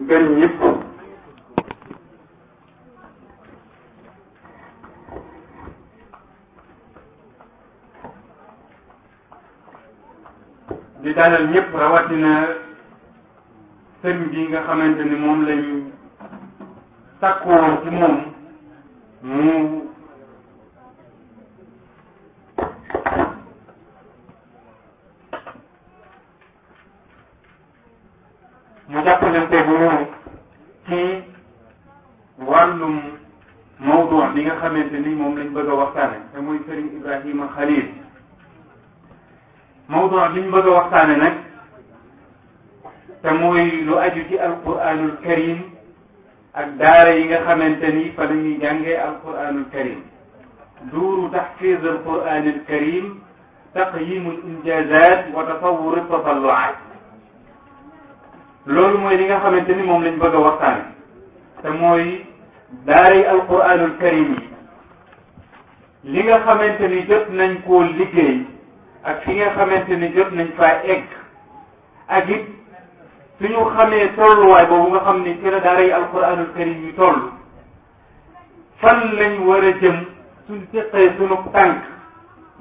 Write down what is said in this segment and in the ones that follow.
gën ñëpp di dalal ñëpp rawatina sëñ bi nga xamante ni moom lañ sàkkoo ci moom mu xamante ni moom lañ bëgg a waxtaane te muy Serigne Ibrahima Khalil mawdu bi ñu bëgg a waxtaane nag te mooy lu aju ci alquranul karim ak daara yi nga xamante ni fa la ñuy jàngee alquranul karim duuru taxfiz alquranul karim taqyimul injazat wa tasawuru tatalluat loolu mooy li nga xamante ni moom lañ bëgg a waxtaane te mooy daara yi alquranul karim yi li nga xamante ni jot nañ koo liggéey ak fi nga xamante ni jot nañ faa egg ak it suñu xamee tolluwaay boobu nga xam ni ci la daaray alquranul karim yu toll fan lañ war a jëm suñ teqee suñu tànk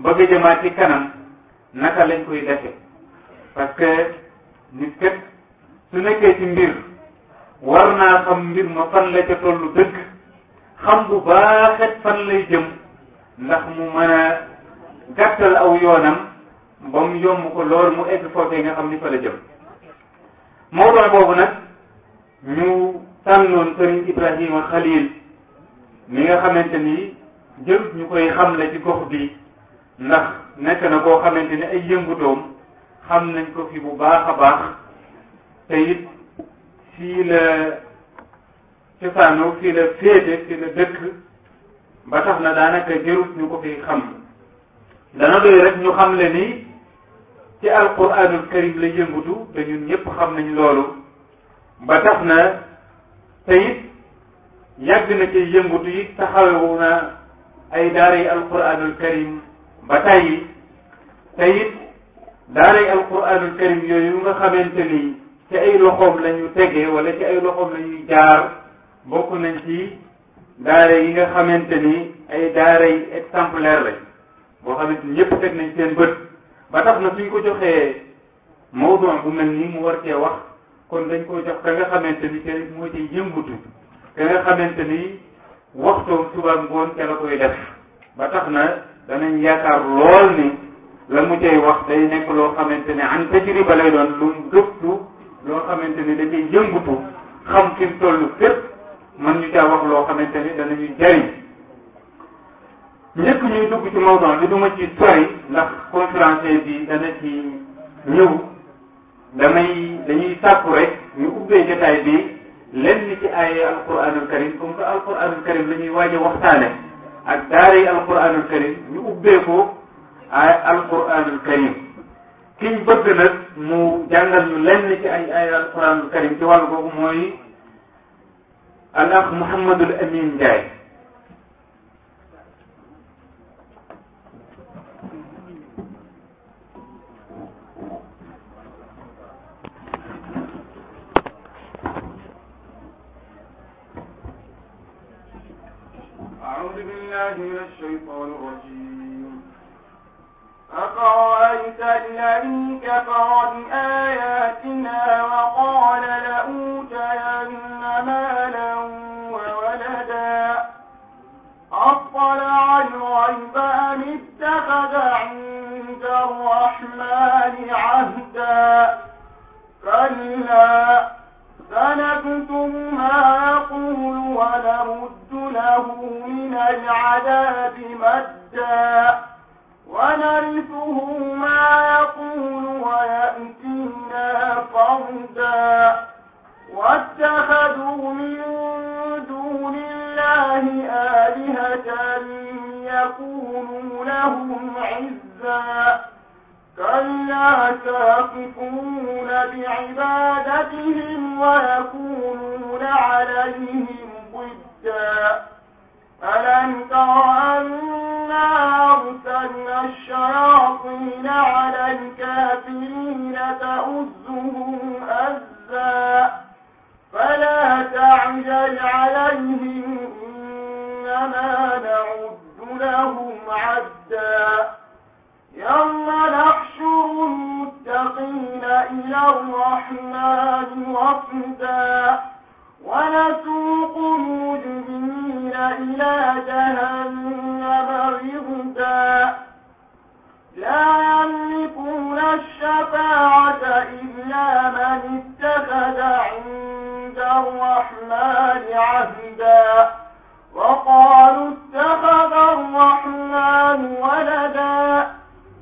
bëgg a jëmaat ci kanam naka lañ koy defe parce que nit kat su nekkee ci mbir war naa xam mbir ma fan la ca toll dëgg xam bu baaxet fan lay jëm ndax mu mën a gàttal aw yoonam ba mu yomb ko lool mu egg yi nga xam ni fa la jëm mawduu boobu nag ñu tànnoon sëriñ Ibrahima Khalil mi nga xamante ni jël ñu koy xamle ci gox bi ndax nekk na koo xamante ni ay yëngutoom xam nañ ko fi bu baax a baax te it fii la cosaanoo fii la féete fii la dëkk ba na daanaka jërut ñu ko fi xam dana doy rek ñu xam le ni ci alquranul karim la yëngutu te ñun ñëpp xam nañ loolu ba tax na te yàgg na ci yëngutu it taxawewu na ay daara yi alquranul karim ba tàyyi te it daara yi alquranul karim yooyu nga xamante ni ci ay loxoom la ñu tege wala ci ay loxoom la jaar bokk nañ ci daara yi nga xamante ni ay daara yi exemplaire lañ boo xamante ni ñëpp teg nañ seen bët ba tax na suñ ko joxee mawdu bu mel nii mu war cee wax kon dañ koo jox ka nga xamante ni moo ci yëngutu ka nga xamante ni waxtoom suba ngoon ca la koy def ba tax na danañ yaakaar lool ni la mu cay wax day nekk loo xamante ni an tajriba lay doon lu mu gëstu loo xamante ni da cay yëngutu xam fi mu toll mën ñu caa wax loo xamante ni danañu jariñ njëkk ñuy dugg ci mawdon bi duma ci sori ndax conférencier bi dana ci ñëw damay dañuy sàkku rek ñu ubbee jotaay bi lenn ci ay alquranul karim comme que alquranul karim lañuy ñuy waaj a waxtaane ak daara yi alquranul karim ñu ubbee ko ay alquranul karim kiñ bëgg nag mu jàngal ñu lenn ci ay ay alquranul karim ci wàllu boobu mooy al akh Mouhamadul Amine Ndiaye أعوذ بالله من الشيطان الرجيم أفرأيت الذي كفر بآياتنا وقال لأوتين الرحمن عهدا كلا سنكتم ما يقول ونرد له من العذاب مدا ونرثه ما يقول ويأتينا فردا واتخذوا من دون الله آلهة يكونوا لهم عزا كلا سيقفون بعبادتهم ويكونون عليهم ضدا ألم تر أنا أرسلنا الشياطين على الكافرين تؤزهم أزا فلا تعجل عليهم إنما نعد لهم عدا يوم نحشر المتقين إلى الرحمن وفدا ونسوق المجرمين إلى جهنم غردا لا يملكون الشفاعة إلا من اتخذ عند الرحمن عهدا وقالوا اتخذ الرحمن ولدا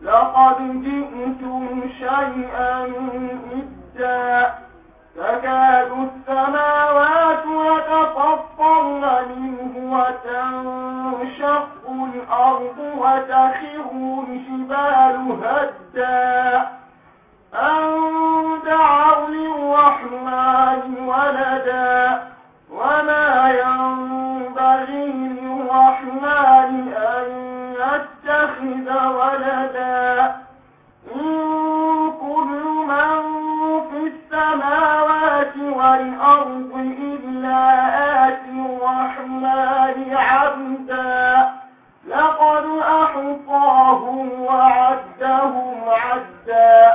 لقد جئتم شيئا إدا تكاد السماوات يتفطرن منه وتنشق الأرض وتخر الجبال هدا أن دعوا للرحمن ولدا وما ينبغي للرحمن أن يتخذ ولدا إن كل من في السماوات والأرض إلا آتي الرحمن عبدا لقد أحصاهم وعدهم عدا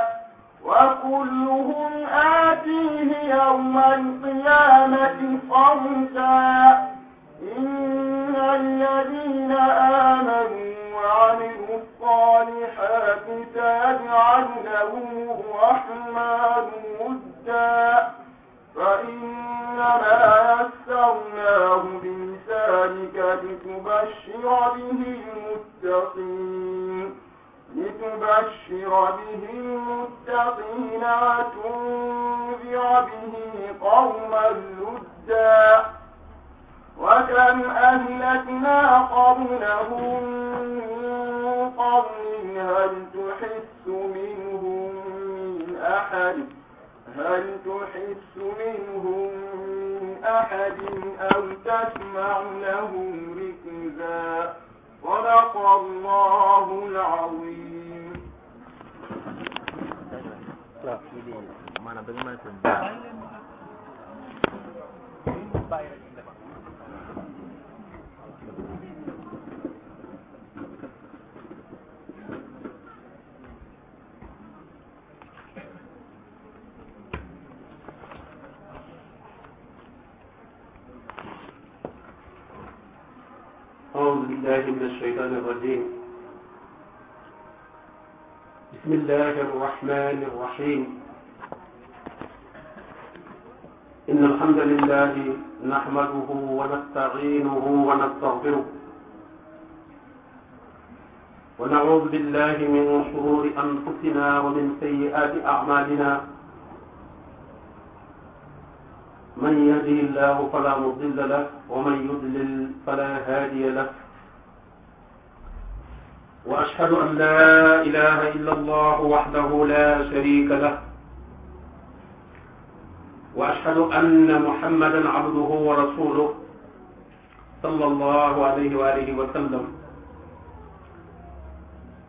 وكلهم آتيه يوم القيامة فردا إن الذين آمنوا وعملوا الصالحات تجعل لهم الرحمن ودا فإنما يسرناه بلسانك لتبشر به المتقين لتبشر به المتقين وتنذر به قوما لدا وكم أهلكنا قبلهم من قرن هل تحس منهم من أحد هل تحس منهم من أحد أو تسمع لهم ركزا صدق الله العظيم لا. بالله من الشيطان الرجيم بسم الله الرحمن الرحيم إن الحمد لله نحمده ونستعينه ونستغفره ونعوذ بالله من شرور أنفسنا ومن سيئات أعمالنا من يهده الله فلا مضل له ومن يضلل فلا هادي له واشهد ان لا اله الا الله وحده لا شريك له واشهد ان محمدا عبده ورسوله صلى الله عليه واله وسلم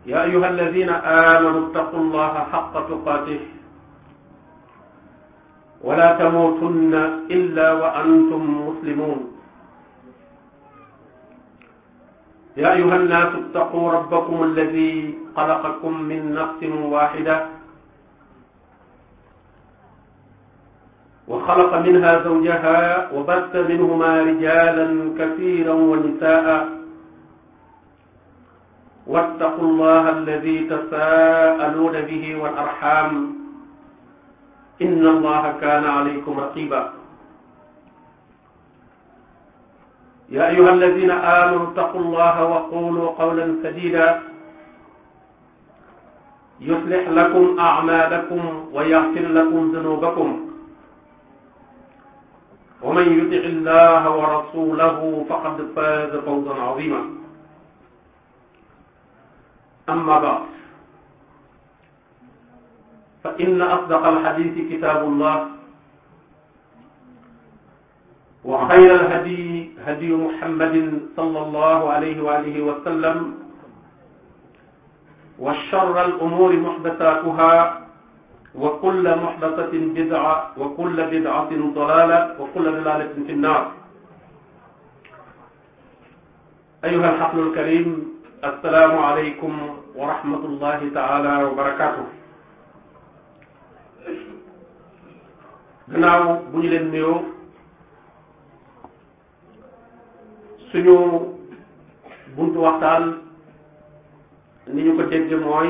يا ايها الذين امنوا اتقوا الله حق تقاته ولا تموتن الا وانتم مسلمون يا أيها الناس اتقوا ربكم الذي خلقكم من نفس واحدة وخلق منها زوجها وبث منهما رجالا كثيرا ونساء واتقوا الله الذي تساءلون به والأرحام إن الله كان عليكم رقيبا يا أيها الذين آمنوا اتقوا الله وقولوا قولا سديدا يصلح لكم أعمالكم ويغفر لكم ذنوبكم ومن يطع الله ورسوله فقد فاز فوزا عظيما أما بعد فإن أصدق الحديث كتاب الله وخير الهدي هدي محمد صلى الله عليه وآله وسلم وشر الأمور محدثاتها وكل محدثة بدعة وكل بدعة ضلالة وكل ضلالة في النار أيها الحفل الكريم السلام عليكم ورحمة الله تعالى وبركاته gannaaw bu ñu leen nuyoo suñu buntu waxtaan ni ñu ko dégg mooy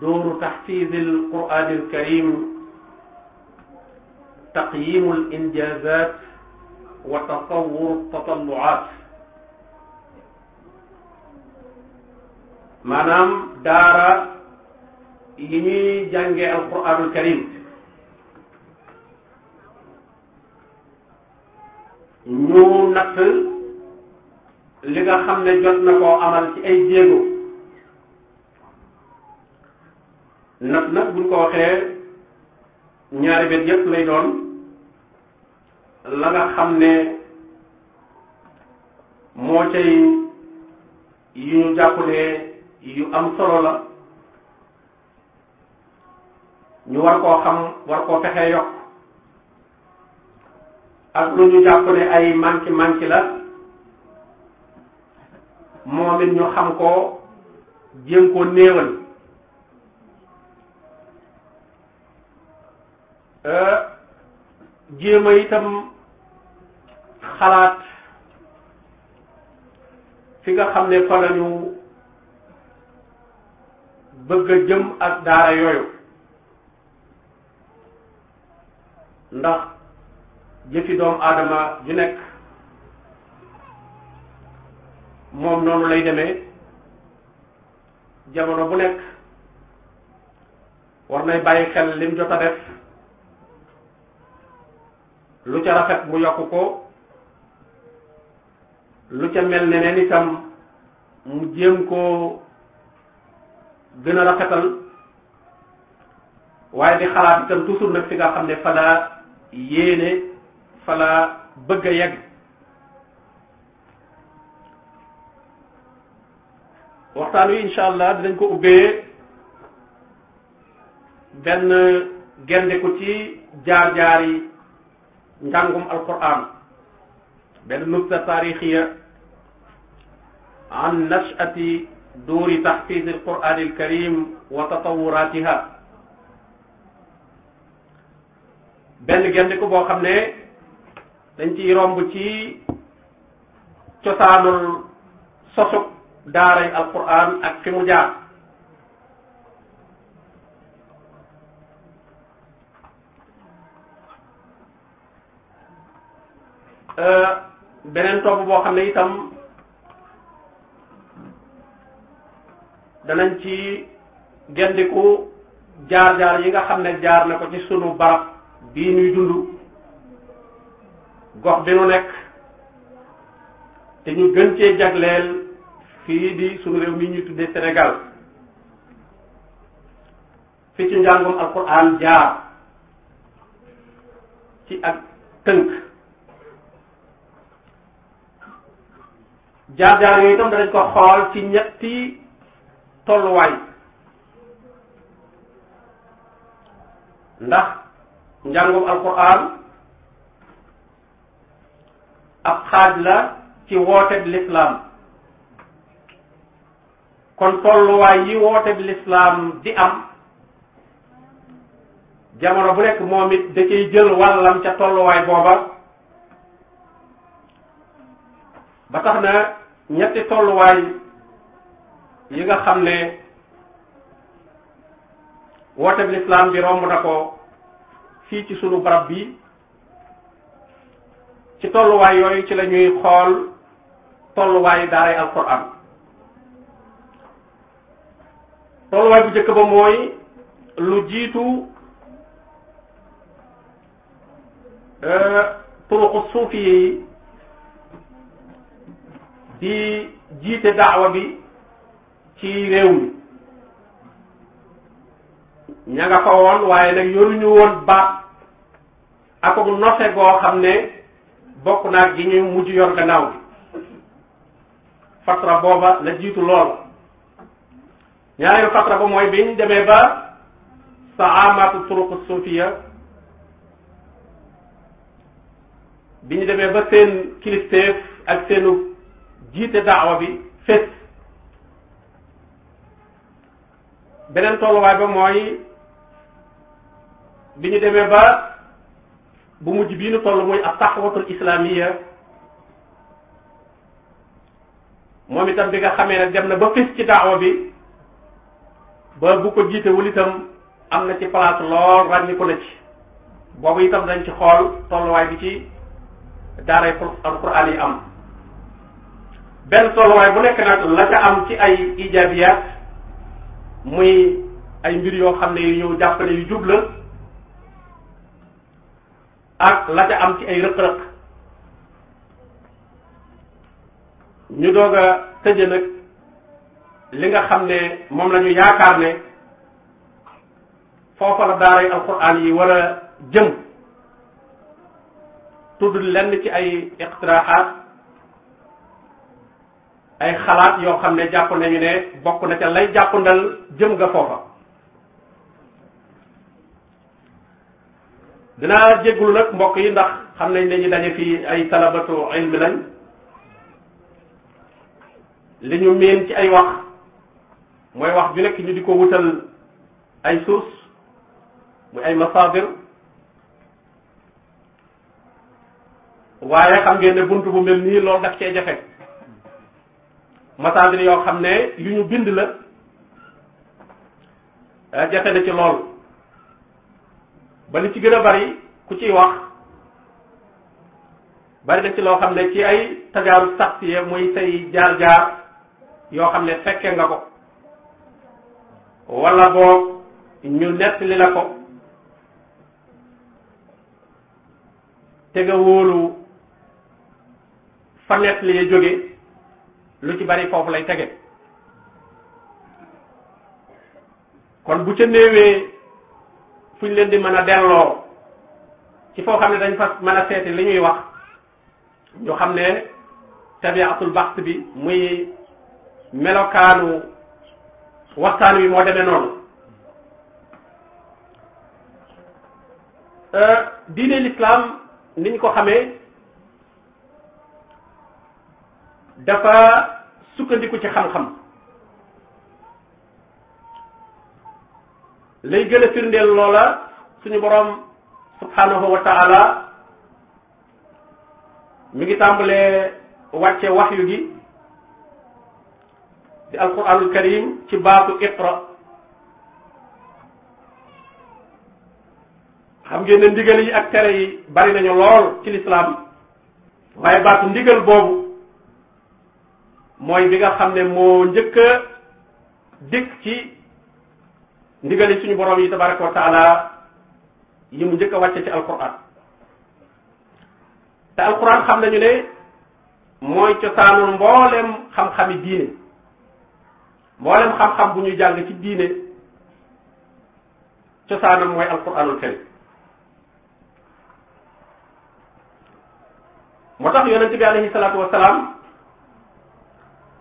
dooru taxfiz al quran al karim taqyimu al injazat wa tasawur al tatalluat maanaam daara yi ñuy jàngee al quran al karim mu natt li nga xam ne jot na koo amal ci ay jéego natt nag buñ ko waxee ñaari bet yépp lay doon la nga xam ne moo cay yu ñu jàpp ne yu am solo la ñu war koo xam war koo fexee yokk ak lu ñu jàpp ne ay manki manki la moom ñu xam ko jéem koo néewal euh, jéem itam xalaat fi nga xam ne fa lañu bëgg a jëm ak daara yooyu ndax jëfi doomu aadama ju nekk moom noonu lay demee jamono bu nekk war nay bàyyi xel lim jot a def lu ca rafet mu yokk ko lu ca mel ne neen itam mu jéem koo gën a rafetal waaye di xalaat itam toujours nag fi nga xam ne fa daa fa laa bëgg a yegg waxtaan wi incha allah dinañ ko ubbee benn gendeku ci jaar-jaar yi njàngum alquran benn nubta taarixiya an nashati duuri taxfiz alquran alkarim wa tatawuratiha benn gendeku boo xam ne dañ ciy romb ci cosaanul sosug daaray alquran ak fi mu jaar euh, beneen tomb boo xam ne itam danañ ci gendiku jaar-jaar yi nga xam ne jaar na ko ci sunu barab bii ñuy dund gox bi nu nekk te ñu gën cee jagleel fii di suñu réew mi tuddee Sénégal fi ci njàngum alquran jaar ci ak tënk jaar-jaar yooyu itam danañ ko ci ñetti tolluwaay ndax njàngum alquran ab xaaj la ci wooteb lislaam kon tolluwaay yi wooteb lislaam di am jamono bu nekk moom it da jël wàllam ca tolluwaay booba ba tax na ñetti tolluwaay yi nga xam ne wooteb lislaam bi romb na ko fii ci sunu barab bi ci tolluwaay yooyu ci lañuy xool xool tolluwaayu daaray alquran tolluwaay bu jëkk ba mooy lu jiitu euh, turuqu suufi yi di jiite daawa bi ci réew mi ña fa woon waaye nag yoruñu woon baat ak ak goo xam ne bokk naag gi ñu mujj yor gannaaw fatra booba la jiitu lool ñaareelu fatra ba mooy biñ demee ba saamatu turuq suufiya bi ñu demee ba seen kilifteef ak seenu jiite daawa bi fés beneen tolluwaay ba mooy bi ñu demee ba bu mujj bii nu toll muy ab taxawatul islamiya moom itam bi nga xamee dem na ba fis ci daawa bi ba bu ko jiitewul itam am na ci place lool ràññi ko na ci boobu itam dañ ci xool tolluwaay bi ci daaray alquran yi am benn tolluwaay bu nekk nag la ca am ci ay ijabiyaat muy ay mbir yoo xam ne yu ñëw jàpp ne yu jub la ak la ca am ci ay rëq-rëq ñu doog a tëje nag li nga xam ne moom lañu ñu yaakaar ne foofa la daaray alquran yi war jëm tudd lenn ci ay iqtiraxaat ay xalaat yoo xam ne jàpp nañu ne bokk na ca lay jàppandal jëm nga foofa dinaa jégglu nag mbokk yi ndax xam nañ dañu daje fii ay talabatu ilmi lañ li ñu miin ci ay wax mooy wax ju nekk ñu di ko wutal ay source muy ay masaadir waaye xam ngeen ne bunt bu mel nii loolu daf cee jafe masaadir yoo xam ne yu ñu bind la jafe na ci lool ba li ci gën a bari ku ciy wax bari na ci loo xam ne ci ay tajaaru saxsiye muy say jaar-jaar yoo xam ne fekke nga ko wala boo ñu nettali la ko te nga wóolu fa nettali ya jóge lu ci bari foofu lay tege kon bu ca néewee fu ñu leen di mën a delloo ci foo xam ne dañ fa mën a seeti li ñuy wax ñu xam ne tabiatul baxs bi muy melokaanu waxtaan wi moo demee noonu euh, diine l'islam ni ñu ko xamee dafa sukkandiku ci xam-xam lay gën a firndeel loola suñu boroom subhanahu wa taala ngi tàmbalee wàcce waxyu gi di alquranul karim ci baatu iqra xam ngeen ne ndigal yi ak tere yi bari nañu lool ci lislaam waaye baatu ndigal boobu mooy bi nga xam ne moo njëkk a dikk ci ndigali suñu boroom yi tabaraka wa taala yi mu njëkk a wàcce ci alquran te alquran xam nañu ne mooy cosaanul mboolem xam-xami diine mboolem xam-xam bu ñuy jàng ci diine cosaanam mooy alquranul karim moo tax yonente bi alayhi salaatu wasalaam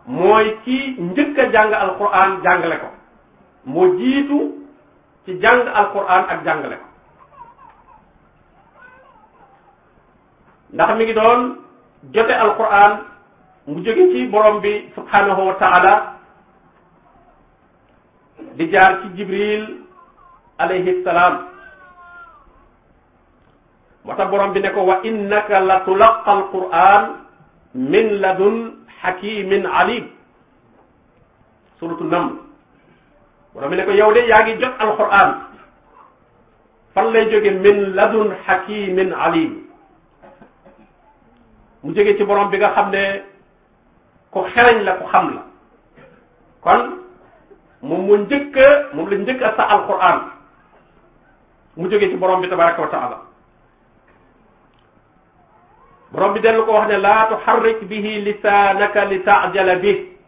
mooy ki njëkk a jàng alquran jàngale ko moo jiitu ci jàng alquran ak jàngale ko ndax mi ngi doon jote alquran mu jóge ci borom bi subhanahu wa taala di jaar ci jibril alayhi salaam moo tax borom bi ne ko wa innaka la tulaqa alquran min ladun hakimin alim suratu naml borom mi ne ko yow de yaa ngi jot alquran fan lay jóge min ladun hakimin alim mu jóge ci borom bi nga xam ne la ku xam la kon moom moo njëkk a moom la njëkk a sa alquran mu jóge ci borom bi tabaraka wa taala borom bi dellu ko wax ne laa tuharrik bihi lisaanaka li taajala bi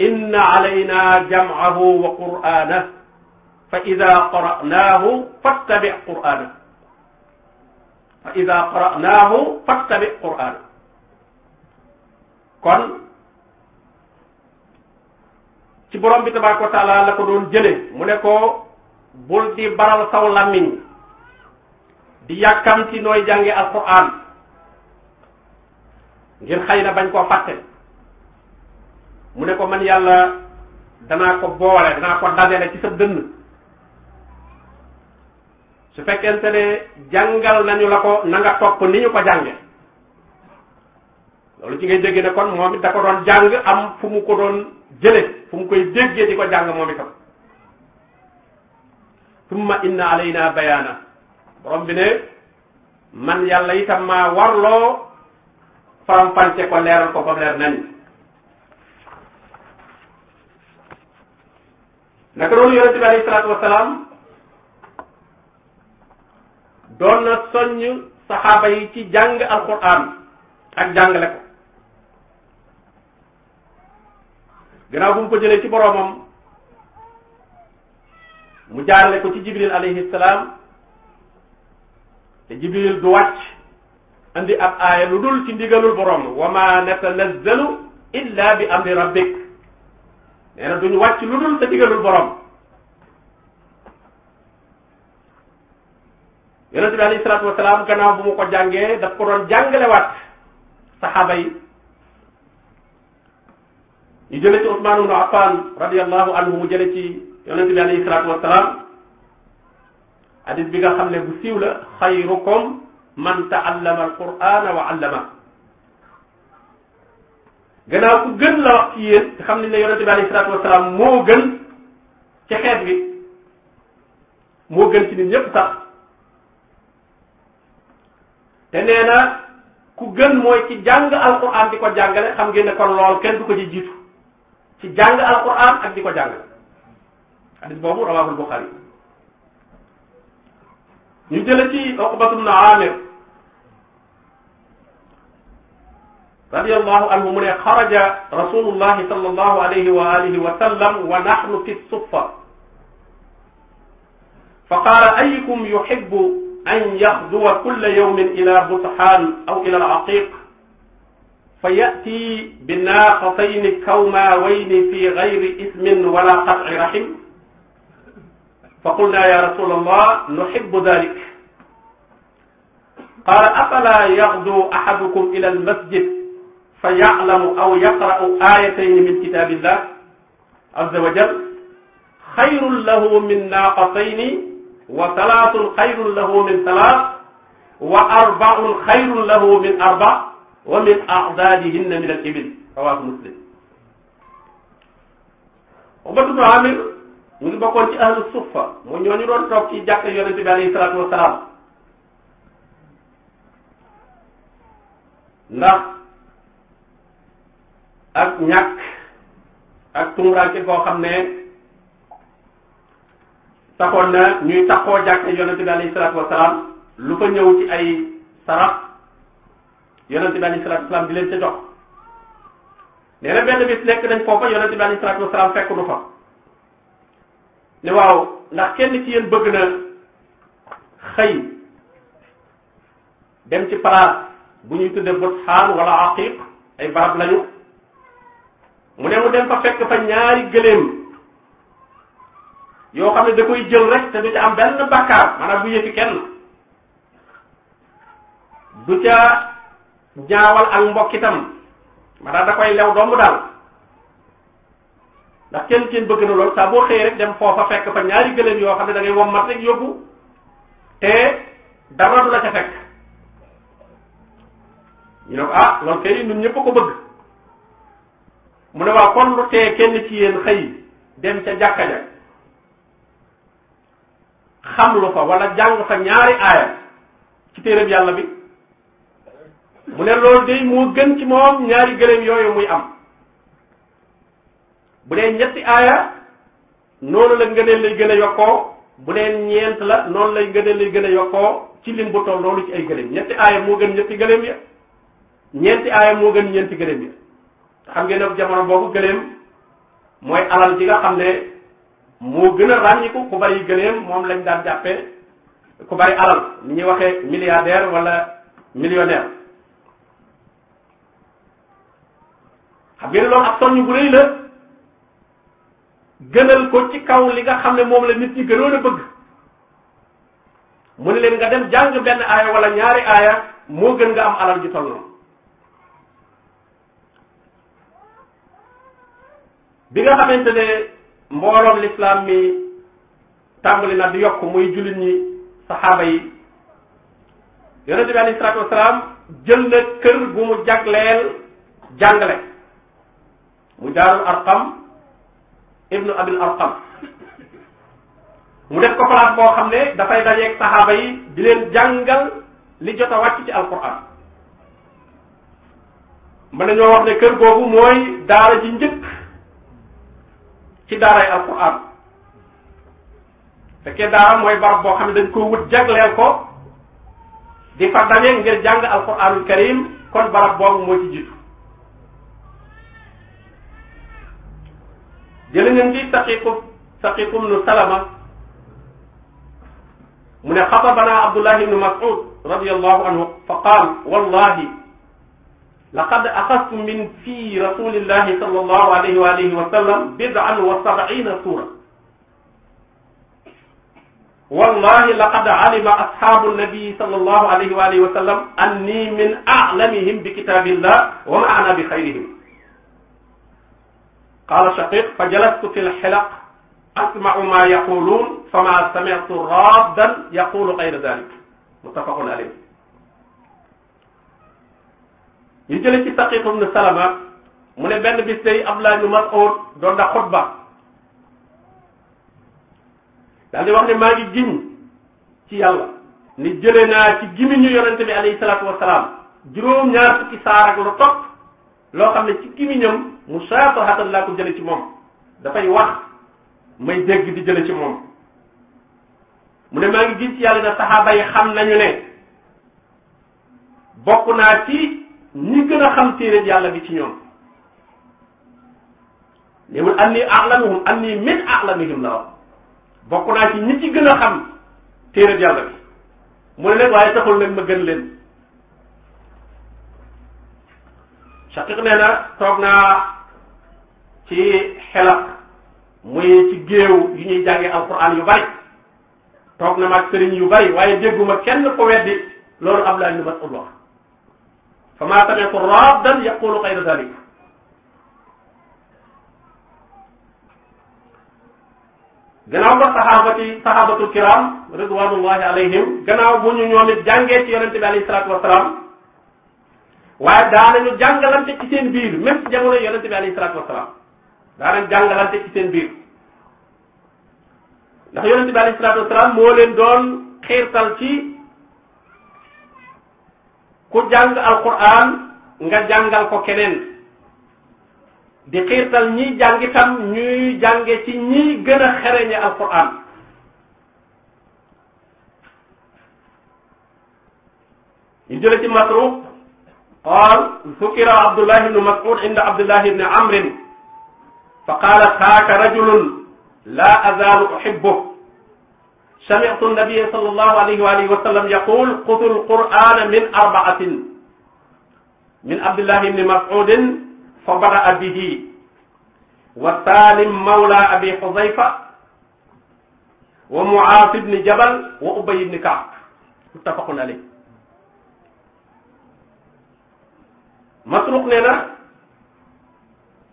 inna alayna jam'ahu wa qur'aanahu fa idaa qara'naahu fattabi' qur'aanahu fa idaa qara'naahu fattabi' qur'aanahu kon ci borom bi tabaaraka wa taala la ko doon jële mu ne ko bul di baral saw làmmiñ di yàkkamti nooy jànge alquran ngir xëy na bañ koo fàtte mu ne ko man yàlla danaa ko boole danaa ko dajale ci sa dënn su fekkente ne jàngal nañu la ko na nga topp ni ñu ko jànge loolu ci ngay dégg ne kon moom da ko doon jàng am fu mu ko doon jële fu mu koy déggee di ko jàng moom itam tumma inna alayna bayaana borom bi ne man yàlla itam maa loo faram fànce ko leeral ko ba leer nañ naka noonu yonente bi alayhi salaatu wasalaam doon na soññ saxaaba yi ci jàng alquran ak jàngale ko gannaaw bu mu ko jëlee ci boroomam mu jaarale ko ci jibril alayhi salaam te jibril du wàcc andi ab aaya lu dul ci ndigalul boroom wa ma natanazzalu illa bi amri rabbik nee na duñu wàcc lu dul te digalul borom yonente bi alayhi salaatu wasalaam gannaaw bu mu ko jàngee daf ko doon jàngalewaat saxaaba yi ñu jële ci Usmaan ibnu Affaan radiallahu anhu mu jële ci yonente bi alayhi salaatu wasalaam hadis bi nga xam ne bu siiw la xayrukum man taallama alqurana wa allama gannaaw ku gën la wax ci yéen te xam ne ne yonente bi alayhi salaatu wasalaam moo gën ci xeet bi moo gën ci nit ñépp sax te nee ku gën mooy ci jàng alquran di ko jàngale xam ngeen ne lool kenn du ko ci ci jàng alquran ak di ko jàngale hadis boobu rawahul buxaari ñu jële ci Uqbatu bnu Amir radiyallahu anhu mu ne xaraja rasulullahi sallallahu alayhi wa alihi wa sallam wa nahnu fi suffa fa qaala ayukum yuhibbu an yaxduwa kulla yawmin ila buthaan aw ila alaqiq fa ya'ti binnaaqatayni kawmaawayni fi gayri ismin wala qat'i rahim fa qulna ya rasulallah nuhibbu dalik qaala afala yaxdu ahadukum ila almasjid fa yalamu aw yaqra'u ayatayni min kitabillah azza wa jal xayrun lahu min naaqatayni wa talaatun xayrun lahu min talaat wa arbaun xayrun lahu min arba wa min adaadihinna min al ibil rawaahu muslim Ubatu bnu Amir mu ngi bokkoon ci ahlu suffa mu ñooñu doon toog ci jàkk yonent bi alayhi salaatu wasalaam ndax ak ñàkk ak tumuraanke koo xam ne taxoon na ñuy taxoo jàkka yonente bi alayhi salaatu wasalaam lu ko ñëw ci ay sarax yonente bi alayhi salaatu wasalaam di leen ca jox nee na benn bis nekk nañ foofa yonente bi alayhi salaatu wasalaam fekk du fa ne waaw ndax kenn ci yéen bëgg na xëy dem ci place bu ñuy tudde bët xaar wala aqiq ay barab lañu mu ne mu dem fa fekk fa ñaari gëléem yoo xam ne da koy jël rek te du ca am benn bàkkaar maanaam du yëfi kenn du ca ñaawal ak mbokkitam a da koy lew doomu daal ndax kenn kenn bëgg na lool saa boo xëyee rek dem foofa fekk fa ñaari gëléem yoo xam ne da ngay wommat rek yóbbu te dara du la ca fekk ñu ne ko ah loolu kay ñun ñëpp ko bëgg mu ne waaw kon lu tee kenn ci yéen xëy dem ca jàkka ja xam lu fa wala jàng fa ñaari aaya ci téeréb yàlla bi mu ne loolu day moo gën ci moom ñaari gëléem yooyu muy am bu dee ñetti aaya noonu la ngëneel lay gën a yokkoo bu dee ñeent la noonu lay ngëneel lay gën a yokkoo ci lim bu toll loolu ci ay gëléem ñetti aaya moo gën ñetti gëléem ya ñeenti aaya moo gën ñeenti gëléem ya xam ngeen ne jamono boobu gëléem mooy alal ji nga xam ne moo gën a ràññiku ku bari gëléem moom lañ daan jàppe ku bari alal ni ñuy waxee milliardaire wala millionnaire xam ngeen ne loolu ab soññ bu rëy la gënal ko ci kaw li nga xam ne moom la nit ñi gënoon a bëgg mu ne leen nga dem jàng benn aaya wala ñaari aaya moo gën nga am alal ji toll noonu bi nga xamante ne mbooloom l'islam mi tàmbali na di yokk muy jullit ñi saxaaba yi yonente bi alayhi salaatu wasalaam jël na kër bu mu jagleel jàngale mu jaarul arqam ibnu abil arqam mu def ko place boo xam ne dafay dajeeg saxaaba yi di leen jàngal li jot a wàcc ci alquran mën nañoo wax ne kër boobu mooy daara ji njëkk ci daaray alquran fekkee daara mooy barab boo xam ne dañ ko wut jagleel ko di fa daje ngir jàng alquranul karim kon barab boobu moo ci jiitu jële nañ ci saqiqu saqiqum nu salama mu ne xatabana abdullah ibnu mas'ud radiyallahu anhu fa qaal wallahi laqad axastu min fii rasulillahi sallallahu alayhi wa alihi wa sallam bid'an wa sab'ina suura wallahi laqad alima ashabu nabii sallallahu alayhi wa alihi wa sallam anni min a'lamihim bi kitabillah wa ma ana bi xayrihim qaala shaqiq fa jalastu fi lxilaq asmau ma yaquluun fa ma samitu raddan yaqulu xayra dalik muttafaqun alayh ñu jële ci Saqiif na Salama mu ne benn bis tey Abdullah ibn Mas'ud doon da xutba daal di wax ne maa ngi giñ ci yàlla ni jële naa ci gimiñu yonente bi alayhi salaatu wasalaam juróom ñaar fukki saar ak lu topp loo xam ne ci gimiñam mu saatoxatal laa ko jële ci moom dafay wax may dégg di jële ci moom mu ne maa ngi giñ ci yàlla ne saxaaba yi xam nañu ne bokk naa ci ñi gën a xam téere yàlla bi ci ñoom lémul anni a'lamuhum anni min a'lamihim la wax bokk naa ci ñi ci gën a xam téere yàlla bi mu ne leen waaye taxul nag ma gën leen shaqiq nee na toog naa ci xelak muy ci géew yu ñuy jànge alquran yu bari toog na maag sëriñ yu bari waaye dégguma kenn ko weddi loolu Abdullah ibn Mas'ud wax fa maa tameeku rabdan yaqulu xayra dalik gannaaw ba saxaabati saxaabatul kiram ridwanullahi alayhim gannaaw bu ñu ñoom it jàngee ci yonente bi alayhi salaatu wasalaam waaye daanañu jàngalante ci seen biir même ci jamono yonente bi alayhi salaatu wasalaam daanañ jàngalante ci seen biir ndax yonente bi alayhi salaatu wasalaam moo leen doon xiirtal ci ku jàng alquran nga jàngal ko keneen di xiirtal ñiy jàng itam ñuy jànge ci ñi gën a xereñe alquran ñu jële ci Masruq qaal sukira Abdullah ibnu Mas'ud inda Abdullah ibni Amrin fa qaala xaaka rajulun la azaalu uhibbu sami'tu nabiyya sallallahu alayhi wa alihi wa sallam yaqul xutul qur'ana min arba'atin min abdullah ibni mas'udin fa bada'a bihi wa salim mawla abi hudayfa wa muaaz ibni jabal wa ubay ibni kaab muttafaqun alayh masruq nee na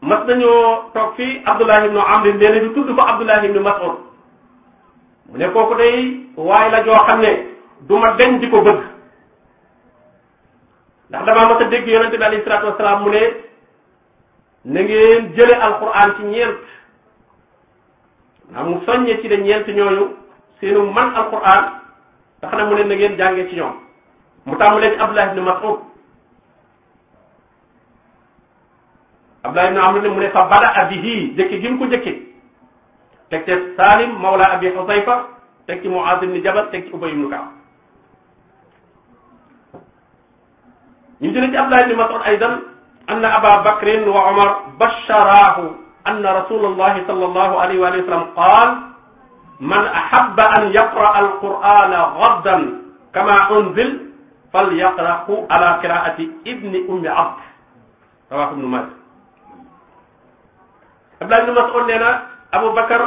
mas nañoo toog fii abdullah ibnu amrin nee na ñu tudd fa abdullah ibni mas'ud mu ne ko day waaye la joo xam ne du ma deñ di ko bëgg ndax damaa mas a dégg yonente bi alayhi salaatu mu ne na ngeen jële alquran ci ñeent ndax mu soññe ci de ñeent ñooñu seenu man alquran tax mu ne na ngeen jàngee ci ñoom mu tàmbalee ci Abdullah ibn Mas'ud Abdullah ibn Amr ne mu ne fa bada bihi jëkke gi mu ko jëkke teg te Salim Mawla Abi Xusayfa teg ci Muaz ibn Jabal teg ci Ubay ibn Kaab ñu jëlee ci Abdullah ibn Mas'ud aydan anna Aba Bakrin wa Omar basharaahu anna rasulallahi sallallahu alayhi wa sallam qaal man ahabba an yaqra alqur'ana gaddan kama unzil falyaqra'hu ala qiraati ibni ummi abd rawaahu ibnu Maaja Abdullah ibn Mas'ud nee na Abu Bakar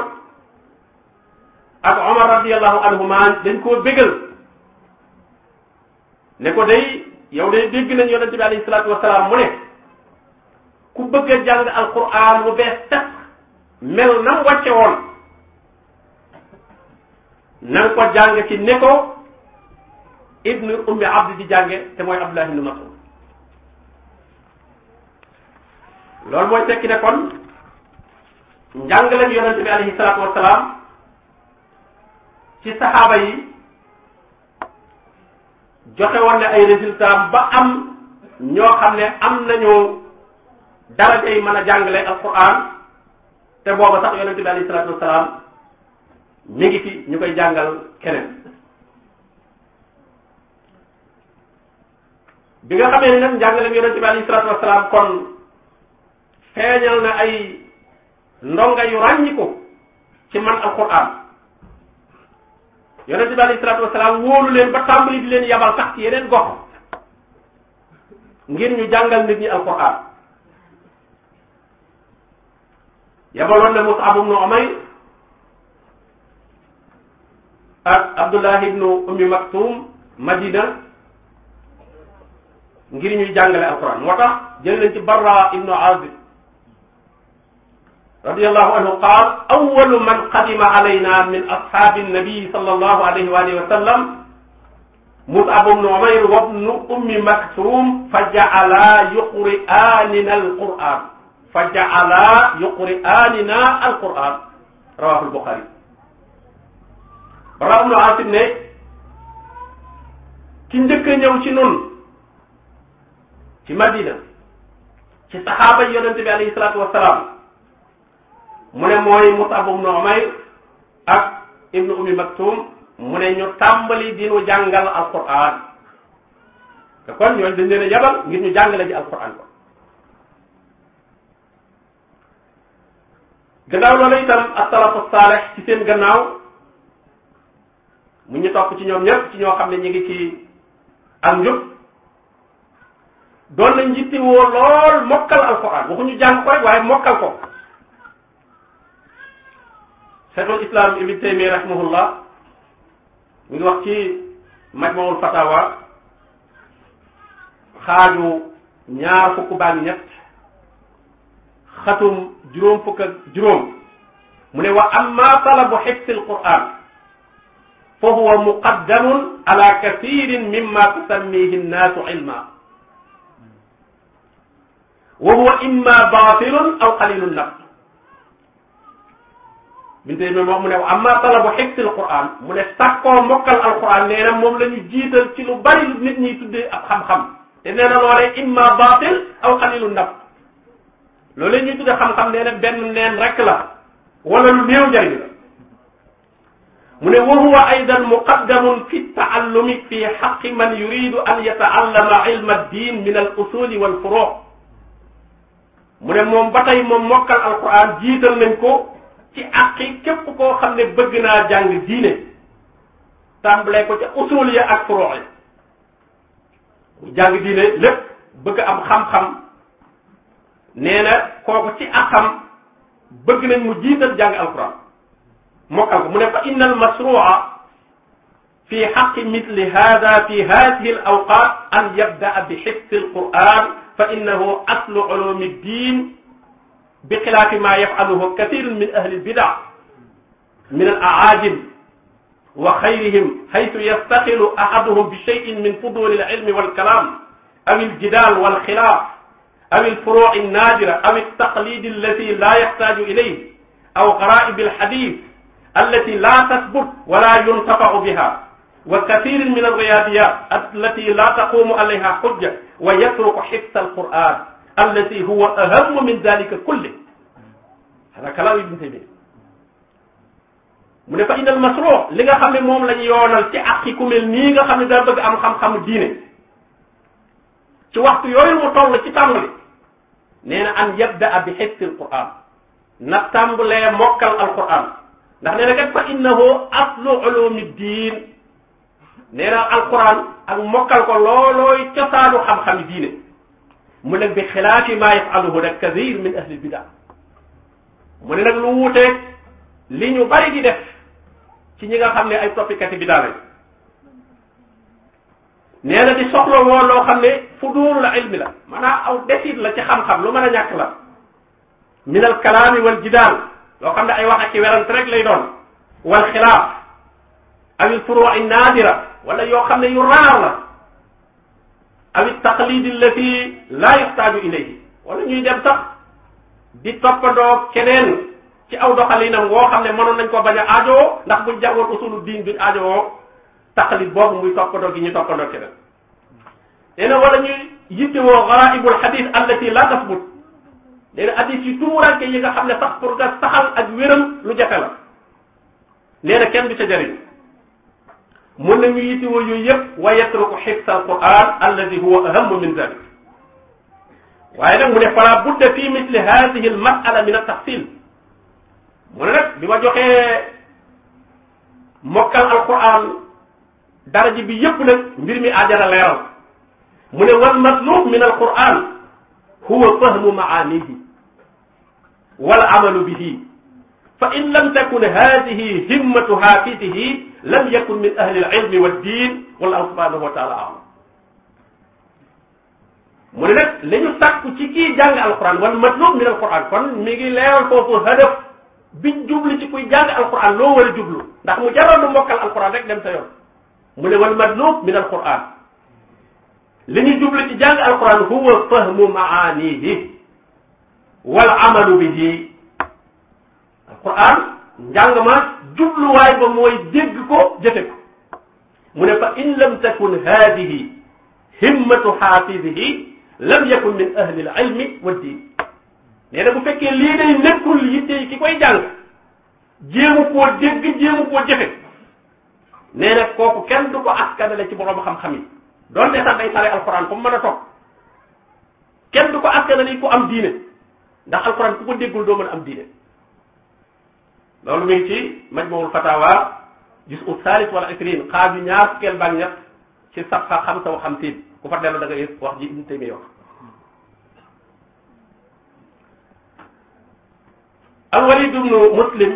ak Omar radiyallahu anhuma dañ koo bégal ne ko day yow day dégg nañ yonente bi alayhi salaatu wasalaam mu ne ku bëgg a jàng alquran bu bees tax mel na wàcce woon na nga ko jàng ci ne ko ibnu ummi abdi di jànge te mooy abdullah ibnu mas'ud loolu mooy tekki ne kon njàngaleem yonente bi alayhi salaatu wasalaam ci saxaaba yi joxe woon na ay résultats ba am ñoo xam ne am nañu daraja yi mën a jàngale alquran te booba sax yonente bi salaatu wasalaam mi ngi fi ñu koy jàngal keneen bi nga xamee ne nag njàngaleem yonente salaatu wasalaam kon feeñal na ay ndonga yu ràññiku ci man alquran yonente bi alayhi salaatu wasalaam wóolu leen ba tàmbali di leen yabal sax ci yeneen gox ngir ñu jàngal nit ñi alquran yabaloon na Mus'ab ibnu Umayr ak Abdullah ibnu Ummi Maktum Madina ngir ñuy jàngale alquran moo tax jël ci Barra ibnu Azib radiyallahu anhu qaal awalu man qadima alayna min ashaabi nabii sallallahu alayhi wa alihi wa sallam Mus'ab ibn Umayr wa ibn Ummi Maktum fa ja'ala yuqri'aanina al-Qur'aan fa ja'ala yuqri'aanina al-Qur'aan rawaahu al-Buxaari Bara ibn Aasib ne ki njëkk a ñëw ci nun ci Madina ci saxaaba yonente bi alayhi salaatu wa salaam mu ne mooy Mus'ab ibn Umayr ak ibnu Ummi Maktum mu ne ñu tàmbali di ñu jàngal alquran te kon ñooñu dañ leen a yabal ngir ñu jàngale ji alquran ko gannaaw loolu itam as-salafu saalih ci seen gannaaw mu ñu topp ci ñoom ñëpp ci ñoo xam ne ñu ngi ci ak njub doon nañ jitti woo lool mokkal alquran waxuñu jàng ko rek waaye mokkal ko cheikhul islam ibn taymiya rahimahullah mu ngi wax ci majmuul fatawa xaaju ñaar fukk baa ngi ñett xatum juróom fukk ak juróom mu ne wa amma talabu xifsi alquran fa huwa muqaddamun ala kathirin mimma tusammihi annaasu ilma wa huwa imma batilun aw qalilun naqd min tey moom wax mu ne amma talabu xifsil quran mu ne sàkkoo mokkal jiital ci bari lu nit ab xam-xam te nee na loolee imma batil aw xalilu ndab loolee ñuy tuddee xam-xam nee na benn neen rek la wala lu néew jariñ la mu ne wa huwa aydan muqaddamun fi taallumi fi xaqi man yuridu an yataallama ilma ddin min al usuli wal furu mu ne moom ba tey moom mokkal alquran jiital nañ ko ci àqi képp koo xam ne bëgg naa jàng diine tàmbalee ko ca usul ya ak furuu ya mu jàng diine lépp bëgg am xam-xam nee na kooku ci àqam bëgg nañ mu jiital jàng alquran mokkal ko mu ne fa inna al masrua fi xaqi misli hada fi hadihi al awqat an yabdaa bi xifsi al quran fa innahu aslu ulumi ddin bi xilaafi maa yafaluhu kathirun min ahli lbida min al aajim wa xayrihim haytu yastaxilu ahaduhum bi cheyin min fuduli alilmi walkalaam aw aljidaal walxilaaf aw alfuruci alnaadira aw altaqlidi allati la yaxtaaju ilayhi aw garaa'ibi alxadiis allati la tasbut wala yuntafacu biha wa kathirin min alriyaadiyaat allati la taqumu alayha xujja wa yatruku xifsa alquran allati huwa ahammu min dalika kulli xanaa kalaamu ibn taymiya mu ne fa innal masru li nga xam ne moom lañ yoonal ci àqi ku mel nii nga xam ne daa bëgg am xam-xamu diine ci waxtu yooyu mu toll ci tàmbali nee na an yabda bi xifsi alquran na tàmbalee mokkal alquran ndax nee na kat fa innahu aslu ulumi diin nee na alquran ak mokkal ko loolooy cosaanu xam-xami diine mu ne bi xilaafi maa yafaluhu nag kathir min ahli bida mu ne nag lu wuuteeg li ñu bari def ci ñi nga xam ne ay toppikati bida lañ nee na di soxla woon loo xam ne fu duuru la ilmi la maanaam aw desit la ci xam-xam lu mën a ñàkk la min al kalaami wal jidaal loo xam ne ay wax ak ci werante rek lay doon wal xilaaf awil furuwa naadira wala yoo xam ne yu raar la awit taqlidi allati la yuxtaaju ilayhi wala ñuy dem sax di toppandoo keneen ci aw doxalinam woo xam ne mënoon nañ ko bañ a aajoo ndax buñ jàngoon usulu diin duñ aajowoo taqlid boobu muy toppandoo gi ñu toppandoo keneen nee na wala ñuy yittewoo garaibul xadis allati la tasbut nee na hadis yi tumuranke yi nga xam ne sax pour nga saxal ak wéram lu jafe la nee na kenn du ca jëriñ mun nañu yittewoo yooyu yëpp wa yatruku xifsa alquran alladi huwa ahamu min dalik waaye nag mu ne fala budda fi misli hadihi al masala min altafsil mu ne nag bi ma joxee mokkal alquran daraji bi yëpp nag mbir mi ajara leeral mu ne wal matlub min alquran huwa fahmu maanihi wal amalu bihi fa in lam takun hadihi himmatu haafidihi lam yakun min ahli al-ilmi wa diin wallahu subhanahu wa taala alam mu ne nag la ñu sàkku ci kii jàng alquran wan matlub min alquran kon mi ngi leeral foofu hadaf biñ jublu ci kuy jàng alquran loo war a jublu ndax mu jaroon nu mokkal alquran rek dem sa yoon mu ne wan matlub min alquran li ñu jublu ci jàng alquran huwa fahmu maanihi wal amalu bihi alquran njàng ma jubluwaay ba mooy dégg ko jëfe ko mu ne fa in lam takun haadihi himmatu xaafidihi lam yakun min ahli al ilmi wa diin nee na bu fekkee lii day nekkul yitte ki koy jàng jéemu koo dégg jéemu koo jëfe nee na kooku kenn du ko askanale ci borom xam-xam yi doon ne sax day sare alquran fu mu mën a toog kenn du ko askanale ku am diine ndax alquran ku ko déggul doo mën a am diine loolu mi ngi ci majmuul fatawa gis u saalis wala isrin xaaj yu ñaar fukkeel baa ñett ci safxa xam saw xam tiib ku fa dellu da nga gis wax ji Ibnu Taymiya wax al-Walid ibnu Muslim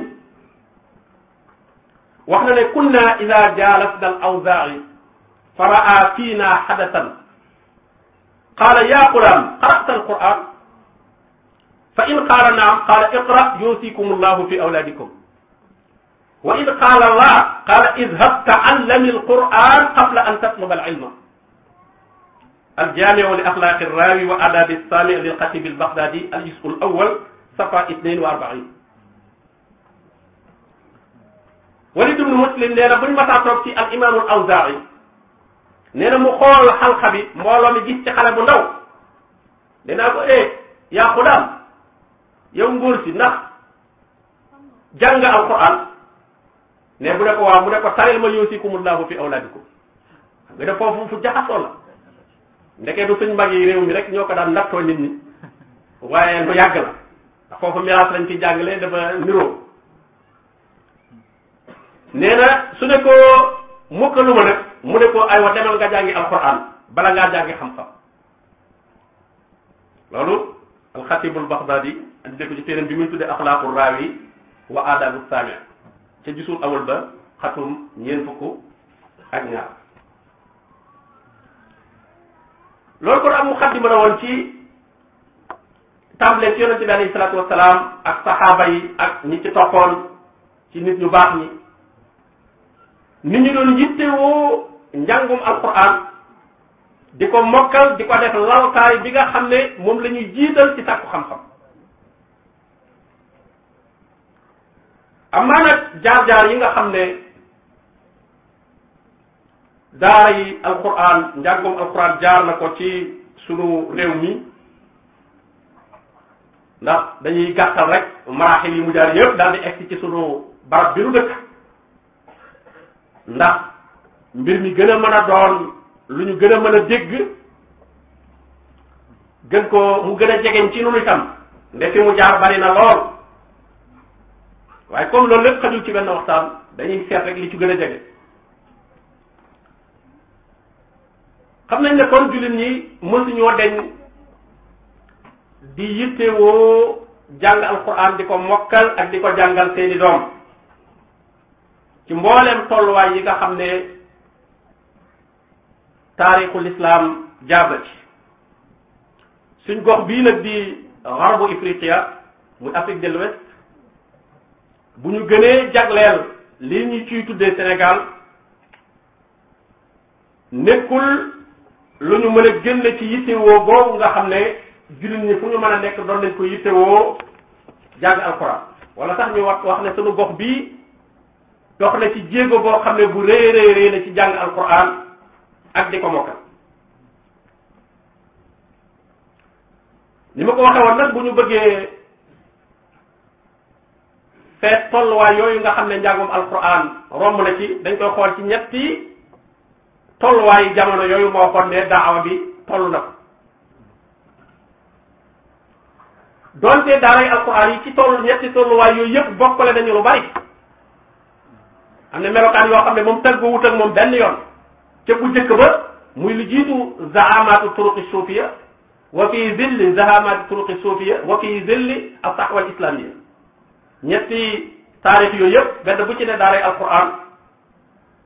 wax na ne kunna ida jalasna al-Awzaa'i fa ra'a fiina hadasan qaala ya gulam qara'ta al-Qur'aan fa in qaala naam qaala iqra yusikum llahu fi awlaadikum wa in qaala laa qaala idhab taallami alquran qabla an tatluba alilma aljaamiu li axlaaqi alraawi wa adabi alsaami lilxatibi albaghdadi aljuz'u alawwal safa itnain wa arbain walid ibnu muslim nee na buñ masaa toog ci al imaamu al awzaa'i nee na mu xool xalqa bi mbooloo mi gis ci xale bu ndaw dinaa ko eh yaa xudaam yow ngóor si ndax jàng alquran ne bu ne ko waaw mu ne ko taril ma yusikumullahu fi awladikum xam nga def foofu fu jaxasoo la ndekee du suñ mag yi réew mi rek ñoo ko daan nattoo nit ñi waaye lu yàgg la foofu miraas lañ ci jàngale dafa niroo nee na su ne ko mukkaluma nag mu ne ko aywa demal nga jàngi alquran bala ngaa jàngi xam-xam loolu alxatibul baxdaadi tuddee ko ci téeram bi muy tuddee axlaaqu raawi wa aadabu saami ca gisul awal ba xatum ñeen fukk ak ñaar loolu kon am muxaddima la woon ci tàmbale ci yonent bi alayhi salaatu ak saxaaba yi ak ñi ci toppoon ci nit ñu baax ñi nit ñu doon yittewoo njàngum alquran di ko mokkal di ko def laltaay bi nga xam ne moom la ñuy jiital ci sàkku xam-xam am naa jaar-jaar yi nga xam ne daara yi alquran njàngoom alquran jaar na ko ci sunu réew mi ndax dañuy gàttal rek maraaxil yi mu jaar yëpp daal di ci sunu barab bi nu dëkk ndax mbir mi gën a mën a doon lu ñu gën a mën a dégg gën ko mu gën a jegeñ ci nunu itam ndefi mu jaar bari na lool waaye comme loolu lépp xajul ci benn waxtaan dañuy seet rek li ci gën a jege xam nañ ne kon jullit ñi mësuñoo deñ di yittewoo jàng alquran di ko mokkal ak di ko jàngal seeni doom ci mbooleem tolluwaay yi nga xam ne taarixul islam jaaba ci suñ gox bii nag di xarbu Ifriqiya muy Afrique de l'Ouest bu ñu gënee jagleel li ñu ciy tuddee Sénégal nekkul lu ñu mën a génne ci yittewoo boobu nga xam ne jullit ñi fu ñu mën a nekk doon nañ ko yittewoo jàng alxuraan wala sax mi wax wax ne sunu gox bii dox na ci jéego boo xam ne bu rëy rëy rëy na ci jàng alxuraan ak di ko mokkal ni ma ko waxee woon bu ñu bëggee te tolluwaay yooyu nga xam ne njàngum alquran romb na ci dañ koy xool ci ñetti tolluwaayu jamono yooyu moo xoon ne daawa bi toll na ko doonte daaray alquran yi ci toll ñetti tolluwaay yooyu yëpp bokkale nañu lu bari am na melokaan yoo xam ne moom tëgg wut ak moom benn yoon ca bu njëkk ba muy lu jiitu zahamatu turuqi suufiya wa fi zilli zahamatu turuqi suufiya wa fi zilli al tahwa al ñetti taarix yooyu yëpp benn bu ci ne daaray alquran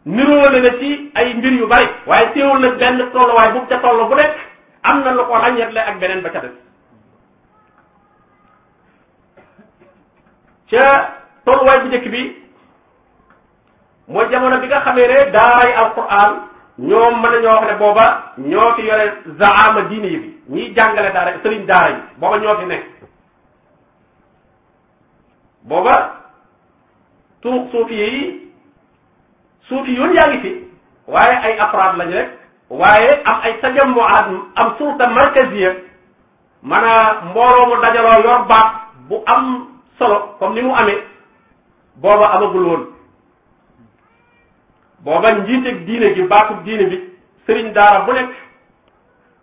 niroo na ne ci ay mbir yu bari waaye teewul na benn tolluwaay bu ca toll bu nekk am na lu ko ràññeetle ak beneen ba ca des ca tolluwaay bu njëkk bi mooy jamono bi nga xamee ne daaray alquran ñoom mën nañoo wax ne booba ñoo fi yore zaama diine yi bi ñiy jàngale daara sëriñ daara yi booba ñoo fi nekk booba tuux suufiye yi suufi yoon yaa ngi fi waaye ay afraad lañ rek waaye am ay tajammuaat am surta markaziya maanaam mbooloo mu dajaloo yor baat bu am solo comme ni mu amee booba amagul woon booba njiiteeg diine gi baatub diine bi sëriñ daara bu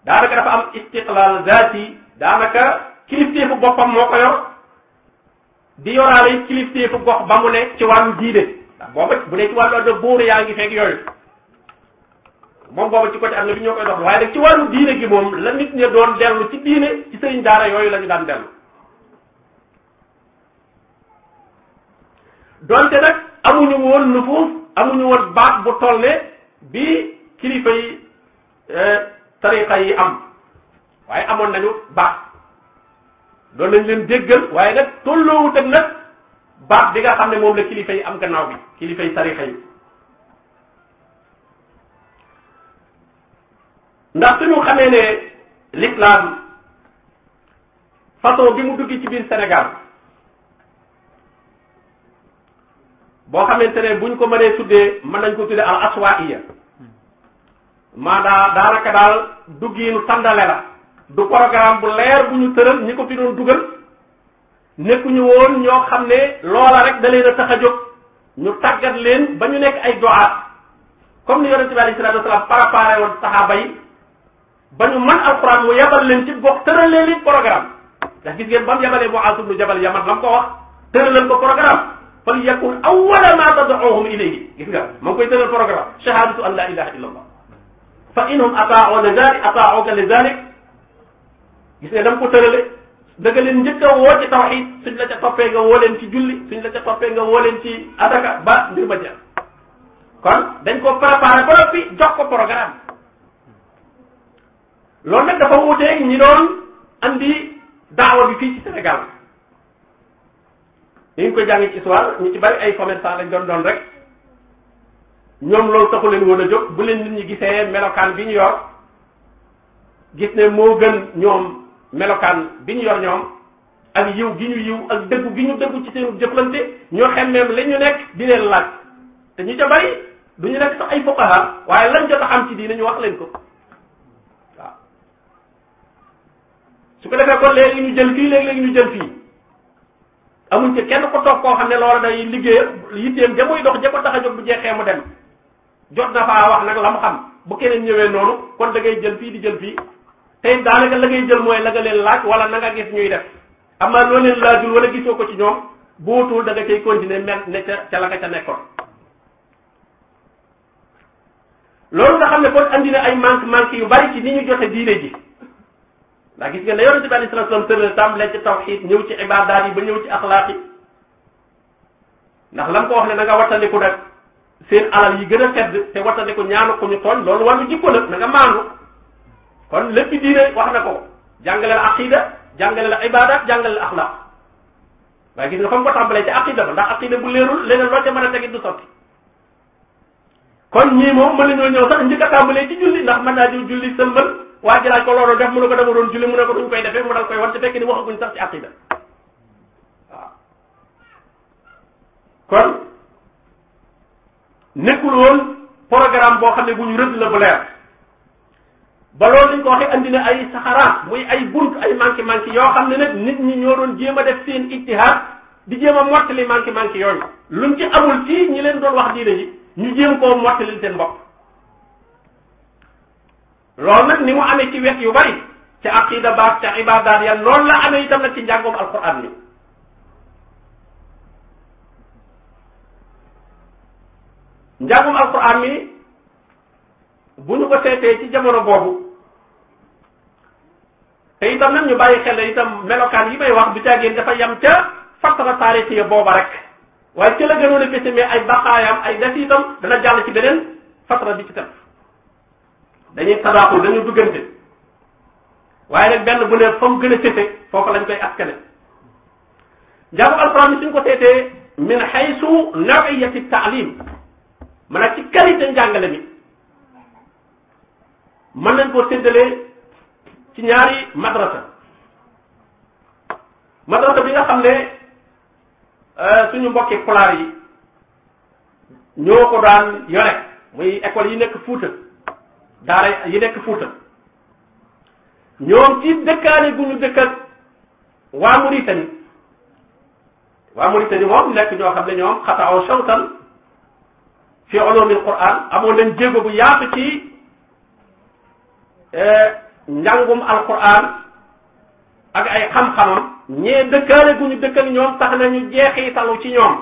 daanaka dafa am istiqlaal zaati daanaka kilifteefu boppam moo ko di yoraale kilifteefu gox ba mu ne ci wàllu diine ndax booba bu dee ci wàllu adda buur yaa ngi fekk yooyu moom booba ci côté am na bi ñoo koy dox waaye nag ci wàllu diine gi moom la nit ña doon dellu ci diine ci sëriñ daara yooyu lañu daan dellu donte nag amuñu woon nufuuf amuñu woon baat bu toll ne bi kilifa yi eh, yi am waaye amoon nañu baat loolu lañ leen déggal waaye nag tolloowut ak baax bi nga xam ne moom la kilifa yi am gannaaw bi kilifa yi tarixa yi ndax suñu xamee ne l'islam façon bi mu dugg ci biir Sénégal boo xamante ne buñ ko mënee tuddee mën nañ ko tuddee al aswaiya maa daa daanaka daal duggiinu sandale la du programme bu leer bu ñu tëral ñi ko fi doon dugal nekkuñu woon ñoo xam ne loola rek da leen a tax a jóg ñu tàggat leen ba ñu nekk ay doxaat comme ni yonente bi alayhi salatu wasalaam préparé woon saxaaba yi ba ñu man alquran mu yabal leen ci gox tëral leen li programme ndax gis ngeen ba mu yabalee Muaz ibnu Jabal Yaman la mu ko wax tëralal ko programme fal yakun awwala ma tad'uhum ilayhi gis nga ma ngi koy tëral programme shahadatu an la ilaha illa allah fa inhum ata'uka li dhalik gis ne danga ko tërale da nga leen njëkk woo ci tawxid suñ la ca toppee nga woo leen ci julli suñ la ca toppee nga woo leen ci adaka ba mbir ma jeex kon dañ ko préparé ba noppi jox ko programme loolu nag dafa wuuteeg ñi doon andi daawa bi fii ci Sénégal ni ñu ko jàng ci histoire ñu ci bari ay commerçant lañ doon doon rek ñoom loolu taxu leen woon a jóg bu leen nit ñi gisee melokaan bi ñu yor gis ne moo gën ñoom melokaan bi ñu yor ñoom ak yiw gi ñu yiw ak dëggu gi ñu dëggu ci seen jëflante ñoo xemmeem lañ ñu nekk di leen laaj te ñu ca bari du ñu nekk sax ay fuqaha waaye lan jot a xam ci diine ñu wax leen ko su ko defee kon léegi ñu jël fii léegi léegi ñu jël fii amuñ ci kenn ko toog koo xam ne loola day liggéey yitteem de muy dox ja ko a jóg bu jeexee mu dem jot na faa wax nag la mu xam bu keneen ñëwee noonu kon da jël fii di jël fii tey daanaka la ngay jël mooy la leen laaj wala na nga gis ñuy def amaa loo leen laajul wala gisoo ko ci ñoom bootul da nga cay continuer mel ne ca ca la ca nekkoon. loolu nga xam ne kon andi na ay manque manque yu bari ci ni ñu joxe diine ji ndax gis nga ne yonente bi alei salatu salaam tam tàmbalee ci tawxid ñëw ci ibadaat yi ba ñëw ci axlaaq yi ndax lam ko wax ne na nga wattandiku nag seen alal yi gën a sedd te wattandiku ñaanu ko ñu tooñ loolu wàllu jikko la na maandu kon lépp diine wax na ko jàngale la aqida jàngale la ibadat jàngale la axlaq waaye gis nga fa mu ko tàmbalee ci aqida ba ndax aqida bu leerul leneen loo ca mën a tegit du sotti kon ñii moom mën nañoo ñëw sax njëkk a tàmbalee ci julli ndax mën naa di julli sëmbal waa ji laaj ko loolu def mu ne ko dama doon julli mu ko duñ koy defee mu dal koy wan te fekk ni waxaguñ sax ci aqida waaw kon nekkul woon boo xam ne bu ñu rëdd la bu leer ba loolu ñu ko waxee indi na ay saxaraat muy ay bunt ay manqué manqué yoo xam ne nit ñi ñoo doon jéem a def seen ijtihaad di jéem a mottali manqué manqué yooyu luñ ci amul ci ñi leen doon wax diine ji ñu jéem koo mottalil seen bopp loolu nag ni mu amee ci wet yu bari ca aqida baat ca ibadaat ya noonu la amee itam nag ci njàngoom alquran bi njàngum alquran mi bu ñu ko seetee ci jamono boobu te tam nag ñu bàyyi xel itam melokaan yi may wax bu caagéen dafa yem ca fattara taarixi ya booba rek waaye ca la gënoon a ay baqaayaam ay des itam dana jàll ci beneen fattara bi ci tam dañuy tadaaxul dañuy duggante waaye nag benn bu ne fa mu gën a féete foofu lañ koy askane njàngu alxuraan bi suñ ko seetee min xaysu nawiyati taalim maanaam ci qualité njàngale mi mën nañ koo séddalee ci ñaari madrasa madrasa bi nga xam ne euh, suñu mbokki pulaar yi ñoo ko daan yore muy école yi nekk Fuuta daara yi nekk Fuuta ñoom ci dëkkaane bu ñu dëkk ak waa Mauritanie waa Mauritanie moom nekk ñoo xam ne ñoom xataaw sawtan fi ulumil Qur'an amoon nañ jéego bu yaatu ci euh, njàngum alquran ak ay xam-xamam ñee dëkkaale gu ñu dëkk ak ñoom tax nañu jeexitalu ci ñoom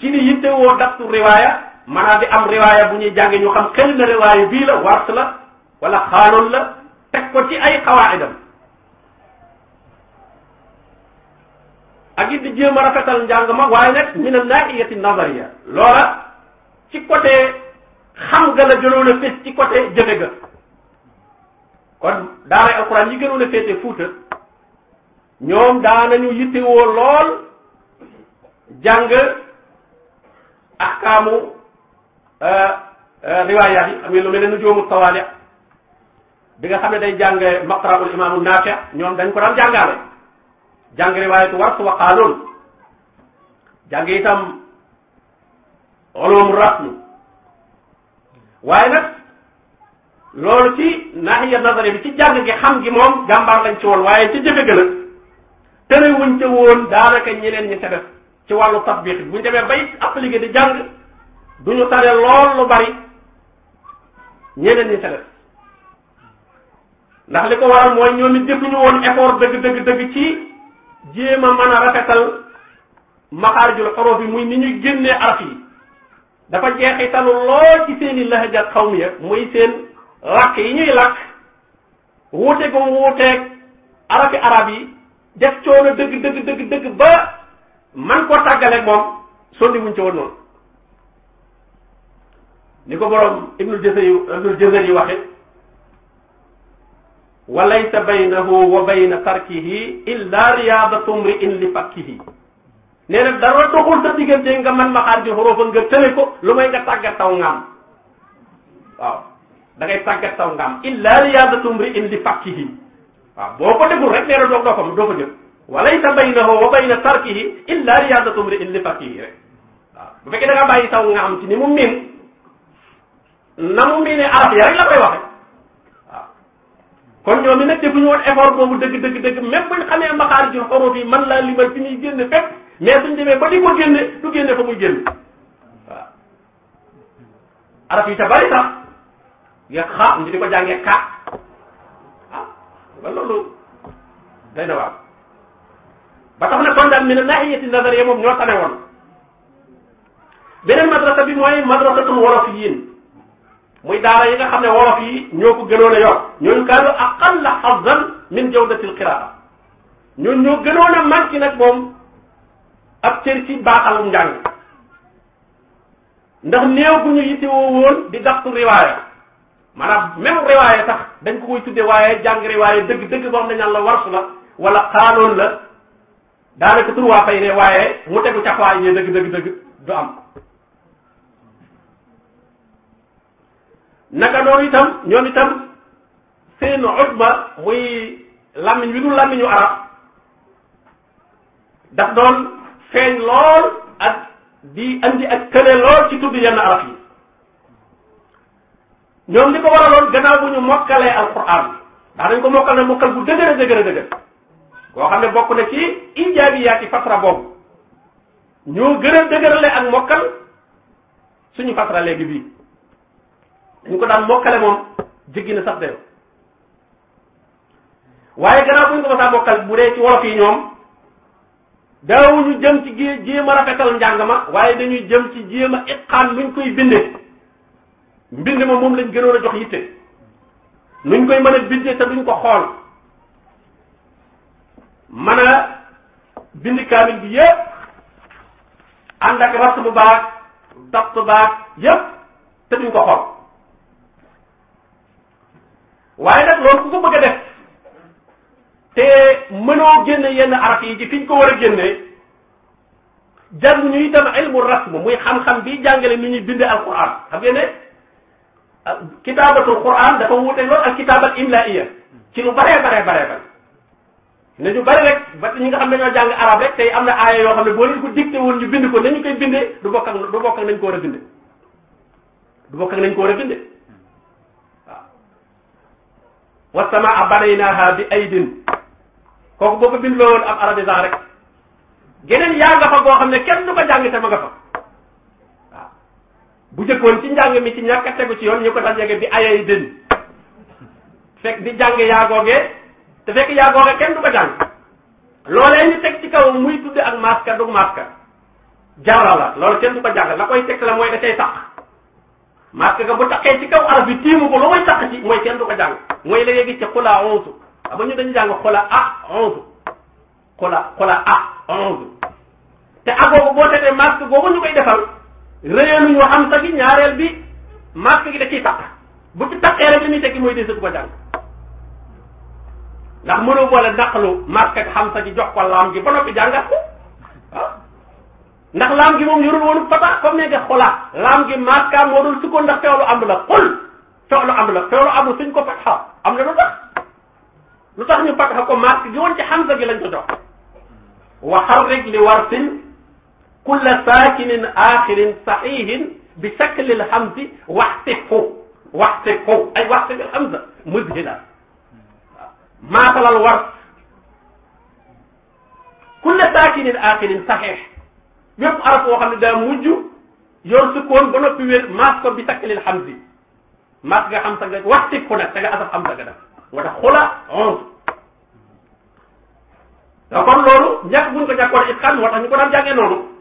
ci ni yitte woo daftu riwaaya maanaam di am riwaaya bu ñuy jànge ñu xam xel na riwaaya bii la wars la wala xaaloon la teg ko ci ay xawaaidam ak it di jéem a rafetal njàng ma waaye nag min a naahiyati nazaria loola ci côté xam ga la jëloon a fés ci côté jëfe ga kon daaray alxuraan yi gënoon a féete fuuta ñoom daanañu yittewoo lool jàng axkaamu euh, euh, riwaayaat yi am ngeen lu mel ne nujoomu tawaali bi nga xam ne day jàng maqraul imaamu naafi ñoom dañ ko daan jàngaale jàng riwaayatu warsu wa qaanuun jàng itam ulum rasmi waaye nag loolu ci naaxiya nazare bi ci jàng gi xam gi moom jàmbaar lañ ci woon waaye ci jëfe gën a tëre wuñ ca woon daanaka ñeneen ñi ca ci wàllu tatbiq bi buñ demee bay appliqué di jàng duñu tare lool lu bari ñeneen ñi ca ndax li ko waral mooy ñoom it woon effort dëgg dëgg dëgg ci jéem a mën a rafetal maxaarijul xorof yi muy ni ñuy génnee araf yi dafa jeexitalu lool ci seen i lahajat xawmiya muy seen làkk yi ñuy làkk wuute gu wuuteeg arabi arab yi def coono dëgg dëgg dëgg dëgg ba man koo tàggaleeg moom sondi wuñ ci woon noonu ni ko boroom ibnul jazari ibnul jazari yi waxe wa laysa baynahu wa bayna tarkihi illa riyaadatu mri'in li fakkihi nee na dara doxul sa diggante nga man ma xaar ji xorofa nga tële ko lu may nga tàggat taw ngaam waaw da ngay tàggat saw ngam illa riyaadatu mri'in li fakkihi waaw boo ko deful rek nee na doo doo ko doo ko jëf walaysa na wa bayna tarkihi illa riyaadatu mri'in li fakkihi rek waaw bu fekkee da nga bàyyi saw ngam ci ni mu miin na mu miinee arab ya rek la koy waxe kon ñoom mi nag defuñu woon effort boobu dëgg dëgg dëgg même buñ xamee maqaar ji xorof yi man laa limal fi ñuy génne fépp mais suñ demee ba di ko génne du génne fa muy génne ngeen xa ñu di ko jàngee ka ah ba loolu day na waaw ba tax na kon daal mi ne naahiyati nazariya moom ñoo tane woon beneen madrasa bi mooy madrasatul wolofiyin muy daara yi nga xam ne wolof yi ñoo ko gënoon a yor ñooñu kaanu aqalla min jawdatil qiraa ñun ñoo gënoon a manqué nag moom ab cër ci baaxalum njàng ndax néew gu ñu yittewoo woon di daxtu riwaaya maanaam même riwaaye sax dañ ko koy tuddee waaye jàng riwaaye dëgg dëgg boo xam ne ñaan la warsu la wala xaaloon la daanaka tur waa fay ne waaye mu tegu caxawaay ñee dëgg dëgg dëgg du am naka noonu itam ñoom itam seen utba muy làmmiñ wi du làmmiñu arab daf doon feeñ lool ak di andi ak këne lool ci tudd yenn arab yi ñoom li ko waraloon gannaaw bu ñu mokkalee alquran ndax dañ ko mokkal na mokkal bu dëgër a dëgër a dëgër koo xam ne bokk na ci ijaabiyaati fatra boobu ñoo gën a dëgërale ak mokkal suñu fatra léegi bii dañ ko daan mokkale moom jéggi na sax dayoo waaye gannaaw bu ñu ko masaa mokkal bu dee ci wolof yi ñoom daawuñu jëm ci jéem a rafetal njàng ma waaye dañuy jëm ci jéem a iqaan luñ koy bindee mbind ma moom lañ gënoon a jox yitte nuñ koy mën a bindee ko xool mën bind kaamil bi yépp ànd ak ratt bu baax dapt baax yépp te duñ ko xool waaye nag loolu ku ko bëgg a def te mënoo génne yenn araf yi ci fiñ ko war a génnee jàng ñu itam ilmu rasm muy xam-xam bi jàngale ni ñuy bindee alquran xam ngeen ne kitaabatul quran dafa wuute lool ak kitaabat imlaiya ci lu baree baree baree bare ne ñu bari rek ba ñi nga xam ne ñoo jàng arab rek tey am na aaya yoo xam ne boo leen ko dicté woon ñu bind ko nañu koy bindee du bokk ak du bokk ak nañ ko war a bindee du bokk ak nañ ko war a bindee waaw wasamaa banaynaaha bi aydin kooku boo ko bindloo woon ab arabisant rek geneen yaa nga goo xam ne kenn du ko jàng te ma nga bu jëkkoon ci njàng mi ci ñàkk tegu ci yoon ko daan yege di ayay dën fekk di jàng yaagooge te ci kaw muy tudde ak maska dug maska jarra la loolu kenn du ko jàng la koy teg la mooy da cay tax maska bu taxee ci kaw arab ko lu muy tax ci mooy kenn mooy la yéegi ci xula onze xam nga ñu dañu jàng xula ah onze te agoogu boo tegee maska rëyaluñu xam sa gi ñaareel bi màkk gi da ciy taq bu ci taqee rek li muy tekki mooy dee sëtu ko jàng ndax mënoo boole naqlu màkk ak xam sa gi jox ko laam gi ba noppi jàngat ko ah ndax laam gi moom yorul woonu fata comme ne nga xolaat laam gi màkkaam moo doon sukkoon ndax feewlu am la xol feewlu am la feewlu amul suñ ko fatxa am na lu tax lu tax ñu fatxa ko màkk gi woon ci xam sa gi lañ ko jox waxal rek li war sin kulla saakinin axirin saxihin bi shaklil hamzi waxtifu waxtifu ay waxtibil hamza muzhila maatalal war kulla saakinin axirin saxiix yépp araf woo xam ne daa mujj yor sukkoon ba noppi wér maas ko bi shaklil hamzi maas nga xam sa nga waxtifu nag sa nga asaf hamza nga def moo tax xula onze kon loolu ñàkk buñ ko ñàkkoon it xam moo tax ñu ko daan jàngee noonu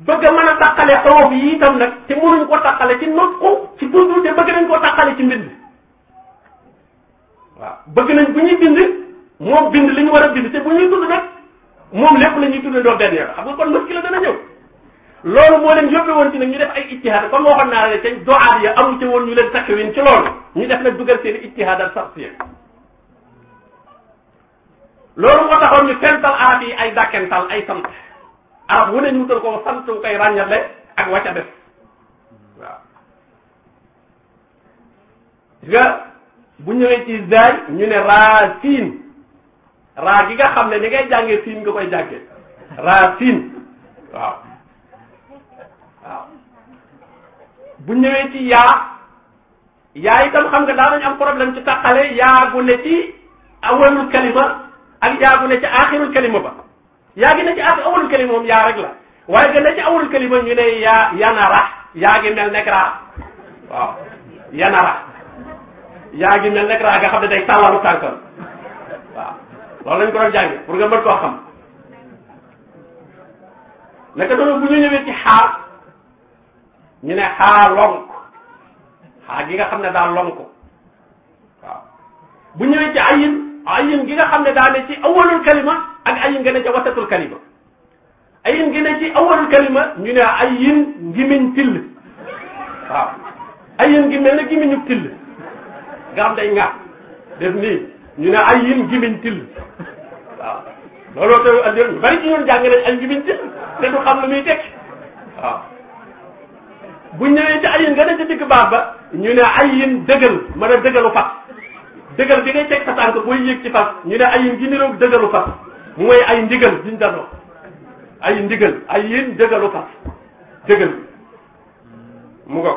bëgg a mën a taqale xaroof yi itam nag te mënuñ ko taqale ci not ko ci dund te bëgg nañ ko taqale ci mbind waaw bëgg nañ bu ñuy bind moom bind li ñu war a bind te bu ñuy tudd nag moom lépp la ñuy tuddandoo benn yoon xam nga kon muskila dana ñëw loolu moo leen yóbbe woon ci nag ñu def ay ijtihaad comme waxoon naa la ca doaat ya amu ci woon ñu leen takkawin ci loolu ñu def nag dugal seen sa al sarsiya loolu moo taxoon ñu fental arab ay dàkkental ay sant arab ah wu ne ñu wutal ko sant koy ràññale ak wàcca def waaw bu ñëwee ci zaay ñu ne raa siin ga xam ne ni ngay jàngee siin nga koy jàngee raa siin bu ñëwee ci yaa yaa itam xam nga daa nañu am problème ci taqale yaagu ne ci awalul kalima ak yaagu ne ci axirul kalima ba yaa gi ne ci ak awul kalima yaa rek la waaye que ne ci awul kalima ñu ne yaa yanara yaa gi mel nekk raa waaw yanara yaa gi mel nekk raa nga xam ne day tàllalu tànkam loolu lañ ko doon jàngi pour nga mën xam naka doon bu ñu ñëwee ci xaar ñu ne xaar lonk xaar gi nga xam ne daa lonk waaw bu ñëwee ci ayin ayin gi nga xam ne daa ne ci awalul kalima ak ayin gën a ca wasatul kalima ayin gën a ci awalul kalima ñu ne ayin ngimiñ till waaw ayin gi mel na gimiñu till nga xam day ŋaat def nii ñu ne ayin gimiñ till waaw looloo te andi ñu bari ci ñoon jàng nañ ay ngimiñ till te du xam lu muy tekki waaw bu ñëwee ci ayin gën a ci digg baax ba ñu ne ayin dëgël mën a dëgëlu fas dëgël bi ngay teg sa tànk booy yéeg ci fas ñu ne ayin gi niroog dëgëlu fas mooy ay ndigal biñ danoo ay ndigal ay yéen dëgalu fas dëgal bi mu ngo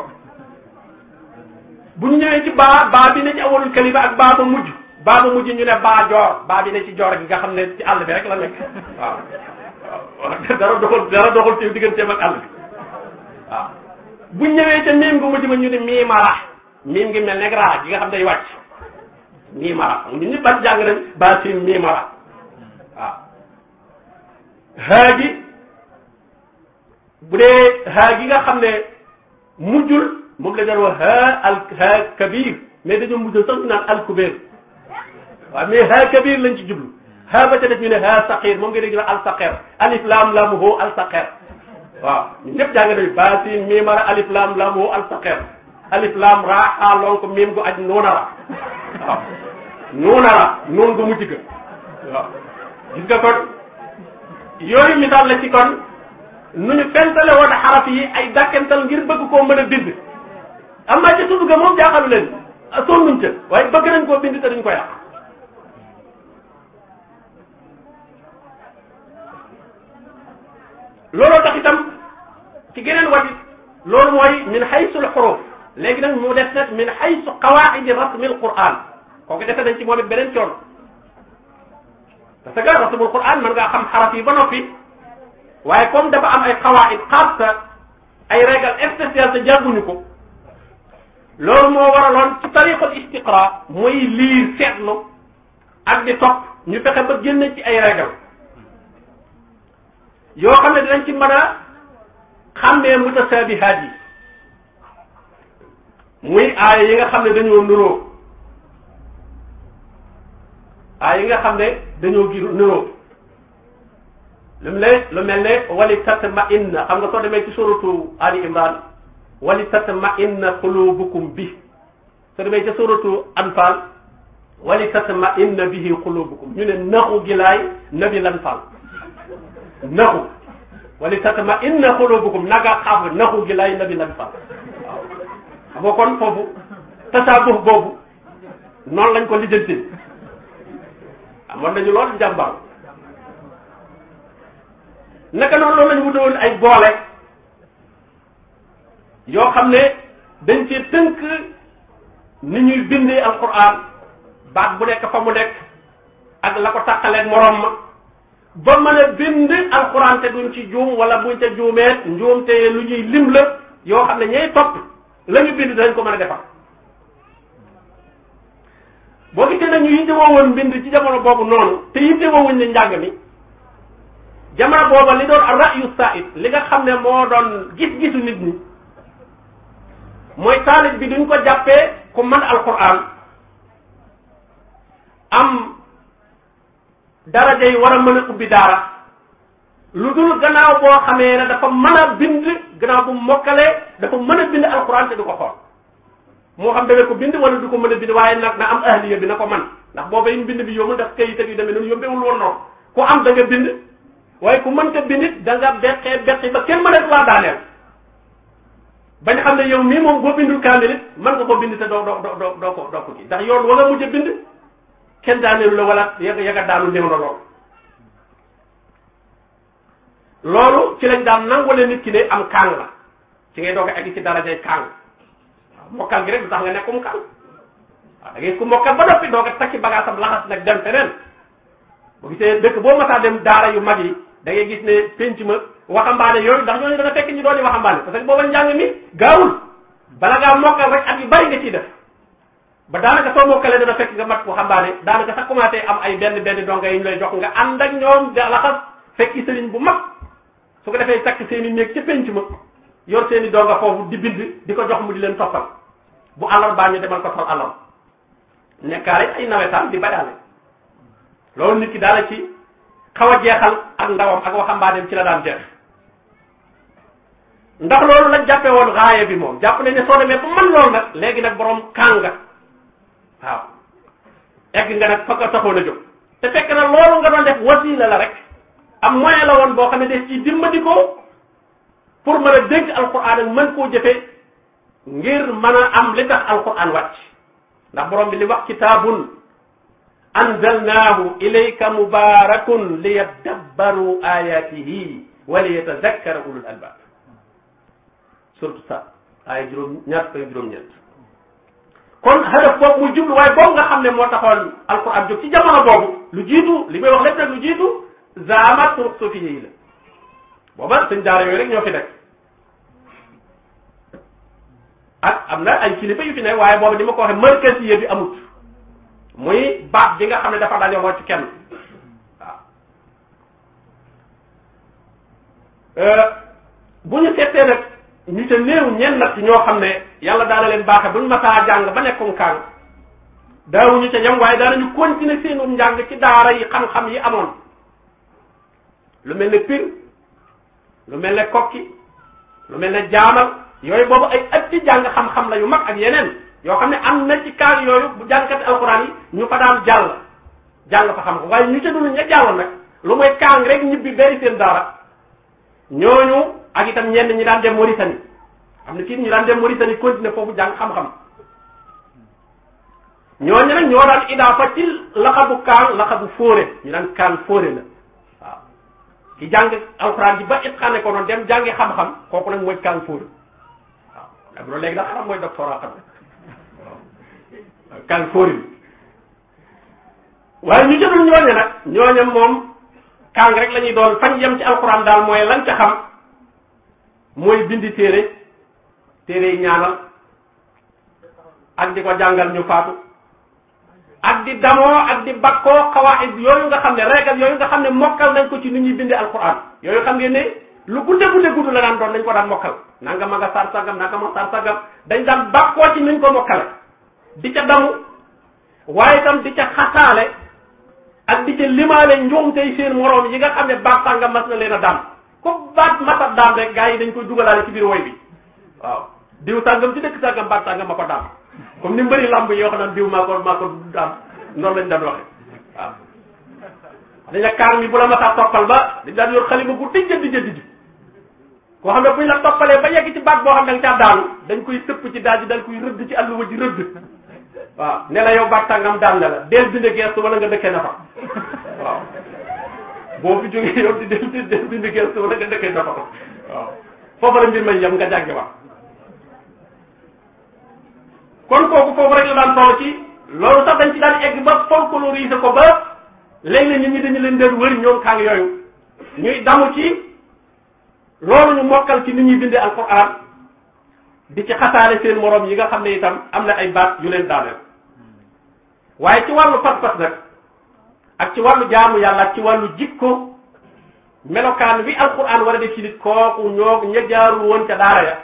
bu ñu ñëwee ci baa baa bi ne ci awalul kalima ak baa ba mujj baa ne joor bi ne ci joor gi nga ne ci àll bi rek la nekk waaw waaw dara doxul dara doxul ci digganteem ak miim gu mujj ma ñu ne miimara miim ngi mel ne raa gi nga xam day wàcc miimara ñu ñu ban jàng nañ baa si miimara haa ji bu dee haa gi nga xam ne mujjul moom la daan wax haa al haa kabir mais dañoo mujjul sax ñu naan al kubéer waaw mais haa kabir lañ ci jublu haa ba ca def ñu ne haa saqir moom nga dégg la al saqir alif laam laam hoo al saqir waaw ñun ñëpp jàng nañu baasin miimara alif laam laam hoo al saqir alif laam raa xaa lonk miim aj nuunara waaw nuunara noon gu mujj ga waaw gis nga kon yooyu misaal la ci kon nu ñu fentale woon xaraf yi ay dàkkental ngir bëgg koo mën a bind am naa ci suuf ga moom jaaxalu leen sonnuñ ca waaye bëgg nañ koo bind te duñ ko yàq looloo tax itam ci geneen wàcc loolu mooy min xaysul xuruf léegi nag mu def min xaysu qawaidi rasmi alquran kooku defe nañ ci moom it beneen coono parce que rasmul Qur'an mën ngaa xam xaraf ba noppi waaye comme dafa am ay xawaid xaasa ay règle spéciale te jànguñu ko loolu moo waraloon ci tariqul istiqra mooy liir seetlu ak di topp ñu fexe ba génne ci ay règle yoo xam ne dinañ ci mën a xàmmee mutasabihaat yi muy aaya yi nga xam ne dañoo nuroo ah yi nga xam ne dañoo giru niroo lu ne lu mel ne wali tatma inna xam nga soo demee ci suratu ali imran wali tatma inna qulubukum bi soo demee ci suratu anfal wali tatma inna bihi qulubukum ñu ne naxu gilaay nabi lan fal naxu wali tatma inna qulubukum naga xaaf naxu gilaay nabi lan waaw xam kon foofu tasaabuh boobu noonu lañ ko lijjanti amoon nañu lool njàmbaar naka noonu loolu lañu wutoon ay boole yoo xam ne dañ cee tënk ni ñuy bindee alquran baat bu nekk fa mu nekk ak la ko tàqaleeg morom ma ba mën a bind alquran te duñ ci juum wala buñ ca juumeet njuum te lu ñuy lim la yoo xam ne ñay topp la ñu bind dañ ko mën a defar boo gisee nag ñu yittewoo woon mbind ci jamono boobu noonu te yittewoo wuñ ne njàng mi jamaa booba li doon rayu said li nga xam ne moo doon gis-gisu nit ñi mooy taalib bi duñ ko jàppee ku man alquran am daraja yi war a mën a ubbi daara lu dul gannaaw boo xamee ne dafa mën a bind gannaaw bu mokkalee dafa mën a bind alquran te du ko xool moo xam dana ko bind wala du ko mën a bind waaye nag na am ahliya bi na ko man ndax booba yim bind bi yombul ndax kayit ak yu demee noonu yombewul woon noonu ku am da nga bind waaye ku mënta bind it da nga beqee ba kenn mënees laa daaneel bañ xam ne yow mii moom boo bindul kaamil it mën nga ko bind te doo doo doo doo do doo ko kii ndax yoon wala mujj bind kenn daaneelu la wala ya ya daanu néew na lool loolu ci lañ daan nangoo leen nit ki ne am kàng la ci ngay doog a ci darajay kàng mokkal gi rek du tax nga nekk mu kal ku mokkal ba noppi doo ko takki bagaasam laxas nag dem feneen bu gisee dëkk boo masaa dem daara yu mag yi dangay gis ne penc ma waxambaane yooyu ndax ñooñu dana fekk ñu doon di waxambaane parce que booba njàng mi gaawul bala ngaa mokkal rek at yu bari nga ciy def ba daanaka soo mokkalee dana fekk nga mat waxambaane daanaka sax commencé am ay benn benn donga yi ñu lay jox nga ànd ak ñoom da laxas fekki sëriñ bu mag su ko defee takk seen i néeg ca penc ma yor seen i donga foofu di bind di ko jox mu di leen toppal bu àllarbaa ñu demal ko tool àllarba nekkaale ay nawetaan di bayaale loolu nit ki daal ci xaw a jeexal ak ndawam ak waxambaaneem ci la daan jeex ndax loolu lañ jàppee woon raaye bi moom jàpp nañ ne soo demee ba mën loolu nag léegi nag borom kànga waaw egg nga nag fa ko taxoon a jóg te fekk na loolu nga doon def wasila la rek am moyen la woon boo xam ne def ci dimbali ko pour mën a dégg alquran ak mën koo jëfee ngir mën a am li tax alquran wàcc ndax bi li wax kitaabun anzalnaahu ilayka mubaarakun liyadabbaru ayatihi wa liyatazakkara ulul albab surtout ça aaya juróom ñaar kon hadaf boobu muy jublu waaye boobu nga xam ne moo taxoon alquran jóg ci jamono boobu lu li may wax lépp nag lu jiitu zaamat turuk sofiye yi la booba sëñ daara yooyu rek ñoo fi ak am na ay kilifa yu fi ne waaye boobu ni ma ko waxee markasiye bi amut muy baat bi nga xam ne dafa daje woo ci kenn waaw euh, bu ñu seetee nag ñu te néew ñenn nag ci ñoo xam ne yàlla daana leen baaxe buñ masaa jàng ba nekkum kaan daawuñu ca yam waaye daanañu continuer seenu njàng ci daara yi xam-xam yi amoon lu mel ne Pire lu mel ne Kokki lu mel ne Jaamal yooyu boobu ay ak ci jàng xam-xam la yu mag ak yeneen yoo xam ne am na ci kaar yooyu bu jàngkati alxuraan yi ñu fa daan jàll jàng fa xam ko waaye ñu ca dund ña jàll nag lu mooy kaang rek ñibbi bari seen daara ñooñu ak itam ñenn ñi daan dem Mauritanie am na kii ñu daan dem Mauritanie continuer foofu jàng xam-xam ñooñu nag ñoo daan idaafa ci laxabu kaan laxabu fóore ñu daan kaan fóore la waaw ki jàng alxuraan ji ba itxaane ko noonu dem jàngi xam kooku nag mooy kaan fóore xam nga léegi daal xaram mooy doctorat xam waaye ñu jëlul ñooña nag ñooña moom kàng rek la doon fañ yem ci alxuraan daal mooy lañ ca xam mooy bindi téere téere yi ñaanal ak di ko jàngal ñu faatu ak di damoo ak di bakkoo xawaid yooyu nga xam ne régal yooyu nga xam ne mokkal nañ ko ci nit ñuy bindi alxuraan yooyu xam ngeen ne lu gudde gudde gudd la daan doon dañ ko daan mokkal nanga ma nga sar sàggam nanga ma sar sàggam dañ daan bàkkoo ci nañ ko mokkale di ca damu waaye tam di ca xasaale ak di ca limaale njuum tey seen moroom yi nga xam ne baax sànga mas na leen a daam ko baat masat daam rek gars dañ koy dugalaale ci biir woy bi waaw diw sàngam ci dëkk sàngam baat sàngam ma ko daam comme ni mbëri lamb yoo xam naan diw ma ko maa ko daam noonu lañ daan waxe waaw dañ la kaar mi bu la ma saa toppal ba dañ daan yor xalima bu dijja dijja dijj koo xam ne buñ la toppalee ba yegg ci baat boo xam ne danga koy sëpp ci daal di dañ koy ci àll wa ji rëdd waaw ne la yow baat tàngam daan na la deel bind wala nga dëkkee na fa waaw boo fi jógee yow di deel deel bind gestu wala nga dëkkee na fa waaw foofu la mbir may yem nga jàngi wax kon kooku foofu rek la daan toll ci loolu sax dañ ci daan egg ba folkloriser ko ba léegi nit ñi dañu leen deen wër ñoom kàng yooyu ñuy damu ci loolu ñu mokkal ci ni ñuy bindee alquran di ci xasaare seen morom yi nga xam ne itam am na ay baat yu leen daaneel waaye ci wàllu pas-pas nag ak ci wàllu jaamu yàlla ak ci wàllu jikko melokaan wi alquran war a def ci nit koo ñoo ña jaarul woon ca daara ya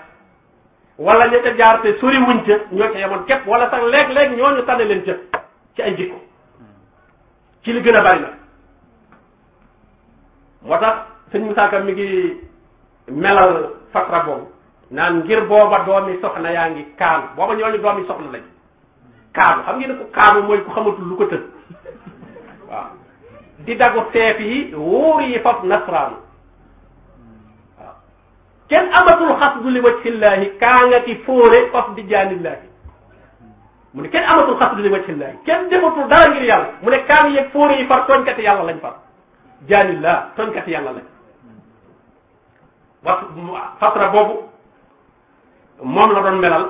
wala ña ca jaar te sori wuñ ca ñoo ca yemoon képp wala sax léeg-léeg ñooñu tànne leen ca ci ay jikko ci li gën a bari na moo tax sëñ Moussa mi ngi melal fatra boobu naan ngir booba doomi soxna yaa ngi kaanu booba ñooñu doomi soxna lañ kaanu xam ngeen ne ku kaanu mooy ku xamatul lu ko tëdd waaw di dagu teef yi wóor yi faf nasraan waaw kenn amatul xasdu li wajhillaahi kaa nga fóore faf di jaanillaahi mu ne kenn amatul xasdu li wajhillaahi kenn defatul dara ngir yàlla mu ne kaan yeeg fóore yi far tooñkati yàlla lañ far jaanillah tooñkati yàlla lañ wax fatra boobu moom la doon melal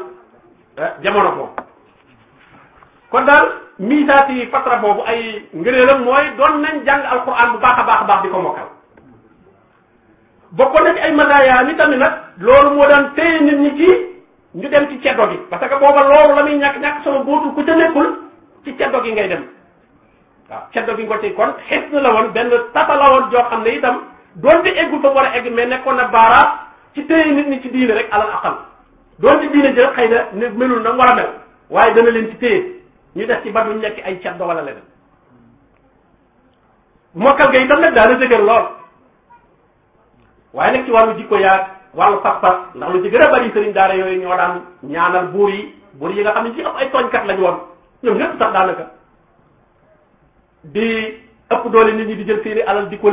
eh, jamono boobu kon daal misaas yi fatra boobu ay ngëneelam mooy doon nañ jàng alquran bu baax a baax a baax di ko mokkal bokkoon na ci ay madaaya ni tamit nag loolu moo daan téye nit ñi ci ñu dem ci ceddo gi parce que booba loolu la muy ñàkk ñàkk sama bootul ku ca nekkul ci ceddo gi ngay dem waaw ceddo gi nga ko ci kon xis na la woon benn tata la woon joo xam ne itam doonte eggul fa mu war a egg mais nekkoon na baaraam ci téye nit ñi ci diine rek alal aqal doonte diine jël xëy na ne melul na mu war a mel waaye dana leen ci téye ñu def ci ba duñ nekk ay caddo wala leneen mokkal ga itam nag daana dëgër lool waaye nag ci wàllu jikko yaag wàllu pas-pas ndax lu ci gën a bari sëriñ daara yooyu ñoo daan ñaanal buur yi buur yi nga xam ne ci ay tooñkat lañu woon ñoom ñëpp sax daanaka di ëpp doole nit ñi di jël seeni di ko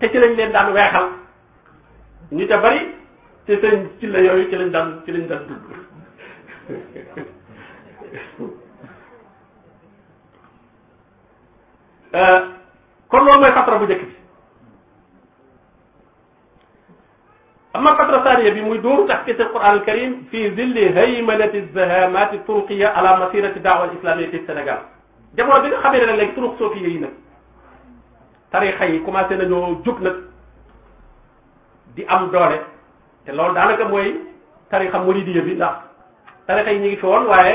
te ci lañ leen daan weexal ñu ca bari ci sëñ ci la yooyu ci lañ daan ci lañ daan dugg euh, kon loolu mooy fatra bu njëkk bi amma fatra saaniya bi muy dooru taxqiq alquran alkarim fi zilli haymanati zahamati turuqiya ala masirati daawa alislamiya fi Sénégal jamono bi nga xamee ne nag léegi turuq sofiya yi nag tarixa yi commencé nañoo jóg nag di am doole te loolu daanaka mooy tarixa muridiya bi ndax tarixa yi ñu ngi fi woon waaye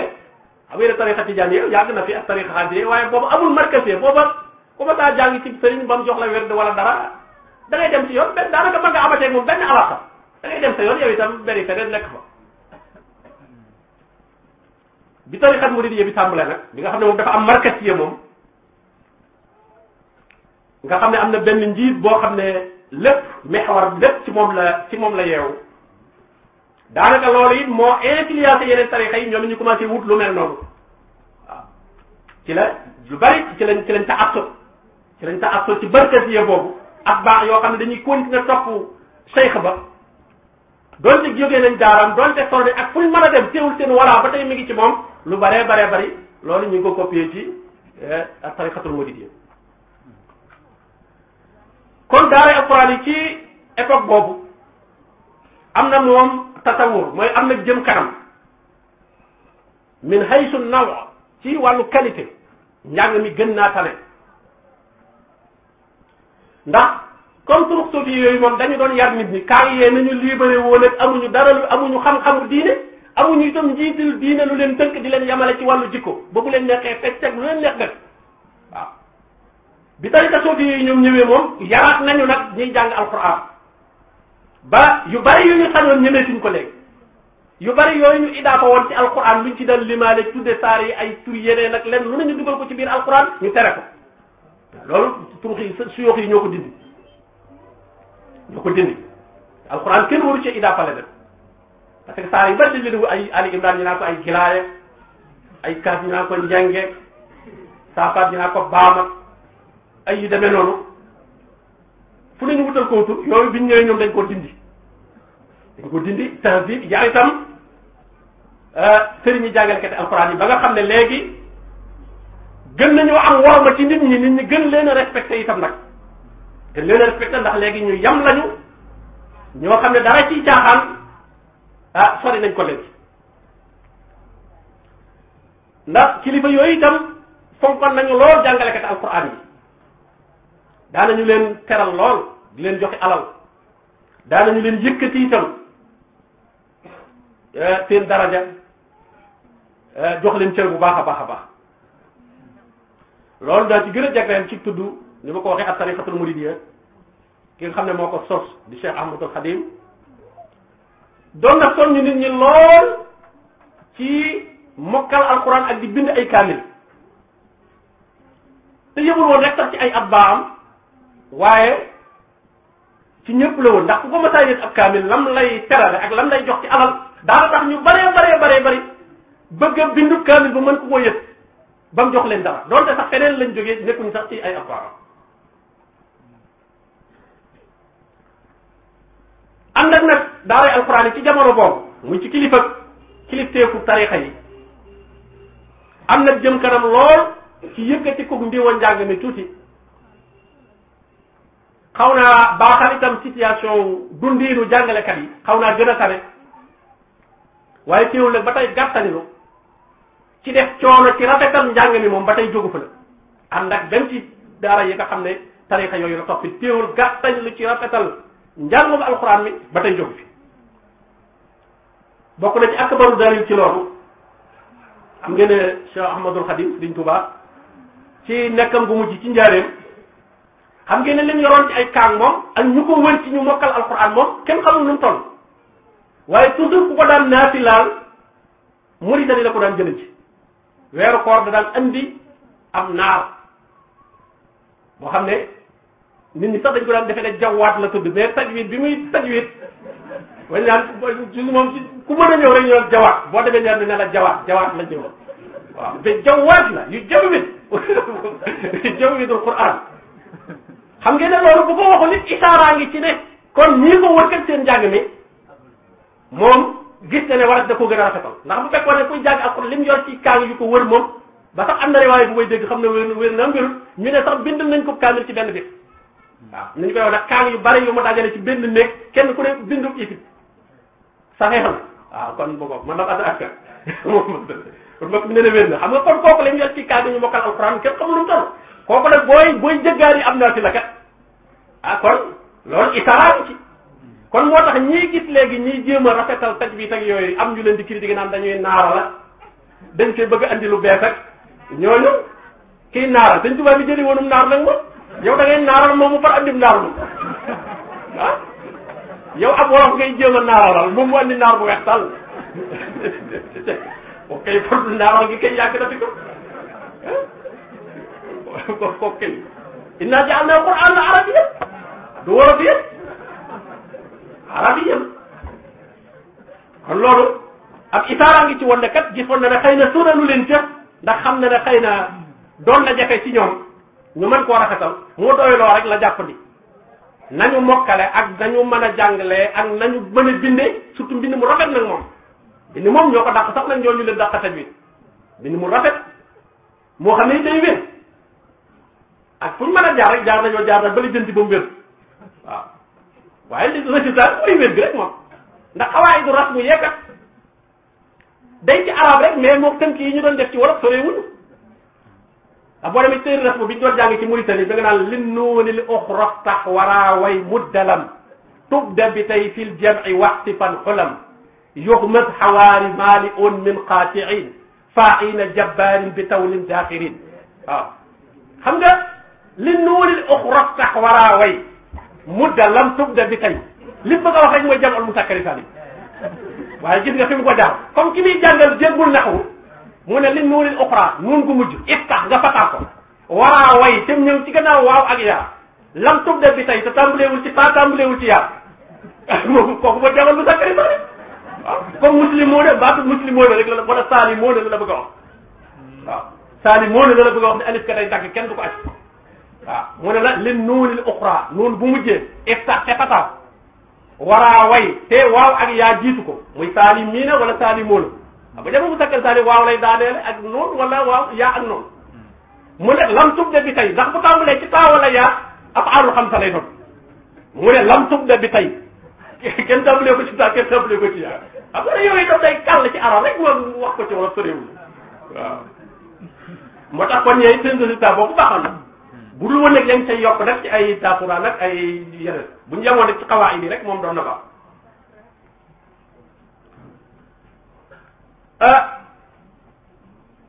xam nga tarixa tijaan yi yàgg na fi ak tarixa yi waaye boobu amul markase booba ku ma saa jàng ci sëriñ ba mu jox la werd wala dara da ngay dem si yoon benn daanaka mën nga amatee moom benn alaaka da ngay dem sa yoon yow itam beri feneen nekk fa bi tarixat murid yi bi tàmbalee nag bi nga xam ne moom dafa am markase moom nga xam ne am na benn njiit boo xam ne lépp mexwar lépp ci moom la ci moom la yeewu daanaka loolu yi moo influencé yeneen tarixa yi ñoom ñu commencé wut lu mel noonu waaw ci la lu bari ci lañ ci lañ ta asut ci lañ ta asut ci barkasiye boobu ak baax yoo xam ne dañuy continuer topp cheikh ba doonte jógee nañ daaraam doonte sonné ak fu ñu mën a dem teewul seen wala ba tey mi ngi ci moom lu baree baree bari loolu ñu ngi ko copier ci eh, tarixatul muridiyya kon daara alquran ci époque boobu am na moom tatawur mooy am na jëm kanam min haysu naw ci wàllu qualité njàng mi gën naa tane ndax comme turux suufi yooyu moom dañu doon yar nit ñi kaar nañu libéré woon amuñu dara lu amuñu xam-xamu diine amuñu itam njiitul diine lu leen tënk di leen yamale ci wàllu jikko ba bu leen neexee fecc ak lu leen neex def bi tarika suufi yooyu ñoom ñëwee moom yaraat nañu nag ñuy jàng alquran ba yu bari yu ñu xañoon ñemeetuñ ko léegi yu bari yooyu ñu idaafa woon ci alquran luñ ci daan limaale tudde saar yi ay tur yeneen ak len lu ne ñu dugal ko ci biir alquran ñu tere ko loolu turux yi suyoox yi ñoo ko dindi ñoo ko dindi alquran kenn waru ci idaafale dem parce que saar yi bari dañ leen ay ali imran ñu naa ko ay gilaaya ay kaas ñu naa ko njenge ay yu demee noonu fu ne ñu wutal koo tur yooyu biñ ñëwee ñoom dañ koo dindi dañ ko dindi temps bi yaa itam ah, sëriñu jàngalekati alxuraan yi ba nga xam ne léegi gën nañoo am worma ci nit ñi nit ñi gën leen a respecté itam nag gën leen a ndax léegi ñu yam lañu ñoo xam ne dara ciy caaxaan ah sori nañ ko ndax kilifa yooyu itam fonkoon nañu lool jàngalekati alxuraan yi ñu leen teral lool di leen joxe alal daanañu leen yëkkati itam eh, seen daraja eh, jox leen cër bu baax a baax a baax loolu daa ci gën a jagleel ci tudd ni ma ko waxee ak tariqatul muridiyya ki nga xam ne moo ko sos di Cheikh Ahmadul Khadim doon na soññ nit ñi lool ci mokkal alquran ak di bind ay kaamil te yëmul woon rek tax ci ay at baam waaye ci ñëpp la woon ndax ku ko masaa nit ab kaamil lam lay terale ak lam lay jox ci alal daana tax ñu baree baree baree bari bëgg a bindu kaamil ba mën ku ko yët ba mu jox leen dara doonte sax feneen lañ jógee nekkuñu sax ci ay apparence ànd ak nag daaray alxuraan yi ci jamono boobu muy ci kilifa kilifteefu tarixa yi am nag jëm kanam lool ci yëkkati ko ndiwa njàng mi tuuti xaw naa baaxal itam situation dundiinu jàngalekat yi xaw naa gën a tane waaye teewul nag ba tey gàttalilu ci def coono ci rafetal njàng mi moom ba tey jógu fa la ànd ak dem ci daara yi nga xam ne tarixa yooyu la toppi teewul gàttalilu ci rafetal njàngum alxuraan mi ba tey jógu fi bokk na ci akbaru dalil ci loolu am ngeen ne Ahmadul Xadim Sëriñ Tuubaa ci nekkam gu mujj ci njaareem xam ngeen ne leen yoroon ci ay kaang moom ak ñu ko wër ci ñu mokkal alquran moom kenn xamul nu mu toll waaye toujours ku ko daan naati laal Mauritanie la ko daan jëlee ci weeru koor da daan andi am naar boo xam ne nit ñi sax dañ ko daan defee ne jawwaat la tudd mais tajwid bi muy tajwid wañ naan suñu moom ku mën a ñëw rek ñu jawaat boo demee ñaan ne ne la jawaat jawaat la ñëwoon waaw te jawaat la yu jawwit yu jawwitul quran xam ngeen ne loolu bu ko waxul it isaaraa ngi ci ne kon ñii ko wër kat seen njàng mi moom gis na ne war da ko gën a rafetal ndax bu fekkoon ne kuy jàng alxuraan lim yor ci kaang yu ko wër moom ba sax am na riwaay bu may xam ne wér wér na mbirul ñu ne sax bind nañ ko kaamil ci benn bi waaw nañu koy wax nag kaang yu bari yu mu dajale ci benn néeg kenn ku ne bindu ifit saxee xam waaw kon bu ko man na ko askan moom kon mbokk mi ne ne wér na xam nga kon ci kaang ñu mokkal alxuraan kooku nag booy booy jëggaar am naa fi la kat ah kon loolu italaamu ci kon moo tax ñiy gis léegi ñiy jéem a rafetal taj bi tag yooyu am ñu leen di critiquer naan dañuy naara la dañ koy bëgg andi lu bees ak ñooñu kiy naaral sëñ tubaab bi jëli woonum naar nag moom yow da ngay naaral moom mu far andim naaral ah yow ab wolof ngay jéem a naaralal moom mu andi naar bu weex tàll ok pour naaral gi kay yàgg na fi ko ah. ko ko kay inna ja'alna al-qur'ana arabiyyan du warabiyyan arabiyyan kon loolu ab isaara ngi ci woon ne kat gisoon na ne xëy na sóoralu leen jëf ndax xam na ne xëy na doon na jafe ci ñoom ñu mën koo rafetal moo doyloo rek la jàppandi nañu mokkale ak nañu mën a jàngalee ak nañu mën a bindee sutu mbind mu rafet nag moom bind moom ñoo ko dàq sax nag ñoo ñu leen dàq tajwid bind mu rafet moo xam ne ak fu ñu mën a jaar rek jaar nañoo jaar nag ba li jënti ba mu wér waaw waaye li résultat mooy wér gi rek moom ndax xawaay du ci arab rek mais moom tënk yi ñu doon def ci wolof sorewuñu ndax boo demee ci téere ras mu bi ñu doon jàng ci Mauritanie da nga naan lin nuuni li oxrof tax waraa way muddalam tubda bi tay fil jamci waxti fan xulam yuxmat xawaari maali oon min qaati'in faaina jabbaarin bi tawlin daaxirin waaw xam li nuuril uxra tax waraa way mudda lam tubda bi tey li bëgg a wax rek mooy jamul musakkarisan yi waaye gis nga fi mu ko jaar comme ki muy jàngal jéggul naxwu mu ne li nuuril uxra nuun gu mujj iftax nga fataa ko waraa way tem ñëw ci gannaaw waaw ak yaa lam tubda bi tey te tàmbalewul ci faa tàmbalewul ci yaa moom kooku mooy jamul musakkarisan yi waaw comme muslim moo ne baatu muslim moo ne rek la wala saali moo ne la la bëgg a wax waaw saali moo ne la la bëgg a wax ne alif ka day dàgg kenn du ko aj a mu ne la leen noonil uxra noonu bu mujjee ifta xepatal waraa way te waaw ak yaa jiitu ko mu saalimiina wala saalimoona xam nga jafe mu sakkal saalim waaw lay daaneele ak noonu wala waaw yaa ak noonu mu ne lam tubda bi tey ndax bu tàmbalee ci taa wala yaa ab aarul xam sa lay doon mu ne lam tubda bi tey kenn tàmbalee ko ci taa kenn tàmbalee ko ci yaa xam nga yooyu daf day kàll ci arab rek moom wax ko ci wala soriwul waaw moo tax kon ñooy seen résultat bu dul woon yaa ngi say yokk nag ci ay daafura nag ay bu ñu yemoon nag ci xawaa yi rek moom doon na ko am ah,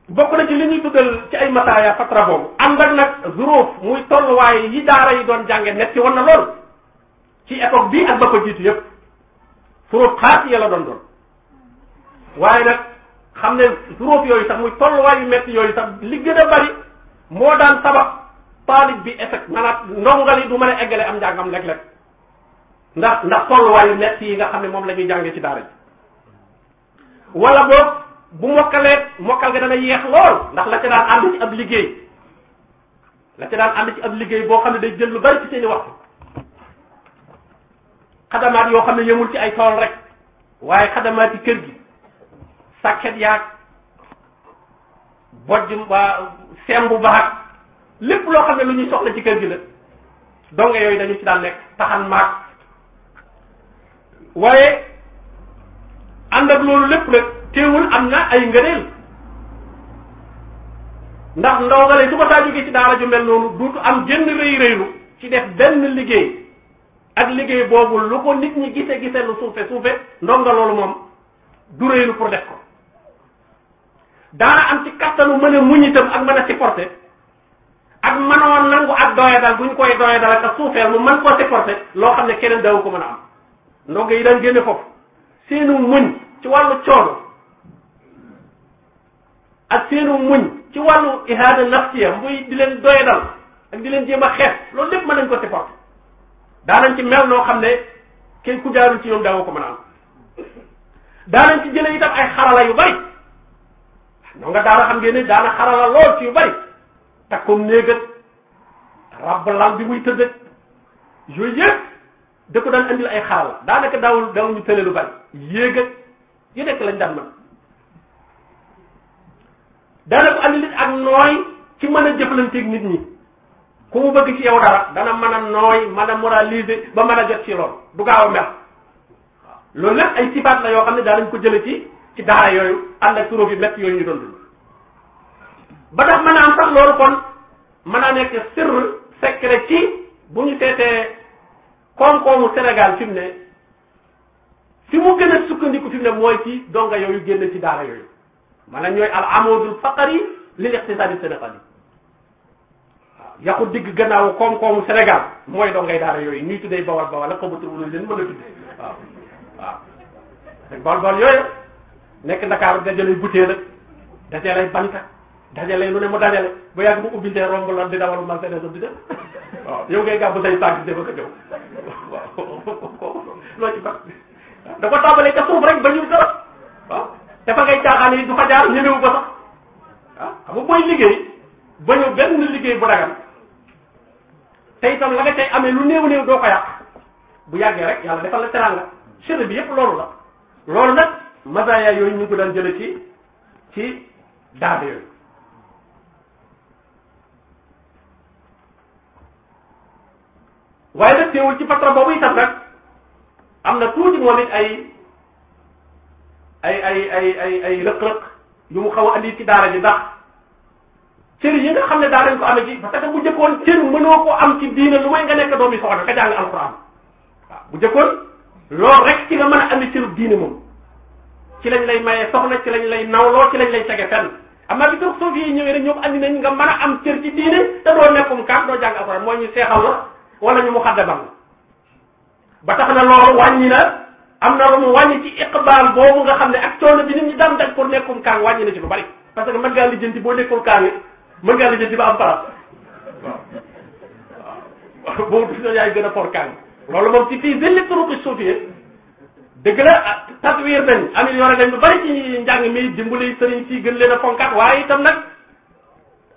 bokk na ci li ñuy dugal ci ay mataaya fatra boobu ànd ak nag zuróof muy tolluwaay yi daara yi doon jànge nekk ci woon na lool ci époque bii ak ba ko jiitu yépp zuróof xaas ya doon doon waaye nag xam ne zuróof yooyu sax muy tolluwaay yu metti yooyu sax li gën a bari moo daan sabab taalib bi effet maanaam ndongal yi du mën a eggale am njàngam léeg-léeg ndax ndax tolluwaayu nett yi nga xam ne moom la ñuy jàngee ci daara ji wala boog bu mokkalee mokkal ga dana yeex lool ndax la ca daan ànd ci ab liggéey liggéey boo xam ne day jël lu bari ci seeni waxtu xadamaat yoo xam ne yëmul ci ay tool rek waaye xadamaat yi kër gi sàkket yaag bojj mbaa sembu baax lépp loo xam ne lu ñuy soxla ci kër gi la donge yooyu dañu ci daan lekk taxan maag waaye ànd ak loolu lépp nag teewul am na ay ngëneel ndax ndaw nga ne su ko saa jógee ci daara ju mel noonu duutu am jënn rëy rëylu ci def benn liggéey ak liggéey boobu lu ko nit ñi gise gise lu suufe suufe ndonga loolu moom du rëylu pour def ko am ci kattanu mën a muñ ak mën a supporter ak mënoo nangu ak doyadal guñ koy doyadal ak suufeel mu mën koo supporter loo xam ne keneen daw ko mën a am ndongo yi daan génne foofu seenu muñ ci wàllu coono ak seenu muñ ci wàllu ihaada nafsiya muy di leen doyadal ak di leen jéem a xeex loolu lépp mën nañ ko supporter daanañ ci mel noo xam ne kenn ku jaarul ci ñoom daawoo ko mën a am daanañ ci jëlee itam ay xarala yu bari non nga daana xam ngeen ne daana xarala lool ci yu bari takkum néegat rabb lal bi muy tëddët yooyu yëpp da ko daan andil ay xaal daanaka daawul daawul ñu tële lu bari yéegat yu nekk lañ daan mën daana ko andil ak nooy ci mën a jëflanteeg nit ñi ku mu bëgg ci yow dara dana mën a nooy mën a moraliser ba mën a jot ci lool du gaaw a mer waaw loolu lépp ay sifaat la yoo xam ne daanañ ko jële ci ci yooyu ànd ak turóof yu métti yooyu ñu doon ba tax mën a am sax loolu kon mën a nekk sir secret ci bu ñu seetee koom-koomu senegal fi mu ne fi mu gën a sukkandiku fi mu ne mooy ci donga yooyu génn ci daara yooyu maanaam ñooy al amadul faqari lil iqtisadi sénégal yi waaw digg gannaaw koom-koomu Sénégal mooy dongay daara yooyu ñuy tuddee bawal bawal ak xabatul wu leen mën a tuddee waaw waaw rek bawal yooyu nekk Ndakaaru dajale butéel ak dajale banta dajale lu ne mu dajale ba yàgg mu ubbintee romb la di dawalu Mercedes di dem waaw yow ngay gàbb say saag di dem ak a ñëw waaw loo ci baax da ko tàmbalee ca suuf ba ñu dara waaw te du fa jaar ñemewu ko sax ah xam nga booy liggéey ba ñu bu dagan te itam la nga amee lu néew néew doo ko yàq bu yàggee rek yàlla defal la teraanga chéré bi yépp loolu la loolu nag masaaya yooyu ñu ngi ko daan ci ci daade waaye nag teewul ci fatra boobu itam nag am na tuuti moom it ay ay ay ay ay ay rëq-rëq yu mu xaw a andi ci daara ji ndax cër yi nga xam ne daa dañ ko amee ci parce que bu njëkkoon cër mënoo ko am ci diina lu may nga nekk doomi soxna nga jàng alquran waaw bu njëkkoon loolu rek ci nga mën a andi cëru diina moom ci lañ lay maye soxna ci lañ lay nawloo ci lañ lay tege am naa bi trop yi ñëwee rek ñoom andi nañ nga mën a am cër ci diine te doo nekkum kaat doo jàng alquran moo ñu seexal la wala ñu mu xaddamam ba tax na loolu wàññi na am na lu mu wàññi ci iqbaal boobu nga xam ne ak coono bi nit ñi daan daj pour nekkum kaang wàññi na ci lu bari parce que mën ngaa lijjanti boo nekkul kaang mën ngaa lijjanti ba am place waaw boobu du yaay gën a for kaang loolu moom ci fii benn turuqi suufiye dëgg la tatwiir nañ amélioré nañ lu bari ci njàng mi dimbali sëriñ si gën leen fonkat waaye itam nag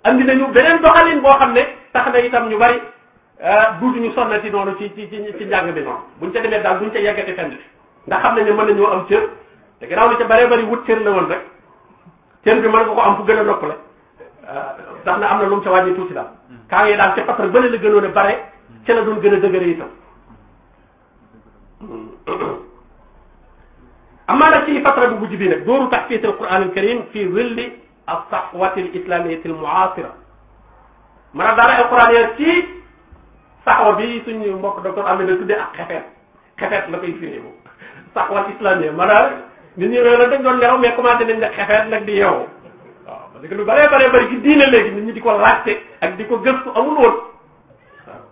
andi nañu beneen doxalin boo xam ne tax itam ñu bari duutuñu euh, sonnati noonu ci ci ci ci njàng bi noonu buñ ca demee daal buñ ca yeggati fenn bi ndax xam nañ ne mën nañoo am cër te gannaaw li ca bëree bëri wut cër la woon rek cër bi mën nga ko am fu gën a noppale euh, tax na am na lu mu ca wàññi tuuti daal mm. kaa ngi daal ca patar bële la gënoon a bare mm. ca la doon gën a dëgëre itam mm. amaa nag ci fatra bu mujj bi nag dooru tahfiis alquran alkarim fi willi alsahwati alislamiati almuasira maanaam daara alquran ya ci saxwa bi suñu mbokk docteur am na tuddee ak xefeet xefeet la koy firi moom saxwal islamiyya maanaam nit ñi loolu dañ doon leew mais commencé nañ nag xefeet nag di yeewu waaw parce que lu bare bëree bëri ci diine léegi nit ñu di ko laajte ak di ko gëstu amul woon waaw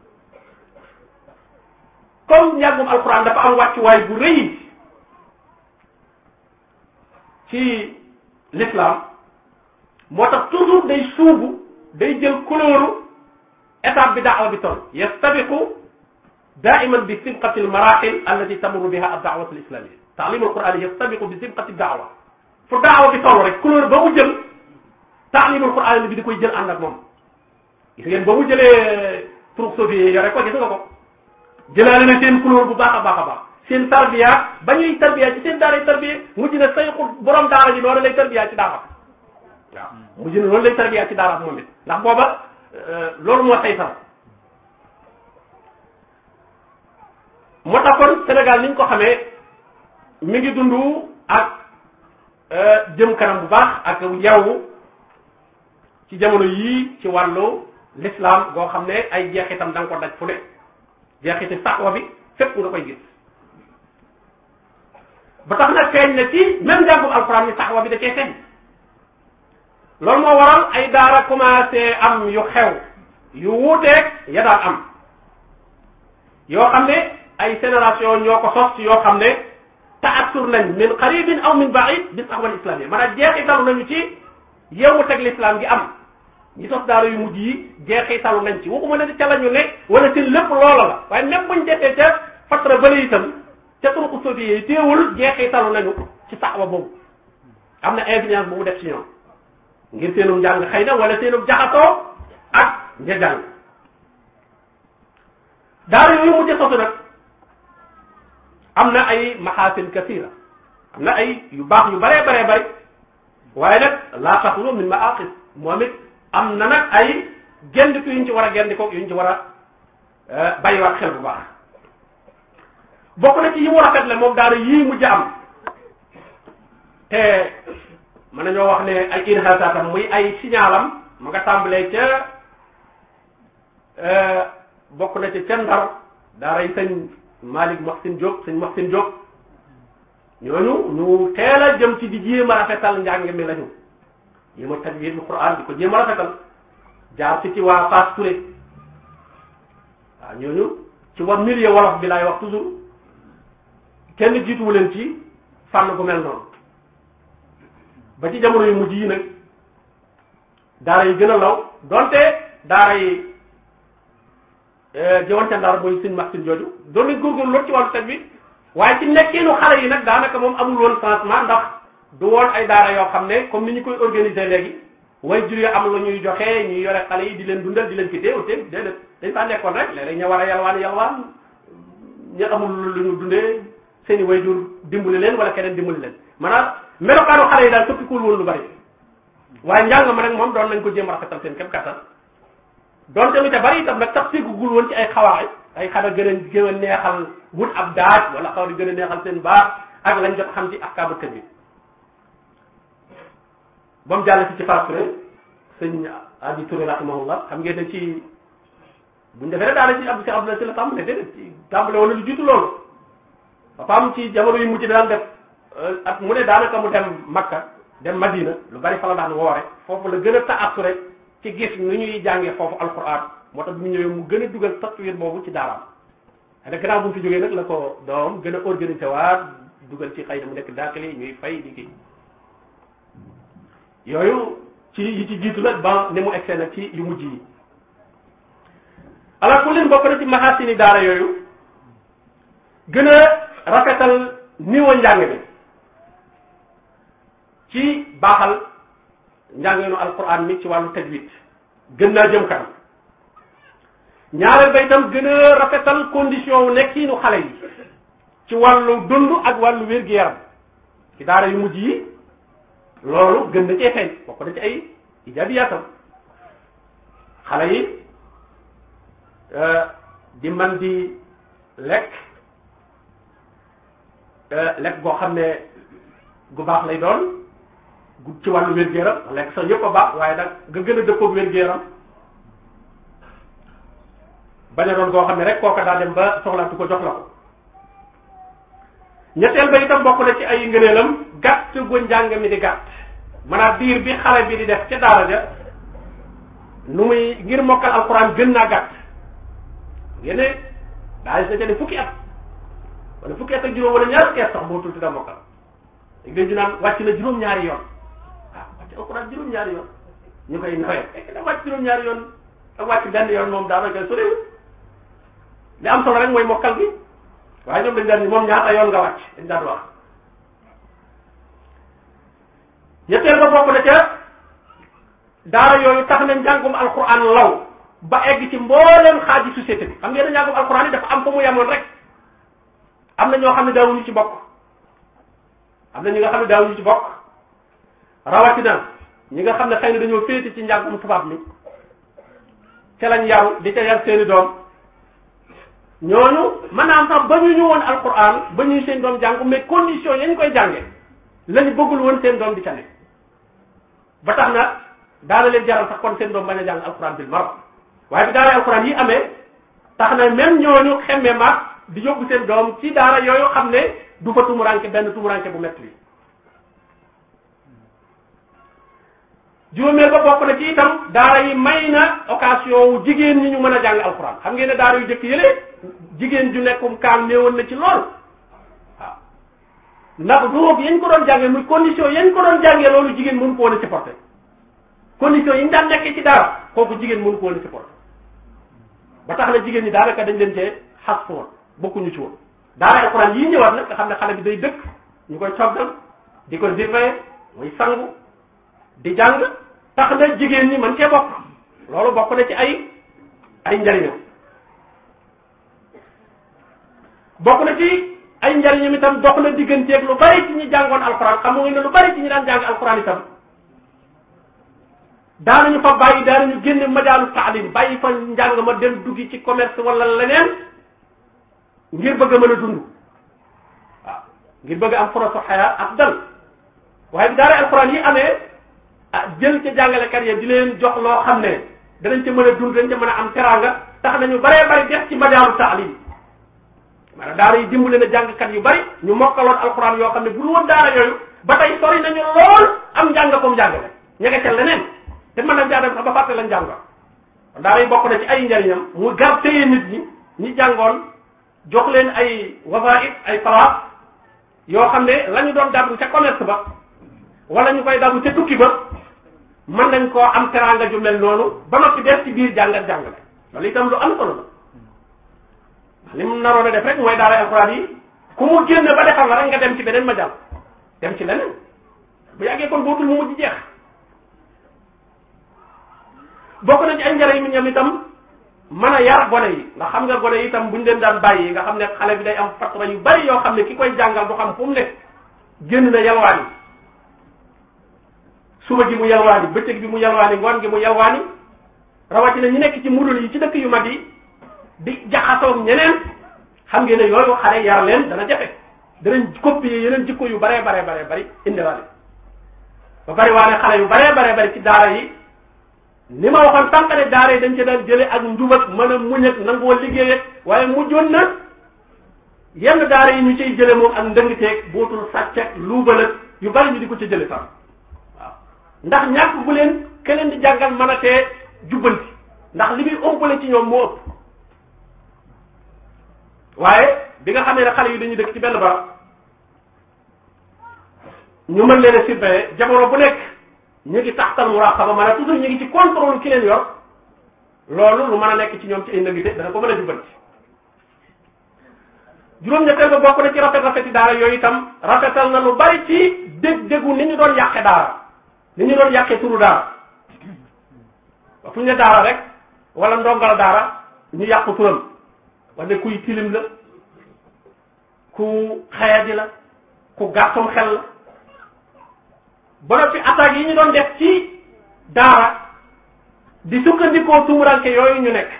comme njàngum alxuraan dafa am wàccuwaay bu rëy ci l'islam moo tax toujours day suubu day jël couleur étape bi daawa bi toll yastabiqu daiman bi simqati almarahil allati tamurru biha ad daawatu al islamia taalim al qurani yastabiqu bi simqati daawa fu daawa bi toll rek couleur ba mu jël taalim al qurani bi di koy jël ànd ak moom gis ngeen ba mu jëlee turux soviet yore ko ko jëlaale i seen couleur bu baax a baax a baax seen tarbiya ba ñuy tarbiya ci seen daaray tarbiya mujj na sayxu borom daara ji noonu lay tarbiya ci daara waaw mujj na loolu lay tarbiya ci daara moom it ndax booba Euh, loolu moo saytan moo tax kon Sénégal ni ñu ko xamee mu ngi dund ak euh, jëm kanam bu baax ak yaw ci jamono yii ci wàllu lislaam goo xam ne ay jeexitam da ko daj fu ne jeexiti taqwa bi fépp nga koy gis ba tax na feeñ na ci même jàngum alxuraan ni taqwa bi da cee feeñ loolu moo waral ay daara commencé am yu xew yu wuuteeg ya daan am yoo xam ne ay génération ñoo ko sos yoo xam ne taassur nañ min qaribin aw min baid bis axwal islamia maanaam jeexitalu nañu ci yeewu teg l'islam gi am ñi sos daara yu mujj yi jeexitalu nañ ci waxuma ne ca la ñu ne wala seen lépp loola la waaye même buñ defee ca fatra bële itam ca turuq soviet yi téewul jeexitalu nañu ci saxwa boobu am na influence bu mu def ci ñoom ngir seenum njàng xëy na wala seenum jaxatoo ak ña jàng yooyu mujj sosu nag am na ay maxaasin kasira am na ay yu baax yu bare baree bari waaye nag laa taxlu min maaqis moom it am na nag ay gendiku yuñ ci war a gendiko yuñ ci war a e, bàyyiwaat xel bu baax bokk na ci yi mu rafet la moom daara yii mujj am te mën nañoo wax ne ay irhasatam muy ay signalam mu nga tàmbalee ca euh, bokk na ca ca ndar daaray sëñ Malick Moxsin Diop sëñ Moxsin Diop ñooñu ñu teel jëm ci di jéem a rafetal njàng mi lañu jéem a tajwiidul Qur'an di ko jéem a rafetal jaar ci ci waa Fass Touré waaw ñooñu ci war milieu wolof bi laay wax toujours kenn jiituwu leen ci fànn gu mel noonu ba ci jamono yu mujj yi nag daara yi gën a law donte daara yi eh, jiwancan daara mooy sëñ Maxsin jooju doon nañ góorgóorlu lool ci wàllu set bi waaye ci nekkeenu xale yi nag daanaka moom amul woon changement ndax du woon ay daara yoo xam ne comme ni ñu koy organiser léegi way jur yi am lu ñuy joxe ñuy yore xale yi di leen dundal di leen ci teew teew déedéet dañ faa nekkoon rek léeg-léeg ña war a yalwaan yalwaan ña amul lu ñu dundee seen way jur dimbali leen wala keneen dimbali leen melokaanu xale yi daal soppikuwul woon lu bari waaye njàng ma nag moom doon lañ ko jéem rafetal seen képp kattan donte lu ca bari itam nag tax séggugul woon ci ay xawaay ay xanaa gën a a neexal wut ab daaj wala xaw di gën a neexal seen baax ak lañ jot xam ci ahkaamu tëdd ba mu jàll ci ci Fass Touré sëñ Adi xam ngeen ne ci buñ defee daal ci ab si Abdoulaye si la tàmbale déedéet ci tàmbale wala lu ci jamono yu mujj daan def. Euh, at mu ne daanaka mu dem Makka dem Madina lu bari fa la daan woore foofu la gën a taassu rek ci gis nu ñuy jàngee foofu alquran moo tax bu ñëwee mu gën a dugal tatwir boobu ci daaraam xanaa gannaaw bu la ko doom gën a organiser waat dugal ci xay na mu nekk daakali ñuy fay di kii yooyu ci ci jiitu la ba ne mu egsee nag ci yu mujj yi ala kulin bokk na ci maxaasini daara yooyu gën a rafetal niveau njàng bi ci baaxal njàngeenu alquran mi ci wàllu tajwid gën naa jëm kanam ñaareel ba gën a condition wu nekkiinu xale yi ci wàllu dund ak wàllu wér-gu-yaram ci daara yu mujj yi loolu gën na cee feeñ bokk ci ay ijaabiyaatam xale yi eh, di man di lekk eh, lekk xam ne gu baax lay doon ci wàllu wér-gu-yaram lekk sax yëpp a baax waaye nag nga gën a dëppoo wér-gu-yaram xam ne rek kooka daa dem ba soxlaatu ko jox la ko ñetteel ba itam bokk na ci ay ngëneelam gàtt gu njàng mi maanaam diir bi xale bi di def ca daara ja nu muy ngir mokkal alxuraan gën naa gàtt ngeen ne daa gis ne fukki at wala fukki at ak juróom wala ñaar fukki at sax boo tuuti da mokkal léegi dañu naan wàcc na juróom-ñaari yoon. alxuraan juróom-ñaari yoon ñu koy noyyi fekk na wàcc juróom-ñaari yoon ak wàcc yoon moom daanaka soriwul li am solo rek mooy mokkal gi waaye ñoom dañ daan ni moom ñaata yoon nga wàcc dañ daan wax ñetteel ba bokk na ca daara yooyu tax na njàngum alxuraan law ba egg ci mbooleem xaaji société bi xam ngeen ne njàngum alxuraan yi dafa am fa mu rek am na ñoo xam ne daawuñu ci bokk am na ñi nga xam ne daawuñu ci bokk rawatina ñi nga xam ne xëy na dañoo féete ci njàngum tubaab mi ca yaw di ca yar seeni doom ñooñu maanaam sax ba ñu ñu woon alquran ba ñu seen doom jàng mais condition yañ koy jànge lañu bëggul woon seen doom di ca nekk ba tax na daana leen jaral sax kon seen doom bañ a jàng alquran bil marok waaye bi daara alquran yi amee tax na même ñooñu xemme maat di yóbbu seen doom ci daara yooyu xam ne du fa tumuranke benn tumuranke bu metti bi juróomeel ba bokk na ci itam daara yi may na occasion wu jigéen ñi ñu mën a jàng alxuraan xam ngeen ne daara yu jëkk yële jigéen ju nekkum kaam néewoon na ci lool waaw ndax duóob yañ ko doon jàngee muy condition yañ ko doon jàngee loolu jigéen mënu ko woon a supporté condition yi ñu daan nekkee ci daara kooku jigéen mënu ko woon a supporté ba tax na jigéen ñi daanaka dañ leen cee xas ko woon bokkuñu ci woon daara alxuraan yii ñëwaat nag nga xam ne xale bi day dëkk ñu koy coggal di ko surveiller muy sangu di tax na jigéen ñi man ke bokk loolu bokk na ci ay ay njariñam bokk na ci ay njariñam itam dox na digganteeg lu bari ci ñi jàngoon alxuraan xam nga ne lu bari ci ñi daan jàng alxuraan itam daanañu fa bàyyi daanañu génne majaalu taalim bàyyi fa njàng ma dem duggi ci commerce wala leneen ngir bëgg a mën a dund waaw ngir bëgg am forosu xayaa ak dal waaye bi daara alxuraan yi amee ah jël ca jàngalekat ya di leen jox loo xam ne danañ ca mën a dund danañ ca mën a am teraanga tax nañu baree bari def ci madaaru taalim maanaam daara yi dimbale na jàngkat yu bari ñu mokkaloon alxuraan yoo xam ne bu dul woon yooyu ba tey sori nañu lool am njàng comme njàngale ña nga ca leneen te mën a jaadam sax ba fàtte lañ jàngoon daara bokk na ci ay njariñam mu gar téye nit ñi ñi jàngoon jox leen ay wasaïd ay place yoo xam ne lañu doon dabu ca commerce ba wala ñu koy dabu ca tukki ba mën nañ koo am teraanga ju mel noonu ba noppi def ci biir jàngat jàngale loolu itam lu am solo la li mu naroon a def rek mooy daara alxuraan yi ku mu génn ba defal la rek nga dem ci beneen ma jàll dem ci leneen bu yàggee kon boobu mu mujj jeex bokk na ay njëriñ mi ñam itam mën a yar gone yi nga xam nga gone yi itam buñu leen daan bàyyi nga xam ne xale bi day am fatra yu bari yoo xam ne ki koy jàngal du xam fu ne nekk génn na yalwaan yi suba ji mu yalwaani bëccëg bi mu yalwaani ngoon gi mu yalwaani rawatina ñu nekk ci mudul yi ci dëkk yu mag yi di jaxasoog ñeneen xam ngeen ne yooyu xale yar leen dana jafe danañ copier yeneen jikko yu baree baree bare bari indiwaale ba bari waane xale yu baree baree bari ci daara yi ni ma waxoon sànq daara yi dañ ci daan jële ak njub ak mën a muñ ak nangoo liggéey ak waaye mujjoon na yenn daara yi ñu ciy jële moom ak ndëngteeg bootul sàcc ak luubal yu bari ñu di ko ci jële sax ndax ñàkk bu leen keneen di jàngal mën a tee jubbanti ndax li muy ëmpale ci ñoom moo ëpp waaye bi nga xamee ne xale yi dañuy dëkk ci benn barab ñu mën leen a jamono bu nekk ñu ngi taxtal muraqaba maanaam toujours ñu ngi ci contrôle ki leen yor loolu lu mën a nekk ci ñoom ci ay nëgite dana ko mën a jubbanti juróom-ñetteel ba bokk na ci rafet rafet yi daara yooyu itam rafetal na lu bari ci dég-dégu ni ñu doon yàqe daara ni ñu doon yàqee turu daara fu ñu ne daara rek wala ndongal daara ñu yàqu turam wala kuy tilim la ku xayadi la ku gàttum xel la ba noppi attaques yi ñu doon def ci daara di sukkandikoo tumuranke yooyu ñu nekk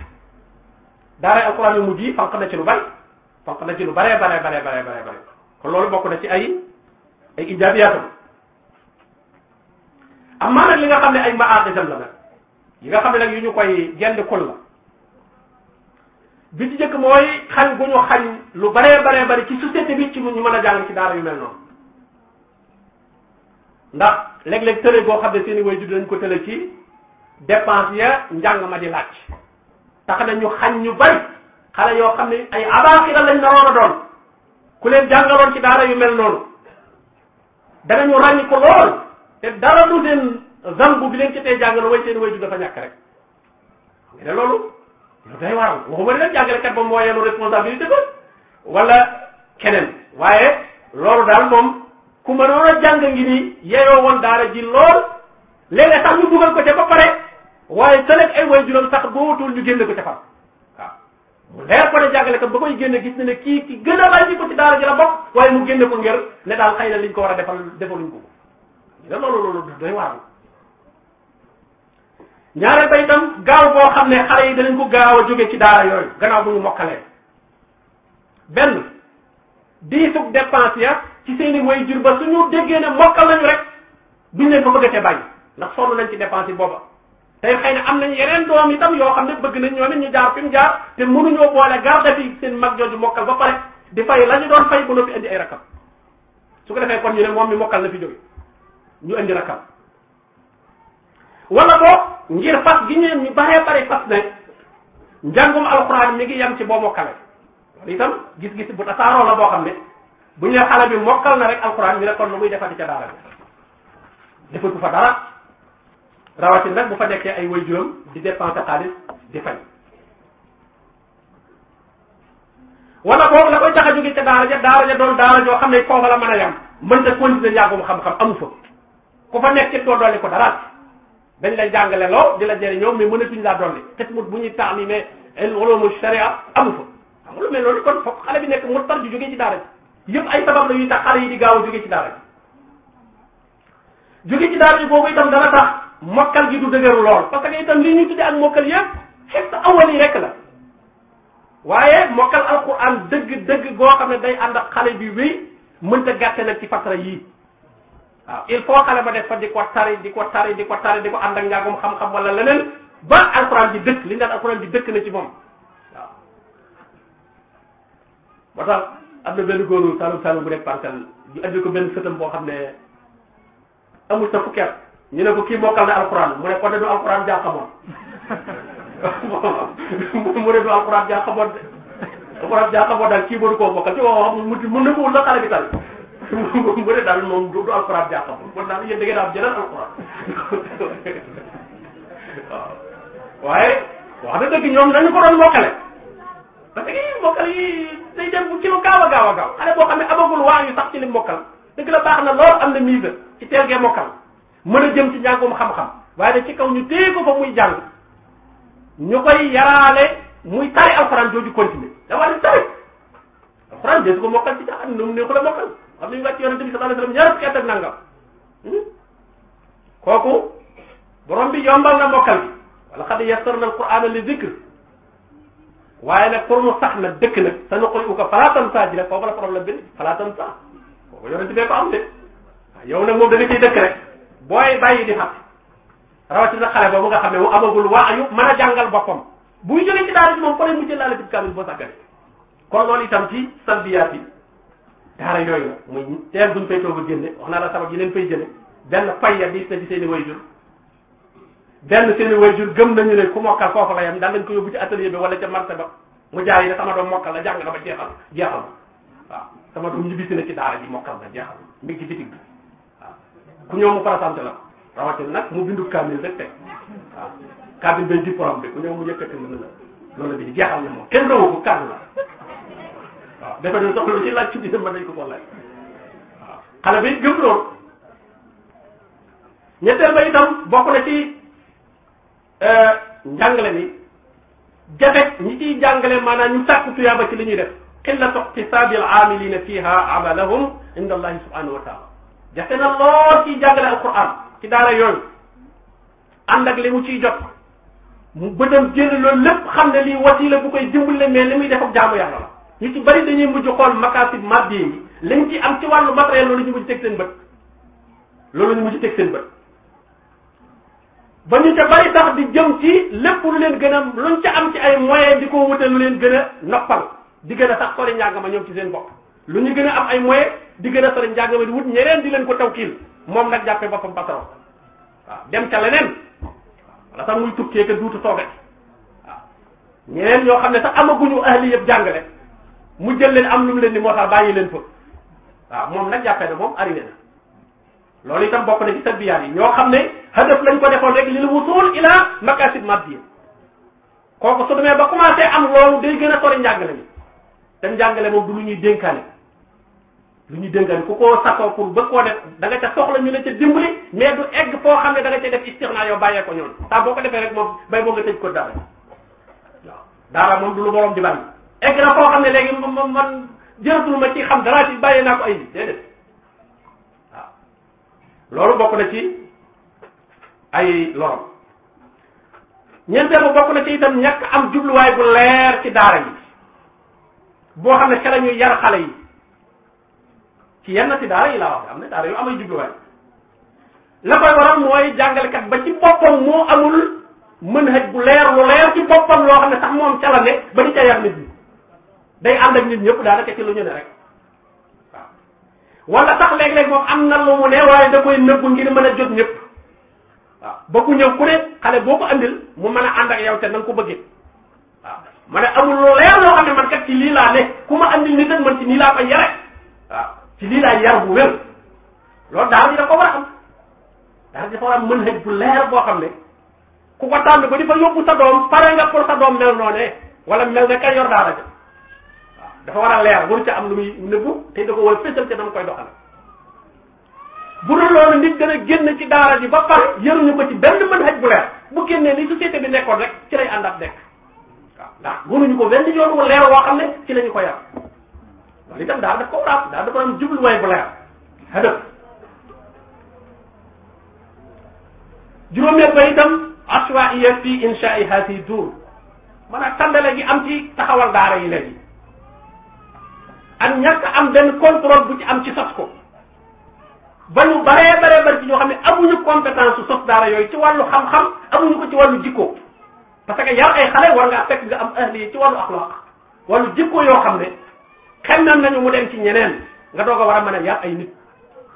daara alquran yu mujj yi fanq na ci lu bari fanq na ci lu bare baree baree baree baree kon loolu bokk na ci ay ay ijaabiyatam amaa nag li nga xam ne ay maaqisam la nag yi nga xam ne nag yu ñu koy gendikul la bi ci jëkk mooy xañ gu ñu xañ lu baree baree bari ci société bi ci ñu mën a jàng ci daara yu mel noonu ndax léeg-léeg tële boo xam ne seeni way juddu nañ ko tële ci dépense ya njàng ma di laaj tax na ñu xañ ñu bari xale yoo xam ne ay abaaxira lañ naroon a doon ku leen jàngaloon ci daara yu mel noonu danañu ràññ ko lool te dara lu leen zanbu bi leen ci tey jàngaloo way seen way du dafa ñàkk rek xam nga ne loolu loolu day waral waxuma ne nag jàngalekat ba moo yenu responsabilité keneen waaye loolu daal moom ku mënoon a jàng ngi nii yeyoo woon daara ji lool léeg-léeg sax ñu dugal ko ca ba pare waaye te nag ay way juróom sax bootul ñu génn ko ca far waaw mu leer ko ne jàngalekat ba koy génne gis na ne kii ki gën a ràññi ko ci daara ji la bokk waaye mu génne ko ngir ne daal xëy na liñ ko war a defal defaluñ ko dama loolu du doy waar ñaareel ba itam gaaw boo xam ne xale yi danañ ko gaaw a jóge ci daa yooyu gannaaw bu ñu mokkalee benn diisug dépense ya ci seeni way jur ba suñu déggee ne mokkal nañu rek duñ leen fa bëggatee bàyyi ndax sonn nañ ci dépense yi booba tey xëy am nañ yeneen doom itam yoo xam ne bëgg nañ ñoo ne ñu jaar fi mu jaar te mënuñoo boole garde fi seen mag jooju mokkal ba pare di fay la ñu doon fay indi ay rakam su ko defee kon moom mi mokkal na fi jóge ñu indi rakam wala boo ngir fas gi ñeen ñu baree bare fas ne njàngum alxuraan mi ngi yem ci boo mokkale loolu itam gis-gis bu tasaaroo la boo xam ne bu ñu ne xale bi mokkal na rek alxuraan ñu ne kon lu muy defati ca daara nag bu fa nekkee ay waajuram di dépenser xaalis di fay wala boobu la a jóge ca daara ja daara ja doon daara joo xam ne foofa la mën a yem mënta continuer njàngum xam-xam amu fa ku fa nekk ci doo dolli ko dara dañ lay jàngale loo di la jëriñoo mais mënatuñ laa dolli xismut bu ñuy tax ni ne ulumul sharia amu fa xam lu mel noonu kon fokk xale bi nekk mu tar ju jógee ci daara ji yëpp ay sabab la yuy tax xale yi di gaaw a jógee ci daara ji jógee ci daara ji boobu itam dana tax mokkal gi du dëgëru lool parce que itam li ñuy tuddee ak mokkal yëpp xis awal yi rek la waaye mokkal alquran dëgg dëgg goo xam ne day ànd ak xale bi wéy mënta gàtte nag ci fasara yii waaw il faut xale ba def fa di ko tari di ko tari di ko tari di ko ànd ak njàngum xam-xam wala leneen ba alxuraan bi dëkk li nga alxuraan bi dëkk na ci moom waaw. ba tax am na benn góoru Saloum Saloum bu nekk parcelle ñu andi ko benn sëtam boo xam ne amul sa fukki at ñu ne ko kii mokkal na mu ne kon de du alxuraan jaa xamoon mu ne du alxuraan jaa xamoon de alxuraan jaa xamoon daal kii mënu koo mokkal ci waaw mu mën na ko wul la xale bu dee daal moom du alxuraan jaaxam kon daal yéen da ngeen am jëlal alxuraan waaw waaye wax na dëgg ñoom dañu ko doon mokkale parce que mokkal yi day dem bu ci lu gaaw a gaaw a gaaw xale boo xam ne amagul waa yu sax ci li mokkal dëgg la baax na lool am na mise ci teel gee mokkal mën a jëm ci njàngum xam-xam waaye nag ci kaw ñu téye ko fa muy jàng ñu koy yaraale muy tari alxuraan jooju continuer dafa di tari alxuraan deesu ko mokkal ci jaaxal nu mu neexu la mokkal xam nañu wàcc yonente bi sallallahu alayhi wasallam ñaar fukki at ak nangam hmm? kooku borom bi yombal na mbokkal bi wala xad yassarna alqur'ana li dhikr waaye nag pour mu sax nag dëkk nag sanuqri'uka fala tansa ji nag foofu la problème bi fala tansa kooku yonente bee ko am de yow nag moom dana ciy dëkk rek booy bàyyi di xam rawatina xale boobu nga xam ne mu amagul waayu mën a jàngal boppam buy jógee ci daara ci moom fa lay mujjee laale ci kaamil boo sàggane kon loolu itam daara yooyu nag muy teer duñ fay toog a génne wax naa la sabab yi leen fay jële benn pay ya diis na ci seen i wayjur benn seen i wayjur gëm nañu ne ku mokkal foofu la yem daan lañ ko yóbbu ci atelier bi wala ca marché ba mu jaar yi ne sama doom mokkal la jàng na ba jeexal jeexal waaw sama doom ñibbisi na ci daara ji mokkal na jeexal mi ngi ci bitig bi waaw ku ñëw mu présenté la rawatina nag mu bindu kaamil rek teg waaw kaamil bay diplôme bi ku ñëw mu yëkkati na la loolu bi jeexal na moom kenn rawu ko kaamil la waaw dafa ne soxla ci laaj ci dina mën nañ ko ko laaj bi gëm loolu ñetteel ba itam bokk na ci euh, njàngale mi jafe ñi ciy jàngale maanaam ñu sàkku tuyaaba ci li ñuy def xillatu iqtisaabi al amilina fiha amalahum inda allahi subhanahu wa taala jafe na lool ciy jàngale alquran ci daara yooyu ànd ak li mu ciy jot mu bëtam génn loolu lépp xam ne lii wasila bu koy dimbale mais li muy def ak jaamu yàlla la ñu ci bari dañuy mujj xool makaasib maddi yi lañ ci am ci wàllu matériel loolu ñu mujj teg seen bët loolu ñu mujj teg seen bët ba ñu ca bari sax di jëm ci lépp lu leen gën a luñ ca am ci ay moyens di ko wute lu leen gën a noppal di gën a sax sori njàng ma ñoom ci seen bopp lu ñu gën a am ay moyens di gën a sori njàng ma di wut ñeneen di leen ko taw tawkiil moom nag jàppee boppam patron waaw dem ca leneen wala sax muy tukkee ka duutu tooge waaw ñeneen ñoo xam ne sax amaguñu ahli jàngale mu jël leen am lu mu leen di moo tax bàyyi leen fa waaw moom nag jàppee na moom arrivé na loolu itam bokk na ci tarbiyaat yi ñoo xam ne hadaf lañ ko defoon rek li la wusul ila makasid maddiya kooku su demee ba commencé am loolu day gën a sori njàngale mi te njàngale moom du lu ñuy dénkaane lu ñuy dénkaane ku ko sakoo pour bëgg koo def da nga ca soxla ñu ne ca dimbali mais du egg foo xam ne da nga ca def istixna yow bàyyee ko ñoon saa boo ko defee rek moom bay boo nga ko dara waaw moom du lu borom di bàyyi egg na koo xam ne léegi man man jëratul ma ci xam dara ci bàyyee naa ko ay nit déedéet loolu bokk na ci ay lorom ñeenteel ba bokk na ci itam ñàkk am jubluwaay bu leer ci daara yi boo xam ne xel ñuy yar xale yi ci yenn ci daara yi laa wax am na daara yu amay jubluwaay la koy waral mooy jàngalekat ba ci boppam moo amul mën haj bu leer lu leer ci boppam loo xam ne sax moom ca la ne ba di ca yar nit ñi day ànd ak nit ñëpp daanaka ci lu ñu ne rek waaw wala sax léeg-léeg moom am na lu ne waaye da koy nëbbu ngir mën a jot ñëpp waaw ba ku ñëw ne xale boo ko andil mu mën a ànd ak yow te na nga ko bëggee ma ne amul lu leer loo xam man kat ci lii laa ne ku ma andil nit ak man ci nii laa ko yare waaw ci lii laa yar bu wér loolu daara ji da ko war a am daara ji dafa war a am bu leer boo xam ne ku ko tànn ba di fa yóbbu sa doom pare nga pour sa doom mel noonee wala mel daara dafa war a leer waru ca am lu muy nëbbu te da ko war a fésal ca dama koy doxal bu loolu nit dana génn ci daara ji ba pare yëruñu ko ci benn mën xaj bu leer bu génnee ni société bi nekkoon rek ci lay àndaat nekk waaw ndax gënuñu ko benn yoon wu leer woo xam ne ci lañu ñu ko yar loolu itam daal daf ko war a daal dafa am jubluwaay bu leer hadaf juróomeel ba itam aswaiya fi inshaiha fi dur maanaam tàndale gi am ci taxawal daara yi léegi ak ñàkk am benn contrôle bu ci am ci sos ko ba ñu baree baree bari ci ñoo xam ne amuñu compétence su sos daara yooyu ci wàllu xam-xam amuñu ko ci wàllu jikko parce que yar ay xale war ngaa fekk nga am ahli yi ci wàllu axlaq wàllu jikko yoo xam ne xel nam nañu mu dem ci ñeneen nga doog a war a mën a yar ay nit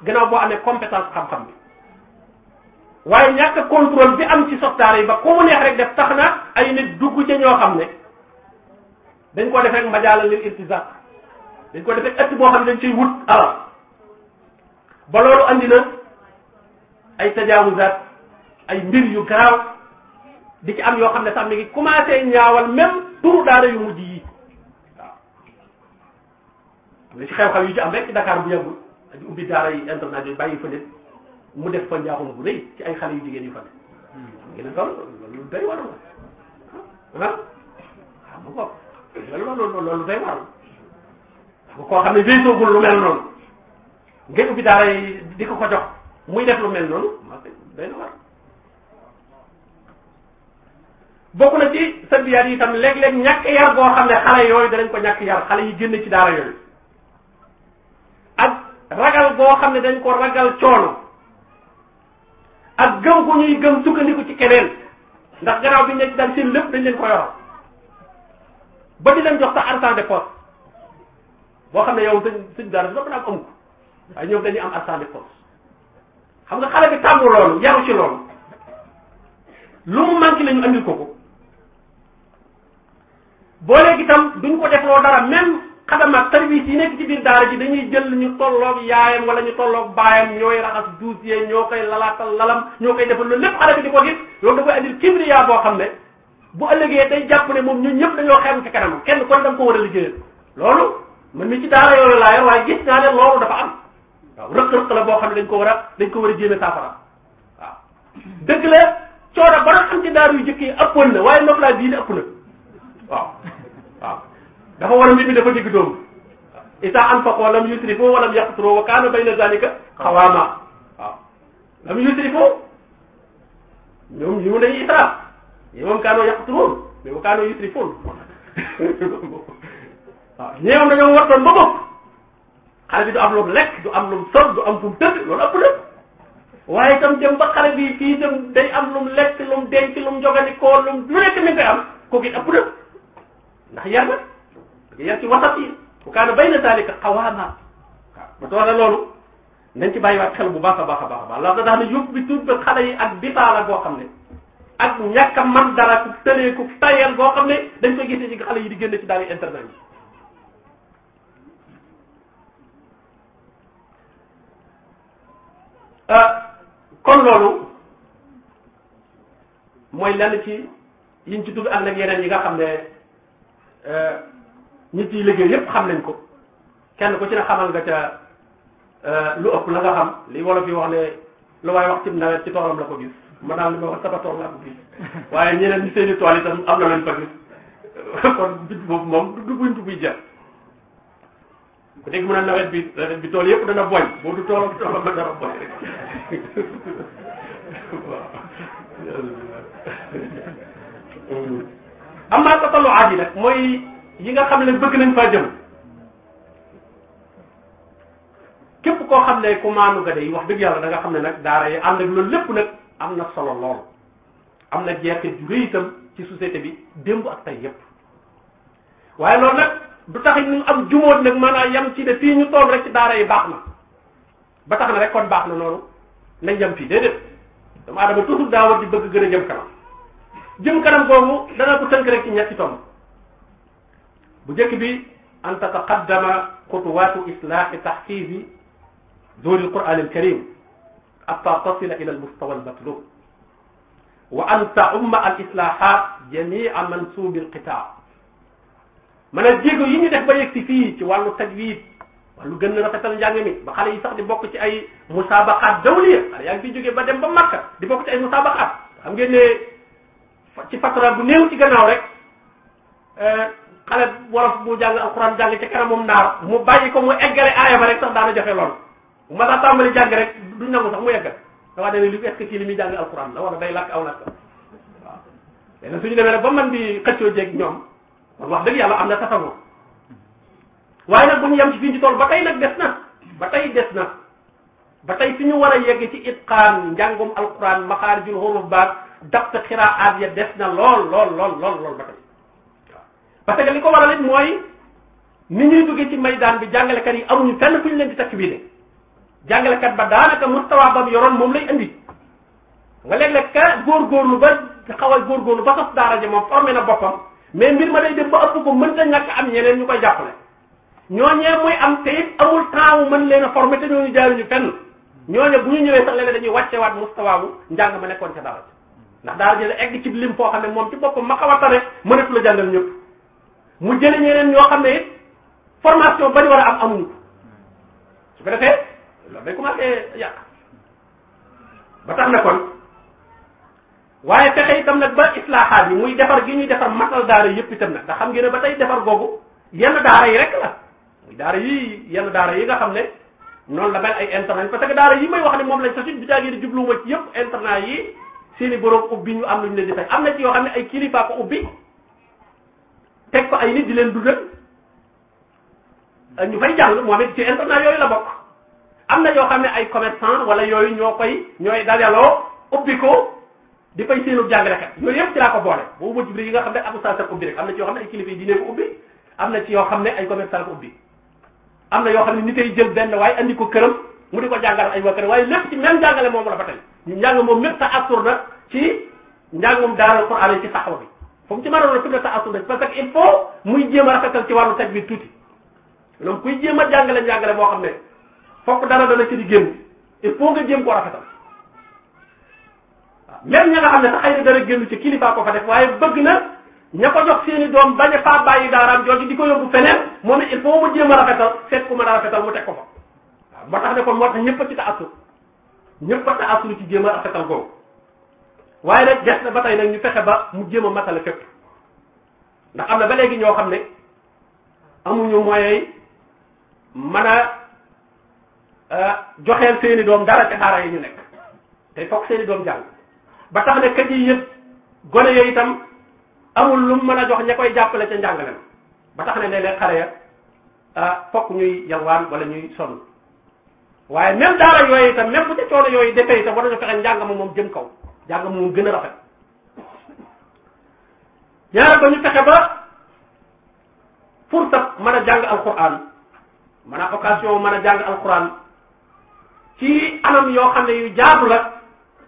gannaaw boo amee compétence xam-xam bi waaye ñàkk contrôle bi am ci sos daara yi ba ku mu neex rek def tax na ay nit dugg ca ñoo xam ne dañ ko def rek majaala lil dañ ko defee ëtt boo xam ne dañ ciy na ay tajaawuzaat ay mbir yu garaaw am yoo xam ne sax mi ngi commencé ñaawal même turu daara yu mujj yi waaw li xew-xew yu ci am rek ci bu yàggul di ubbi daara yi internet yi bàyyi fa nit mu def fa njaaxum bu rëy ci ay xale yu jigéen yu fa ne hmm. ngi ne loolu loolu day waral waral nga koo xam ne weesoogul lu mel noonu nga ubbi daara di ko ko jox muy def lu mel noonu ma day na war bokk na ci yi tam léeg-léeg ñàkk yar boo xam ne xale yooyu danañ ko ñàkk yar xale yi génn ci daara yooyu ak ragal boo xam ne dañ ko ragal coono ak gëm ku ñuy gëm sukkandiku ci keneen ndax gannaaw bi ñu ne ci dal seen lépp dañ leen ko yor ba di leen jox sa argent de poche boo xam ne yow sëñ sëñ daara dina ko naan amu ko waaye ñoom dañuy am instant de force xam nga xale bi tàmm loolu yaru ci loolu lu mu manqué la ñu ko ko boo léegi tam duñ ko defloo dara même xadamaat service yi nekk ci biir daara ji dañuy jël ñu tolloog yaayam wala ñu tolloog baayam ñooy raxas dossier ñoo koy lalaatal lalam ñoo koy defal loolu lépp xale bi di ko gis loolu da koy andil kibriya boo xam ne bu ëllëgee day jàpp ne moom ñun ñëpp dañoo xem ci kanam kenn kon da nga ko war a liggéeyal loolu man mi ci daara yoolu laa waaye gis naa ne loolu dafa am waaw rëq la boo xam ne dañ ko war a dañ ko war a jéem a saafara waaw dëgg la coono ba nga xam ci daaru yu jëkk yi ëppoon na waaye moom laa diine ëpp na waaw dafa war a mbir mi dafa digg dóomu isa anfaqu lam yusrifu wa lam yaqturu wa kaana bayna zalika xawaama waaw lam yusrifu ñoom ñu dañuy israf yi moom kaanoo waaw ñeew nañoo wartoon ba bopp xale bi du am lu mu lekk du am lu mu sol du am fu mu tëdd loolu ëpp na waaye itam dem ba xale bi fii itam day am lu mu lekk lu mu denc lu mu jogani koo lu mu nekk ni am kooku it ëpp na ndax yar na yar ci wasat yi bu kaana bay na daalika xawaama waaw ba doole loolu nañ ci bàyyiwaat xel bu baax a baax a baax a baax la tax ne yóbbu bi tuut ba xale yi ak bisaala goo xam ne ak ñàkk a man dara ku tëlee ku tayal goo xam ne dañ koy gisee ci xale yi di génn ci daal internet yi Euh, kon loolu mooy lenn ci yiñ ci dugg ak nag yeneen yi nga xam ne ñi euh, ciy liggéey yépp xam nañ ko kenn ku ci ne xamal nga ca euh, lu ëpp la nga xam li wolof yi wax ne lu waay wax ci ci toolam la ko gis ma daal li ma wax sama tool laa ko gis waaye ñeneen ñi seeni tool itam am na lañ fa gis kon bit boobu moom du buñ du buy jar ku nekk mu ne nawet bi nawet bi tool yëpp dana boy boo du toolam toolam ba dana boy am naa tatalluwaat yi nag mooy yi nga xam ne bëgg nañ faa jëm képp koo xam ne ku maanu ga day wax dëgg yàlla da nga xam ne nag daara yi ànd ak loolu lépp nag am na solo am na jeexit ju rëy itam ci société bi démb ak tey yépp waaye loolu nag bu taxit ñu am jumóot nag maanaam yam ci de fii ñu toll rek ci daara yi baax na ba tax na rek kon baax na noonu nañ yam fii déedéet dama adama toujours daa war di bëgg gën a jëm kanam jëm kanam boobu dana ko tënk rek ci ñetti tomb bu njëkk bi an tataqaddama xutuwaatu islaahi taxfiifi zuuri alquran alkarim hatta tasila ila almustawa almatlub wa an taumma alislahat jamia mansubi alqitaa maanaam jéego yi ñu def ba yegg si fii ci wàllu tajwid wàllu gën a rafetal njàng mi ba xale yi sax di bokk ci ay musabaqaat dawliya xale yaa ngi fi jógee ba dem ba Makka di bokk ci ay musabaqaat xam ngeen ne ci fatara bu néew ci gannaaw rek euh, xale wolof bu jàng alxuraan jàng ca kanamam naar mu bàyyi ko mu eggale aaya ba rek sax daana joxe lool bu ma daa tàmbali jàng rek duñ nangu sax mu yeggal dafaa demee li est-ce que kii li muy jàng alxuraan la wala day làkk aw làkk waaw léegi suñu demee rek ba jeeg ñoom kon wax dëgg yàlla am na tasawur waaye nag bu ñu yem ci fi ñu toll ba tey nag des na ba tey des na ba tey fi ñu war a yegg ci itqaan njàngum alquran maxaarijul huruf baak dapt xiraat ya des na lool lool lool lool lool ba tey waaw parce que li ko waral it mooy ni ñuy duggee ci maydaan bi jàngalekat yi amuñu fenn fu ñu leen di takbiire jàngalekat ba daanaka mustawa ba mu yoroon moom lay indi nga léeg-léeg ka góorgóorlu ba xaw a góorgóorlu ba sax daara ja moom formé na boppam mais mbir ma day def ba ëpp ko mënta ñàkk am ñeneen ñu koy jàppale ñooñee muy am te it amul temps wu mën leen a former te ñu jaaruñu fenn ñooñe bu ñu ñëwee sax léeg dañuy wàccewaat mustawaabu njàng ma nekkoon ca dara ndax daara jële egg ci lim foo xam ne moom ci boppam ma xaw a tane mënatu la jàngal ñëpp mu jële ñeneen ñoo xam ne it formation ba ñu war a am amuñu ko su ko defee loolu day commencé yàq ba tax na waaye fexe itam nag ba la islaaxaat yi muy defar gi ñuy defar matal daara yëpp itam nag ndax xam ngeen ne ba tey defar googu yenn daara yi rek la daara yi yenn daara yi nga xam ne noonu la mel ay internat parce que daara yi may wax ne moom lañ sa suñ bi jaagee di jubluwuma ci yëpp internat yi seeni borom ubbi ñu am luñ leen di fay am na ci yoo xam ne ay kilifa ko ubbi teg ko ay nit di leen dundal ñu fay jàng moom it ci internat yooyu la bokk am na yoo xam ne ay commerçant wala yooyu ñoo koy ñooy dajaloo ubbi di fay seenu jàngalekat yooyu yëpp ci laa ko boole boo wëcc bi yi nga xam ne ab ustaas ko ubbi rek am na ci yoo xam ne ay kilifa yi diine ko ubbi am na ci yoo xam ne ay commerçant ko ubbi am na yoo xam ne ni tey jël benn waaye andi ko këram mu di ko jàngal ay waa këram waaye lépp ci même jàngale moomu la ba tey njàng moom mépp sa astur na ci njàng moom daara Alxuraan yi ci saxawa bi fu ci mën a doon fi mu ne sa astur na parce que il faut muy jéem a rafetal ci wàllu taj bi tuuti donc kuy jéem a jàngale njàngale moo xam ne fokk dara dana ci di génn il faut nga jéem koo rafetal même ña nga xam ne sax xëy dara génn ci kilifa ko fa def waaye bëgg na ña ko jox seeni doom bañ a faa bàyyi daaraam jooju di ko yóbbu feneen moom ne il faut mu jéem a rafetal seet ku mën a rafetal mu teg ko fa waaw moo tax ne kon moo a ci taasur a taasur ci jéem a rafetal googu waaye nag ba tey nag ñu fexe ba mu jéem a matale fépp ndax am na ba léegi ñoo xam ne amuñu moyens man a euh, joxeel seeni doom dara ci xaara yi ñu nekk tey foog seeni doom jàng ba tax ne kër yi yëpp gone yooyu itam amul lu mu mën a jox ña koy jàppale ca njàngale ba tax ne léeg-léeg xale ya ah fokk ñuy yalwaan wala ñuy sonn waaye même daara yooyu tam même bu ca coono yooyu defee itam war nañu fexe njàng ma moom jëm kaw njàng ma moom gën a rafet ñaar ba ñu fexe ba fursa mën a jàng alquran mën a occasion mën a jàng alquran ci anam yoo xam ne yu jaadu la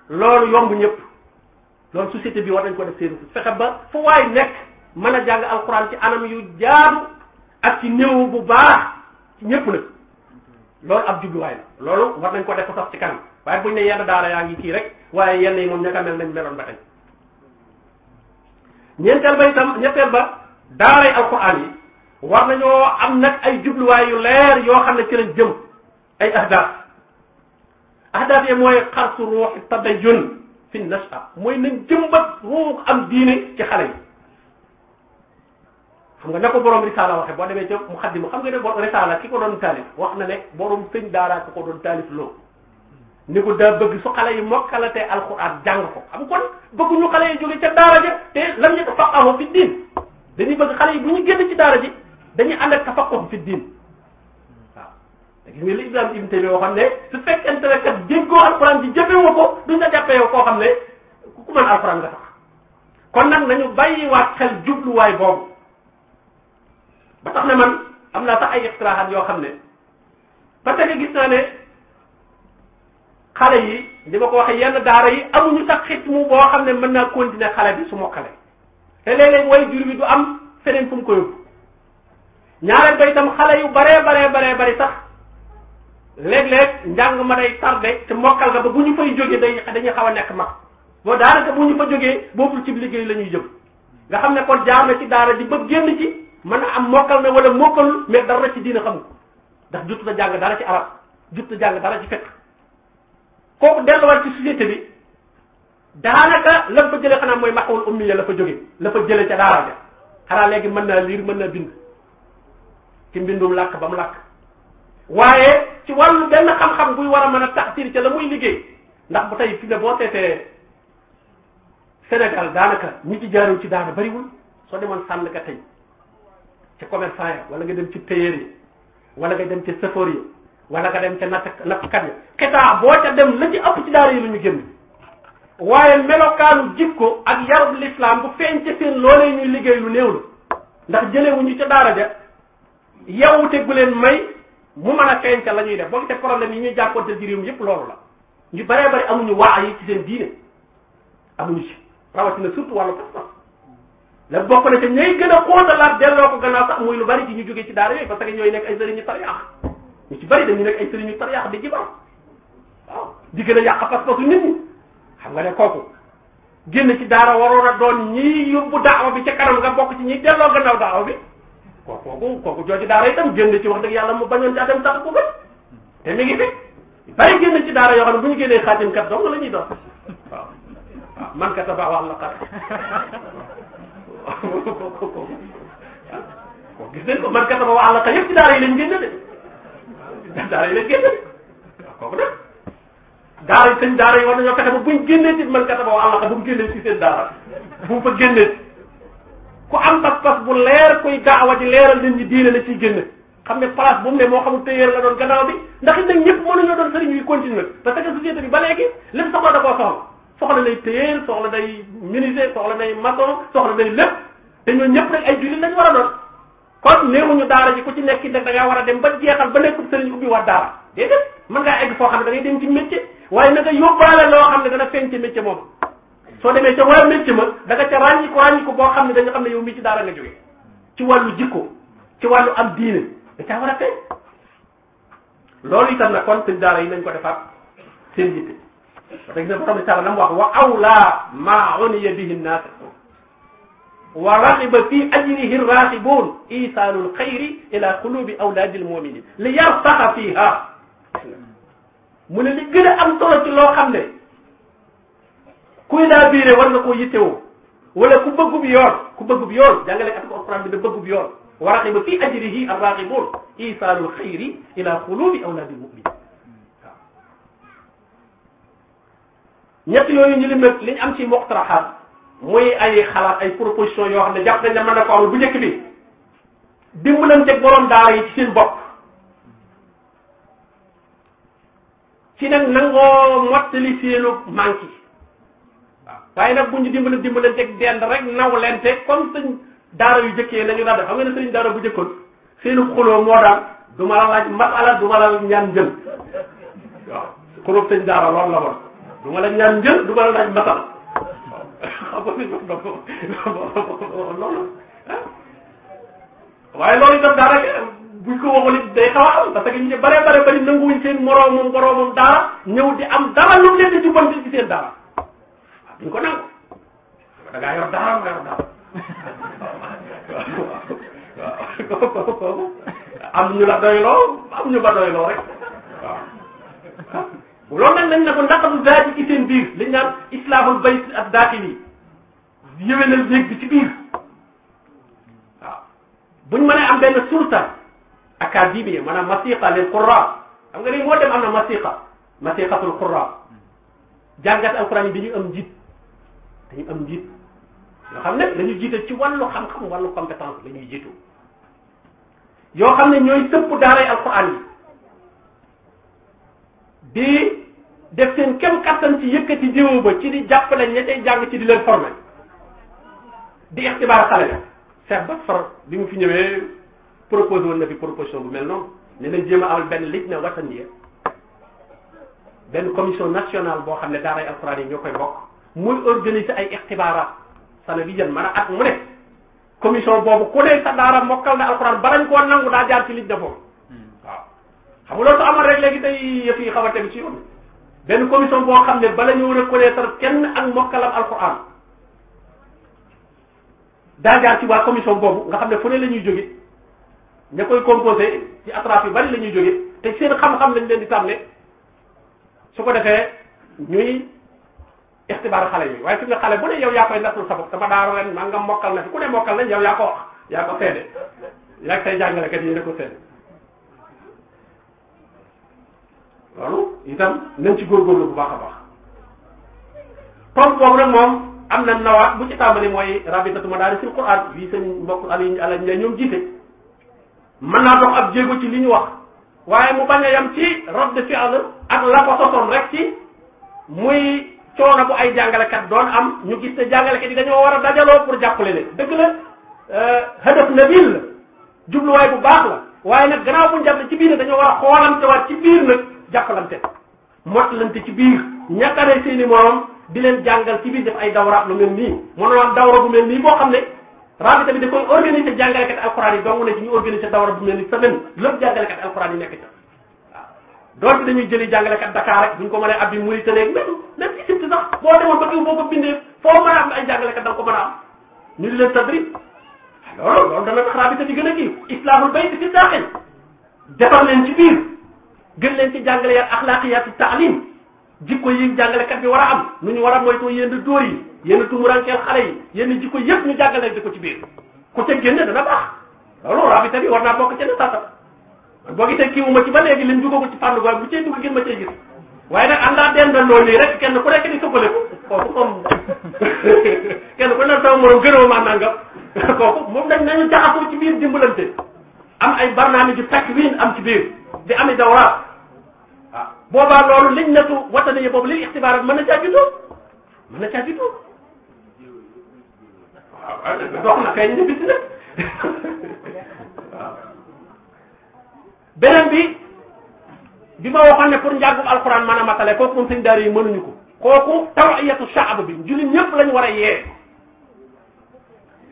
loolu yomb ñëpp loolu société bi war nañ ko def seen fexe ba fu waay nekk mën a jàng alxuraan ci anam yu jaadu ak ci néew bu baax ci ñépp nag loolu ab jubluwaay la loolu war nañ ko def ko ci kanam waaye buñ ne yenn daara yaa ngi kii rek waaye yenn yi moom ñaka mel nañ meloon ba tey ñeenteel ba itam ñetteel ba daaray alxuraan yi war nañoo am nag ay jubluwaay yu leer yoo xam ne ci jëm ay ahdaaf ahdaaf yi mooy xarsu ruux tadayun fi nasa mooy nañ jëmbat ruux am diine ci xale yi xam nga na ko borom risaala waxe boo demee ca mu xaddimu xam nga ne borom risaala ki ko doon taalif wax na ne borom sëñ daaraa ki ko doon taalif loo ni ko daa bëgg su xale yi mokkalate alxuraan jàng ko xam kon bëgguñu xale yi jóge ca daara ja te lam ñu fi diin dañuy bëgg xale yi bu ñu génn ci daara ji dañuy ànd ak tafaqahu fi diin gis nga l'islam Ibn Taymiya xam ne su fekkente ne kat déggoo alxuraan ci jëfewu ko duñ la jàppee yow koo xam ne ku mën alxuraan nga sax kon nag nañu bàyyiwaat xel jubluwaay boobu ba tax ne man am naa sax ay extrahat yoo xam ne parce que gis naa ne xale yi li ma ko waxee yenn daara yi amuñu sax xitmu boo xam ne mën naa continuer xale bi su mokkale te léeg way jur bi du am feneen fu mu ko yóbbu ñaareel ba itam xale yu baree baree baree bari sax léeg-léeg njàng ma day tardé te mokkal ga ba bu ñu fay jógee day dañuy xaw a nekk mag boo daanaka bu ñu fa jógee boobu ci liggéey la ñuy jëm nga xam ne kon jaar na ci daara di ba génn ci mën a am mokkal na wala mokkalul mais dara ci diina xamul ndax jut na jàng dara ci arab jut na jàng dara ci fekk kooku delluwaat ci société bi daanaka la fa jëlee xanaa mooy maqawul ummiya la fa jóge la fa jëlee ca daara ja xanaa léegi mën naa liir mën naa bind ci mbindum làkk ba mu ci wàllu benn xam-xam buy war a mën a taxsir ca la muy liggéey ndax bu tey fi ne boo seetee Sénégal daanaka ñi ci jaarul ci daana bariwul soo demoon sànn ka tey ci commerçant ya wala nga dem ci tailleur yi wala nga dem ci sëfoor yi wala nga dem ca natt nattkat yi xitaa boo ca dem la ci ëpp ci daara yi lu ñu génn waaye melokaanu jikko ak yarub l'islam bu feeñ ca seen loolee ñuy liggéey lu néew la ndax jëlewuñu ca daara ja yawute gu leen may mu man a feeñ ca la ñuy def boo gisee problème yi ñuy jànkuwanteel ci réew mi yëpp loolu la ñu bëree bëri amuñu waa yi ci seen diine amuñu ci rawatina surtout wàllu pas-pas la bokk na ca ñay gën a xóotalaat delloo ko gannaaw sax muy lu bari ci ñu jógee ci daara yooyu parce que ñooy nekk ay sëriñu tariyaax ñu ci bari dañu nekk ay sëriñu tariyaax di jibar waaw di gën a yàq pas-pasu nit ñi xam nga ne kooku génn ci daara waroon a doon ñiy yóbbu daawa bi ca kanam nga bokk ci ñiy delloo gannaaw daawa bi kooku kooku kooku jooju daara itam génn ci wax dëgg yàlla mu bañoon caa dem tax ko gën te mi ngi fi bari génn ci daara yoo xam ne bu ñu génnee xaatim kat dong la ñuy doon waaw waaw man kat dafa wax la xar ko gis nañ ko man kat dafa wax la xar yëpp ci daara yi lañ génn de daara yi lañ génn de waaw kooku nag daara yi seen daara yi war nañoo fexe ba buñ génnee ci man kat dafa wax la xar bu mu génnee ci seen daara bu mu fa génnee. ko am pas-pas bu leer kuy daawa ji leeral nit ñi diine la ciy génne xam ne place bu ne moo xamul téyeer la doon gannaaw bi ndax it nag mënuñoo doon sëriñ yuy continuer parce que société bi ba léegi lépp soxla da koo soxla soxla day téyeer soxla day menuisier soxla day maçon soxla day lépp te ñoo ñëpp nag ay jullit lañ war a doon kon néewuñu daara ji ku ci nekk nag war a dem ba jeexal ba nekkub sëriñ ubbi waa daara déedéet mën ngaa egg foo xam ne da dem ci métier waaye na yóbbaale loo xam ne dana feeñ soo demee ca wala métier ma da nga ca ràññiku ràññiku boo xam ne dañu xam ne yow mii ci daara nga jógee ci wàllu jikko ci wàllu am diine da caa war a tey loolu itam nag kon seen daara yi nañ ko defaat seen yitte parce que borom bi taala la mu wax wa awla ma uniya bihi nnaas wa raxiba fi ajrihi raxibuun isaanu lxayri ila qulubi awlaadi lmuminin li yartaxa fiha mu ne li gën am solo ci loo xam ne kuy daa biire war nga koo yittewoo wala ku bëggub yoon ku bëggub yoon jàngale kat ko alquran bi da bëggub yoon wa raqiba fi ajrihi arraqibun isaalul xayri ila xulubi awlaadi mumin waaw ñett yooyu ñu lim nag liñ am muy ay proposition yoo xam ne jàpp nañ ne ko am bu njëkk bi dimbalante borom daara yi ci seen bopp ci nag nangoo mottali seenu manque waaye nag bu ñu dimbale dimbalanteeg dend rek nawlenteeg comme sëñ daara yu jëkkee nañu daan daara bu jëkkoon seenu xuloo moo daan du ma la laaj masala du ma la ñaan njël waaw xuloo sëñ daara loolu la woon du ma la ñaan njël du ma la laaj masala waaw xam loolu waaye loolu itam daanaka buñ ko waxul it day xaw a am parce que ñu ne bare bare bari nanguwuñ seen moroomam moroomam daara ñëw di am dara lu leen di jubbanti ci seen daara duñ ko nangu da ngaa yor dara nga yor dara waaw am ñu la doyloo am ñu ba doyloo rek waaw loolu nag lañ ne ko naqadu daati ci seen biir liñ naan islaamul bayt ak daakili yéwénal néeg bi ci biir waaw buñ mënee am benn sulta académie maanaam masiqa lil qurra xam nga léegi moo am na masiqa masiqatul qurra jàngat alquran yi dañuy am njiit dañu am njiit yoo xam ne dañu jiital ci wàllu xam-xam wàllu compétence la ñuy jiitu yoo xam ne ñooy tëpp daaray alquran yi di def seen kem kattan ci yëkkati jéwo ba ci di jàppale ña cay jàng ci di leen formé di ixtibaar xale ya seet ba far bi mu fi ñëwee proposé woon na fi proposition bu mel noonu ne nañ jéem a amal benn lij na watandiya benn commission nationale boo xam ne daaray alquran yi ñoo koy bokk muy organiser ay ixtibaaraat sanawiyan maanaam at mu ne commission boobu ku ne sa daara mokkal na alxuraan barañ koo nangu daa jaar ci liñ defoon waaw xam nga loolu su amal rek léegi day yëf yi xaw a tegu ci yoon benn commission boo xam ne ba bala ñu reconnaître kenn ak mokkalam alxuraan daa jaar ci waa commission boobu nga xam ne fu ne la ñuy jóge ña koy composé ci atraf yu bari la ñuy te seen xam-xam lañ leen di tànne su ko defee ñuy ixtibaaru xale yi waaye su nga xale bu ne yow yaa koy nattul sa bopp dama daaru ren maa nga mokkal na fi ku itam nañ ci góorgóorlu bu baax a baax tomb boobu nag moom am na nawaat bu ci tàmbali mooy rabitatu madaarisil Qur'an bii sëñ mbokk Aliou Alane Ndiaye ñoom jiite mën naa dox ab jéego ci li ñu wax waaye mu bañ a yem ci robe de fiable ak la ko sosoon rek ci muy coono bu ay jàngalekat doon am ñu gis ne jàngalekat yi dañoo war a dajaloo pour jàppale leen dëgg la euh, hadaf nabil la jubluwaay bu baax la waaye nag gannaaw bu ñu jàppale ci biir nag dañoo war a xoolante waat ci biir nag jàppalante mottalante ci biir ñakkare seeni morom di leen jàngal ci biir def ay dawraat lu mel nii mënoo am dawra bu mel nii boo xam ne rabita bi da koy organiser jàngalekat alxuraan yi dong ne ci ñu organiser dawra bu mel nii semaine doonte dañuy jëli jàngalekat Dakar rek bu ñu ko mënee abbi Mauritanie même même Égypte sax boo demoon ba kii boo ko bindee foo mën a am ay jàngalekat da nga ko mën a am ñu di leen tadrib loolu loolu dana tax rabita di gën a kii islaamul bayt fi daaxil defar leen ci biir gën leen ci jàngale yaat axlaaqiyaatu taalim jikko yi jàngalekat bi war a am nu ñu war a moytoo yenn dóor yi yenn tumurankeel xale yi yenn jikko yëpp ñu jàngale di ko ci biir ku ca génne dana baax loolu rabita bi war naa boo gisee kii ma ci ba léegi lim dugagul ci fànn boobu bu cee dugg gën ma cee gis waaye nag ànd ak dendandoo nii rek kenn ku nekk di ko kooku moom kenn ku nekk sama morom gënoo maa nangam kooku moom dañ nañu jaxasoo ci biir dimbalante am ay barnaami ju takk wiin am ci biir di ami dawraat ah waaw boobaa loolu liñ netu watani yi boobu li ixtibaar mën na caa juddoo mën na caa juddoo waaw dox na kay ñu bis beneen bi bi ma waxoon ne pour njàngum alxuraan mën a matale kooku moom sëñ daara yi mënuñu ko kooku tawiyatu shaab bi jullit ñëpp lañu war a yee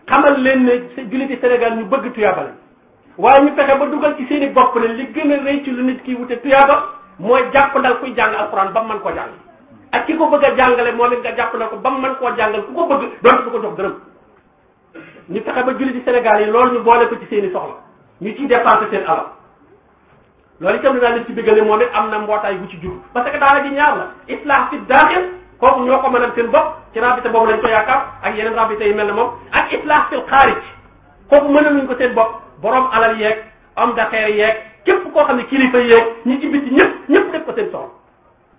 xamal leen ne julliti Sénégal ñu bëgg tuyaaba lañ waaye ñu fexe ba dugal ci seeni i bopp ne li gën a rëy ci lu nit ki wute tuyaaba mooy jàpp ndal kuy jàng alxuraan ba mu mën koo jàng ak ki ko bëgg a jàngale moom it nga jàpp ndal ko ba mu mën koo jàngal ku ko bëgg doon du ko jox dërëm ñu fexe ba julliti Sénégal yi loolu ñu ko ci seen i ñu ciy dépensé seen alal loolu itam dinaa leen ci bëggale moom it am na mbootaay bu ci jur parce que daara ji ñaar la islah fi daaxil kooku ñoo ko mënal seen bopp ci rabita boobu lañ ko yaakaar ak yeneen rabita yi mel ne moom ak islah fil xaarij kooku mënal nañ ko seen bopp borom alal yeeg homme d'affaires yeeg képp koo xam ne kilifa yeeg ñi ci biti ñëpp ñëpp def ko seen soxla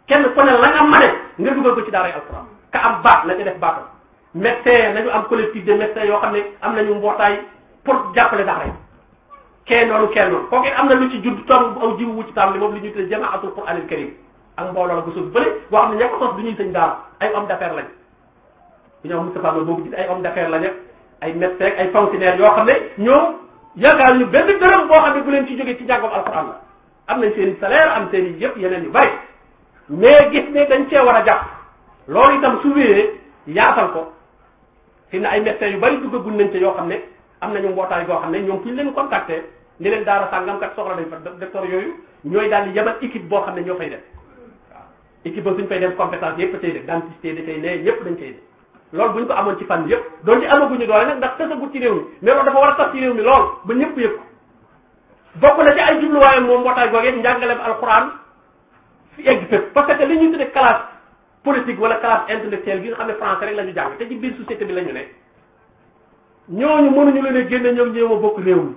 kenn ku ne la nga mane nga dugal ko ci daaray alquran ka am baat la ca def baatam médecin am collectif de médecins yoo xam ne am nañu mbootaay pour jàppale daara yi kee noonu kee ko am na lu ci judd tomb aw jiwu wu ci tàmbali moom li ñuy tuddee jamaatul quraanil karim ak mbooloo la gëstu bële boo xam ne ña ko sos du ñuy sëñ daara ay homme d'affaires lañ bu ñu wax Moustapha Lo boobu gis ay homme d'affaires la ak ay médecins ay fonctionnaires yoo xam ne ñoom yaakaar ñu benn dërëm boo xam ne bu leen ci jógee ci njàngam alquran la am nañ seen salaire am seen i yëpp yeneen yu bari mais gis ne dañ cee war a jàpp loolu itam su wéyee yaatal ko fi na ay médecins yu bari duggagul nañ ca yoo xam ne am nañu mbootaay goo xam ne ñoom fu ñu leen ne leen daara sàngam kat soxla nañ fa docteur yooyu ñooy daal di yebal équipe boo xam ne ñoo fay def waaw équipe ba suñ fay def compétence yëpp cay def dentiste da cay yëpp dañ cay def loolu bu ñu ko amoon ci fànn yëpp doon ci amaguñu doole nag ndax tësagut ci réew mi mais loolu dafa war a tax ci réew mi lool ba ñëpp yëpp bokk na ci ay jubluwaayam moom mbootaay googee njàngaleem alxuraan fi egg fépp parce que li ñuy tudde classe politique wala classe intellectuelle gi nga xam ne la ñu jàng te ci biir société bi la ñu ne ñooñu mënuñu leen a génne ñoom ñëw bokk réew mi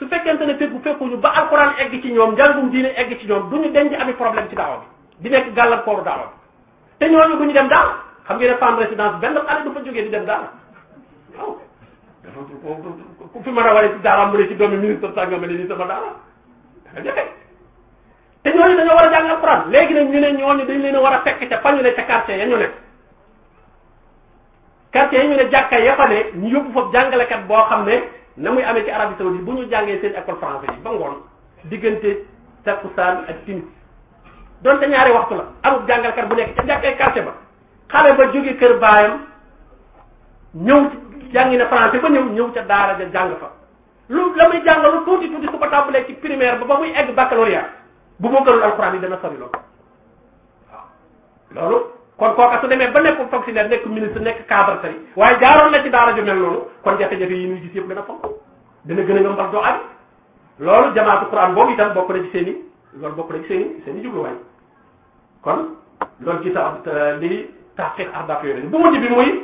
su fekkente ne fekku fekkuñu ba alxuraan egg ci ñoom njàngum diine egg ci ñoom du ñu denc ami problème ci daawa bi di nekk gàllankooru daawa bi te ñooñu bu ñu dem daal xam ngeen ne femme résidence benn année du fa jógee di dem daal waaw ku fi mën a waree ci daaraam mu ne ci doomi ministre sàngam ne ni sama daara dafa jafe te ñooñu dañoo war a jàng alxuraan léegi nag ñu ne ñooñu dañ leen war a fekk ca fañu ne ca quartier ya ñu ne quartier ya ñu ne jàkka ya fa ne ñu yóbbu foofu jàngalekat boo xam ne na muy amee ci Arabie Saoudite bu ñu jàngee seen école français yi ba ngoon diggante takkusaan ak timis donte ñaari waxtu la amul jàngalkat bu nekk ca jàkkee quartier ba xale ba jóge kër baayam ñëw jàngi na français ba ñëw ñëw ca daara ja jàng fa lu la muy jàng lu tuuti tuuti su ci primaire ba ba muy egg baccalauréat bu mokkalul alxuraan yi dana sori loolu kon kooka su demee ba nekk fonctionnaire nekk ministre nekk cadre tey waaye jaaroon na ci daara ju mel noonu kon jafe-jafe yi ñuy gis yëpp dana fam dana gën a yombal doo am loolu jamaatu quran boobu itam bokk na ci seen i loolu bokk na ci seen i seen i jubluwaay kon loolu ci sa li tahqiq ahdaf yooyu bu bi muy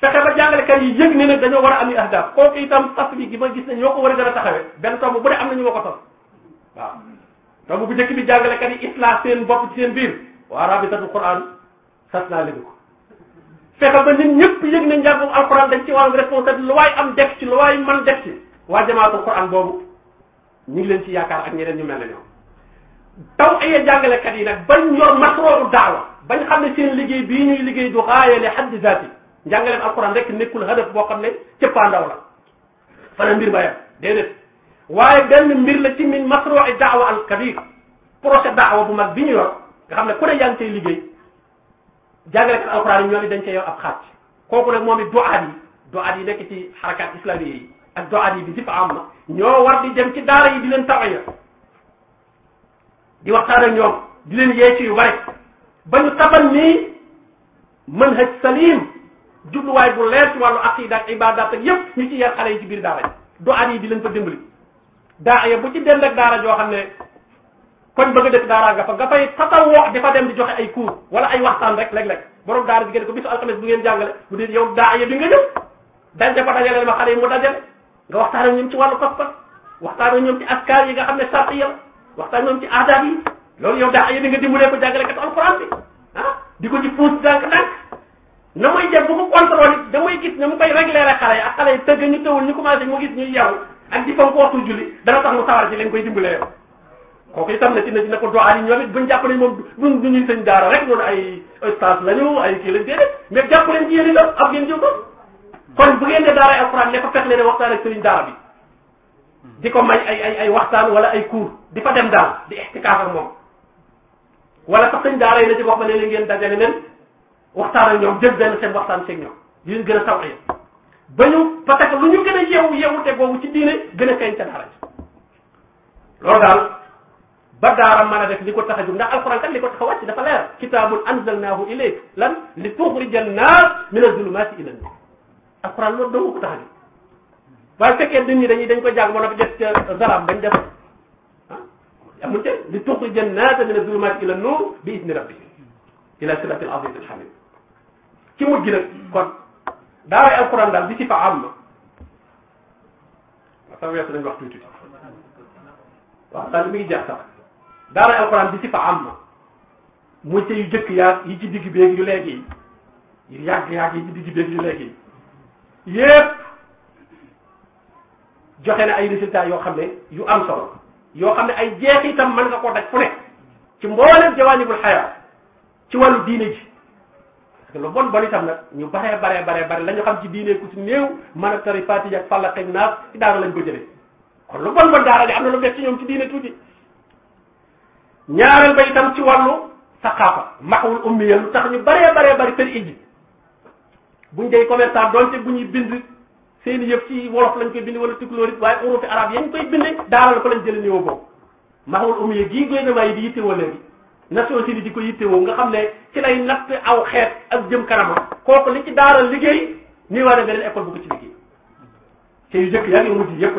fexe ba jàngalekat yi yëg ne dañoo war a am i ahdaf kooku ma gis ne ñoo ko war a gën a taxawee benn tomb bu am na ñu ma ko tos waaw bu njëkk bi jàngalekat yi islaa seen bopp ci seen biir waa rabitatul quran sas naa léegi ko fexe ba nit ñëpp yëg ne njàngum alxuraan dañ ci wàllum responsable lu waay am def ci lu waay man def waa jamaatul xuraan boobu ñu ngi leen ci yaakaar ak ñeneen ñu mel ne ñoom taw ay jàngalekat yi nag bañ yor masrooru daawa bañ xam ne seen liggéey bii ñuy liggéey du xaayale xaddi zaati njàngaleem alxuraan rek hadaf boo xam ne cëppaandaw la fana mbir ba yem déedéet waaye benn mbir la ci min masroo daawa al kabir projet daawa bu mag bi ñu yor nga xam ne ku ne tey liggéey jàngalekat alxuraan yi ñoom it dañ cee yor ab xaaj kooku nag moom it doaat yi doaat yi nekk ci xarakaat islamiye yi ak doaat yi bi di fa am na ñoo war di dem ci daara yi di leen tawiya di waxtaan ak ñoom di leen yee yu bari ba ñu taban nii manhaj salim jubluwaay bu leer ci wàllu aqida ak ibadat ak yépp ñu ci yar xale yi ci biir daara yi doaat yi di leen fa dimbali daaya bu ci dend ak daara joo xam ne koñ bëgg dëkk daaraa nga fa nga fay tatawoo di fa di joxe ay cours wala ay waxtaan rek léeg-léeg borom daara jigéen ko bisu alxames bu ngeen jàngale bu dee yow daa ya bi nga ñëw daje fa dajale ma xale yi mu dajale nga waxtaan ak yi nga xam ne sart ya waxtaan ñoom ci aadaab yi loolu yow daa ya di nga dimbalee ko jàngalekat alquran bi ah, di ko ci puus dànk-dànk na muy def bu ko contrôle it damay gis ne mu koy réglé rek xale yi ak xale yi ñu tëwul ñu commencé mu gis ñuy yaw ak di fan ko waxtu julli tax mu sawar ci leen koy dimbalee kooku itam na ci na ci ne ko doxaat yi ñoom it buñ jàpp ne moom duñ du ñuy sëñ daara rek noonu ay stage lañu ay kii lañ déedéet mais jàpp leen ci yéen itam ab ngeen jëw ko kon bu ngeen ne daara alxuraan ne ko fekk leen waxtaan ak sëriñ daara bi di ko may ay ay ay waxtaan wala ay cours di fa dem daal di ixtikaaf ak moom wala sax sëñ daara yi na ci wax ba ne leen ngeen dajale leen waxtaan ak ñoom jël benn seen waxtaan seeg ñoom yuñ gën a saw ba ñu parce que lu ñu gën a yeewu yeewute boobu ci diine gën a feeñ ca daara loolu daal ba daara mën a def li ko tax a jóg ndax alxuraan kat li ko tax a wàcc dafa leer kitaabun anzalnaahu ilayk lan li tuxrija nnaas min azulumaati ila nnuur alxuraan loolu dong ko tax a jóg waaye fekkee nit ñi dañuy dañ ko jàng mën a def ca zaraam bañ def ah amul te li tuxrija nnaas min azulumaati ila nnuur bi idni rabbihim ila siratil aziz alhamid ci mujj nag kon daaray alxuraan daal bi ci fa am ma sama weesu nañ wax tuuti waaw daal mi ngi jeex sax daara alxuraan bi ci fa am na muy ca yu jëkk yaag yi ci digg beeg yu léegi yi yu yàgg yaag yi ci digg beeg yu léegi yi yépp joxe na ay résultats yoo xam ne yu am solo yoo xam ne ay yi tam mën nga koo daj fu ne ci mboolem jawaanibul xayaa ci wàllu diine ji parce que lu bon bon itam nag ñu baree baree baree bare la xam ci diine ku si néew mën a tari fatiha fàlla xëy naas ci daara lañ ko jëlee kon lu bon bon daara ji am na lu des ci ñoom ci diine tuuti ñaareel ba itam ci wàllu saqaafa maxwul ummiya lu tax ñu baree baree bari tër ijji buñ dee commerçant donte bu ñuy bind seen yëf ci wolof lañ koy bind wala tukulóor it waaye urufi arab yañ koy binde daara la ko lañ jële niveau boobu maxwul ummiya gii gouvernement yi di yittewoo léegi Nations Unies di ko woo nga xam ne ci lay natt aw xeet ak jëm kanamam kooku li ci daara liggéey nii waa ne beneen école bu ko ci liggéey te yu jëkk yaa ngi mujj yëpp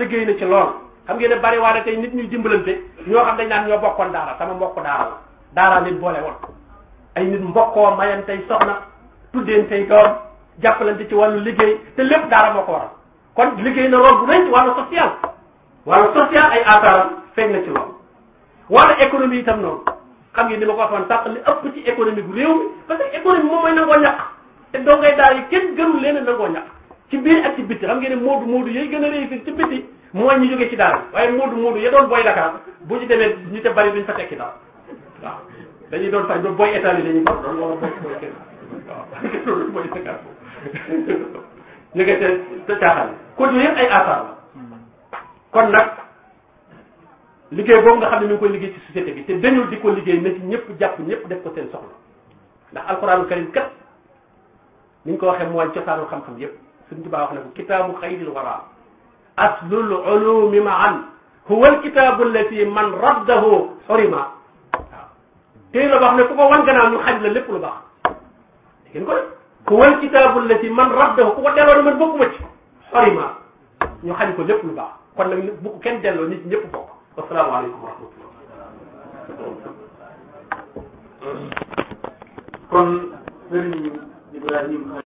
liggéey na ci lool xam ngeen ne bari waa tey nit ñuy dimbalante ñoo xam dañ naan ñoo bokkoon daara sama mbokk daara la daaraa leen boole woon ay nit mbokkoo mayan tey soxna tuddeen tey doom jàppalante ci wàllu liggéey te lépp daara moo ko kon liggéey na rool bu rëy wàllu social wàllu social ay aataaram feeñ na ci lool wàllu économie itam noonu xam ngeen ni ma ko waxoon sàq li ëpp ci économie bu réew mi parce que économie moom mooy nangoo ñàkk te dongay daal yi kenn gënul leen a nangoo ñàkk ci biir ak ci bitti xam ngeen ne moodu moodu yooyu gën a réussir ci mu wàññi jóge ci daal waaye moodu moodu ya doon booy Dakar bu ñu demee ñu te bari ñu fa tekki daal waaw dañuy doon sax doon booy état bi dañuy far doon wala booy booy kenn waaw loolu mooy Dakar ñu ngi te caaxaan kon yooyu yëpp ay asaar kon nag liggéey boobu nga xam ne mi ngi koy liggéey ci société bi te dañul di ko liggéey na ci ñëpp jàpp ñëpp def ko seen soxla ndax alxuraanul karim kat ni ñu ko waxee mooy cosaanu xam-xam yëpp suñ tubaa wax ne ko kitaabu xayril waraa aslul ulumi maan huwa alkitaabu allati man raddahu xurima waaw téy la boo xam ne ku ko wan gannaaw ñu xaj la lépp lu baax dégg ko huwa alkitaabu allati man raddahu ku ko delloo ne man bokkuma ci xurima ñu xaj ko lépp lu baax kon nag bu ko kenn delloo nit ñëpp bokk wasalaamaaleykum wa rahmatullah kon sëriñ Ibrahima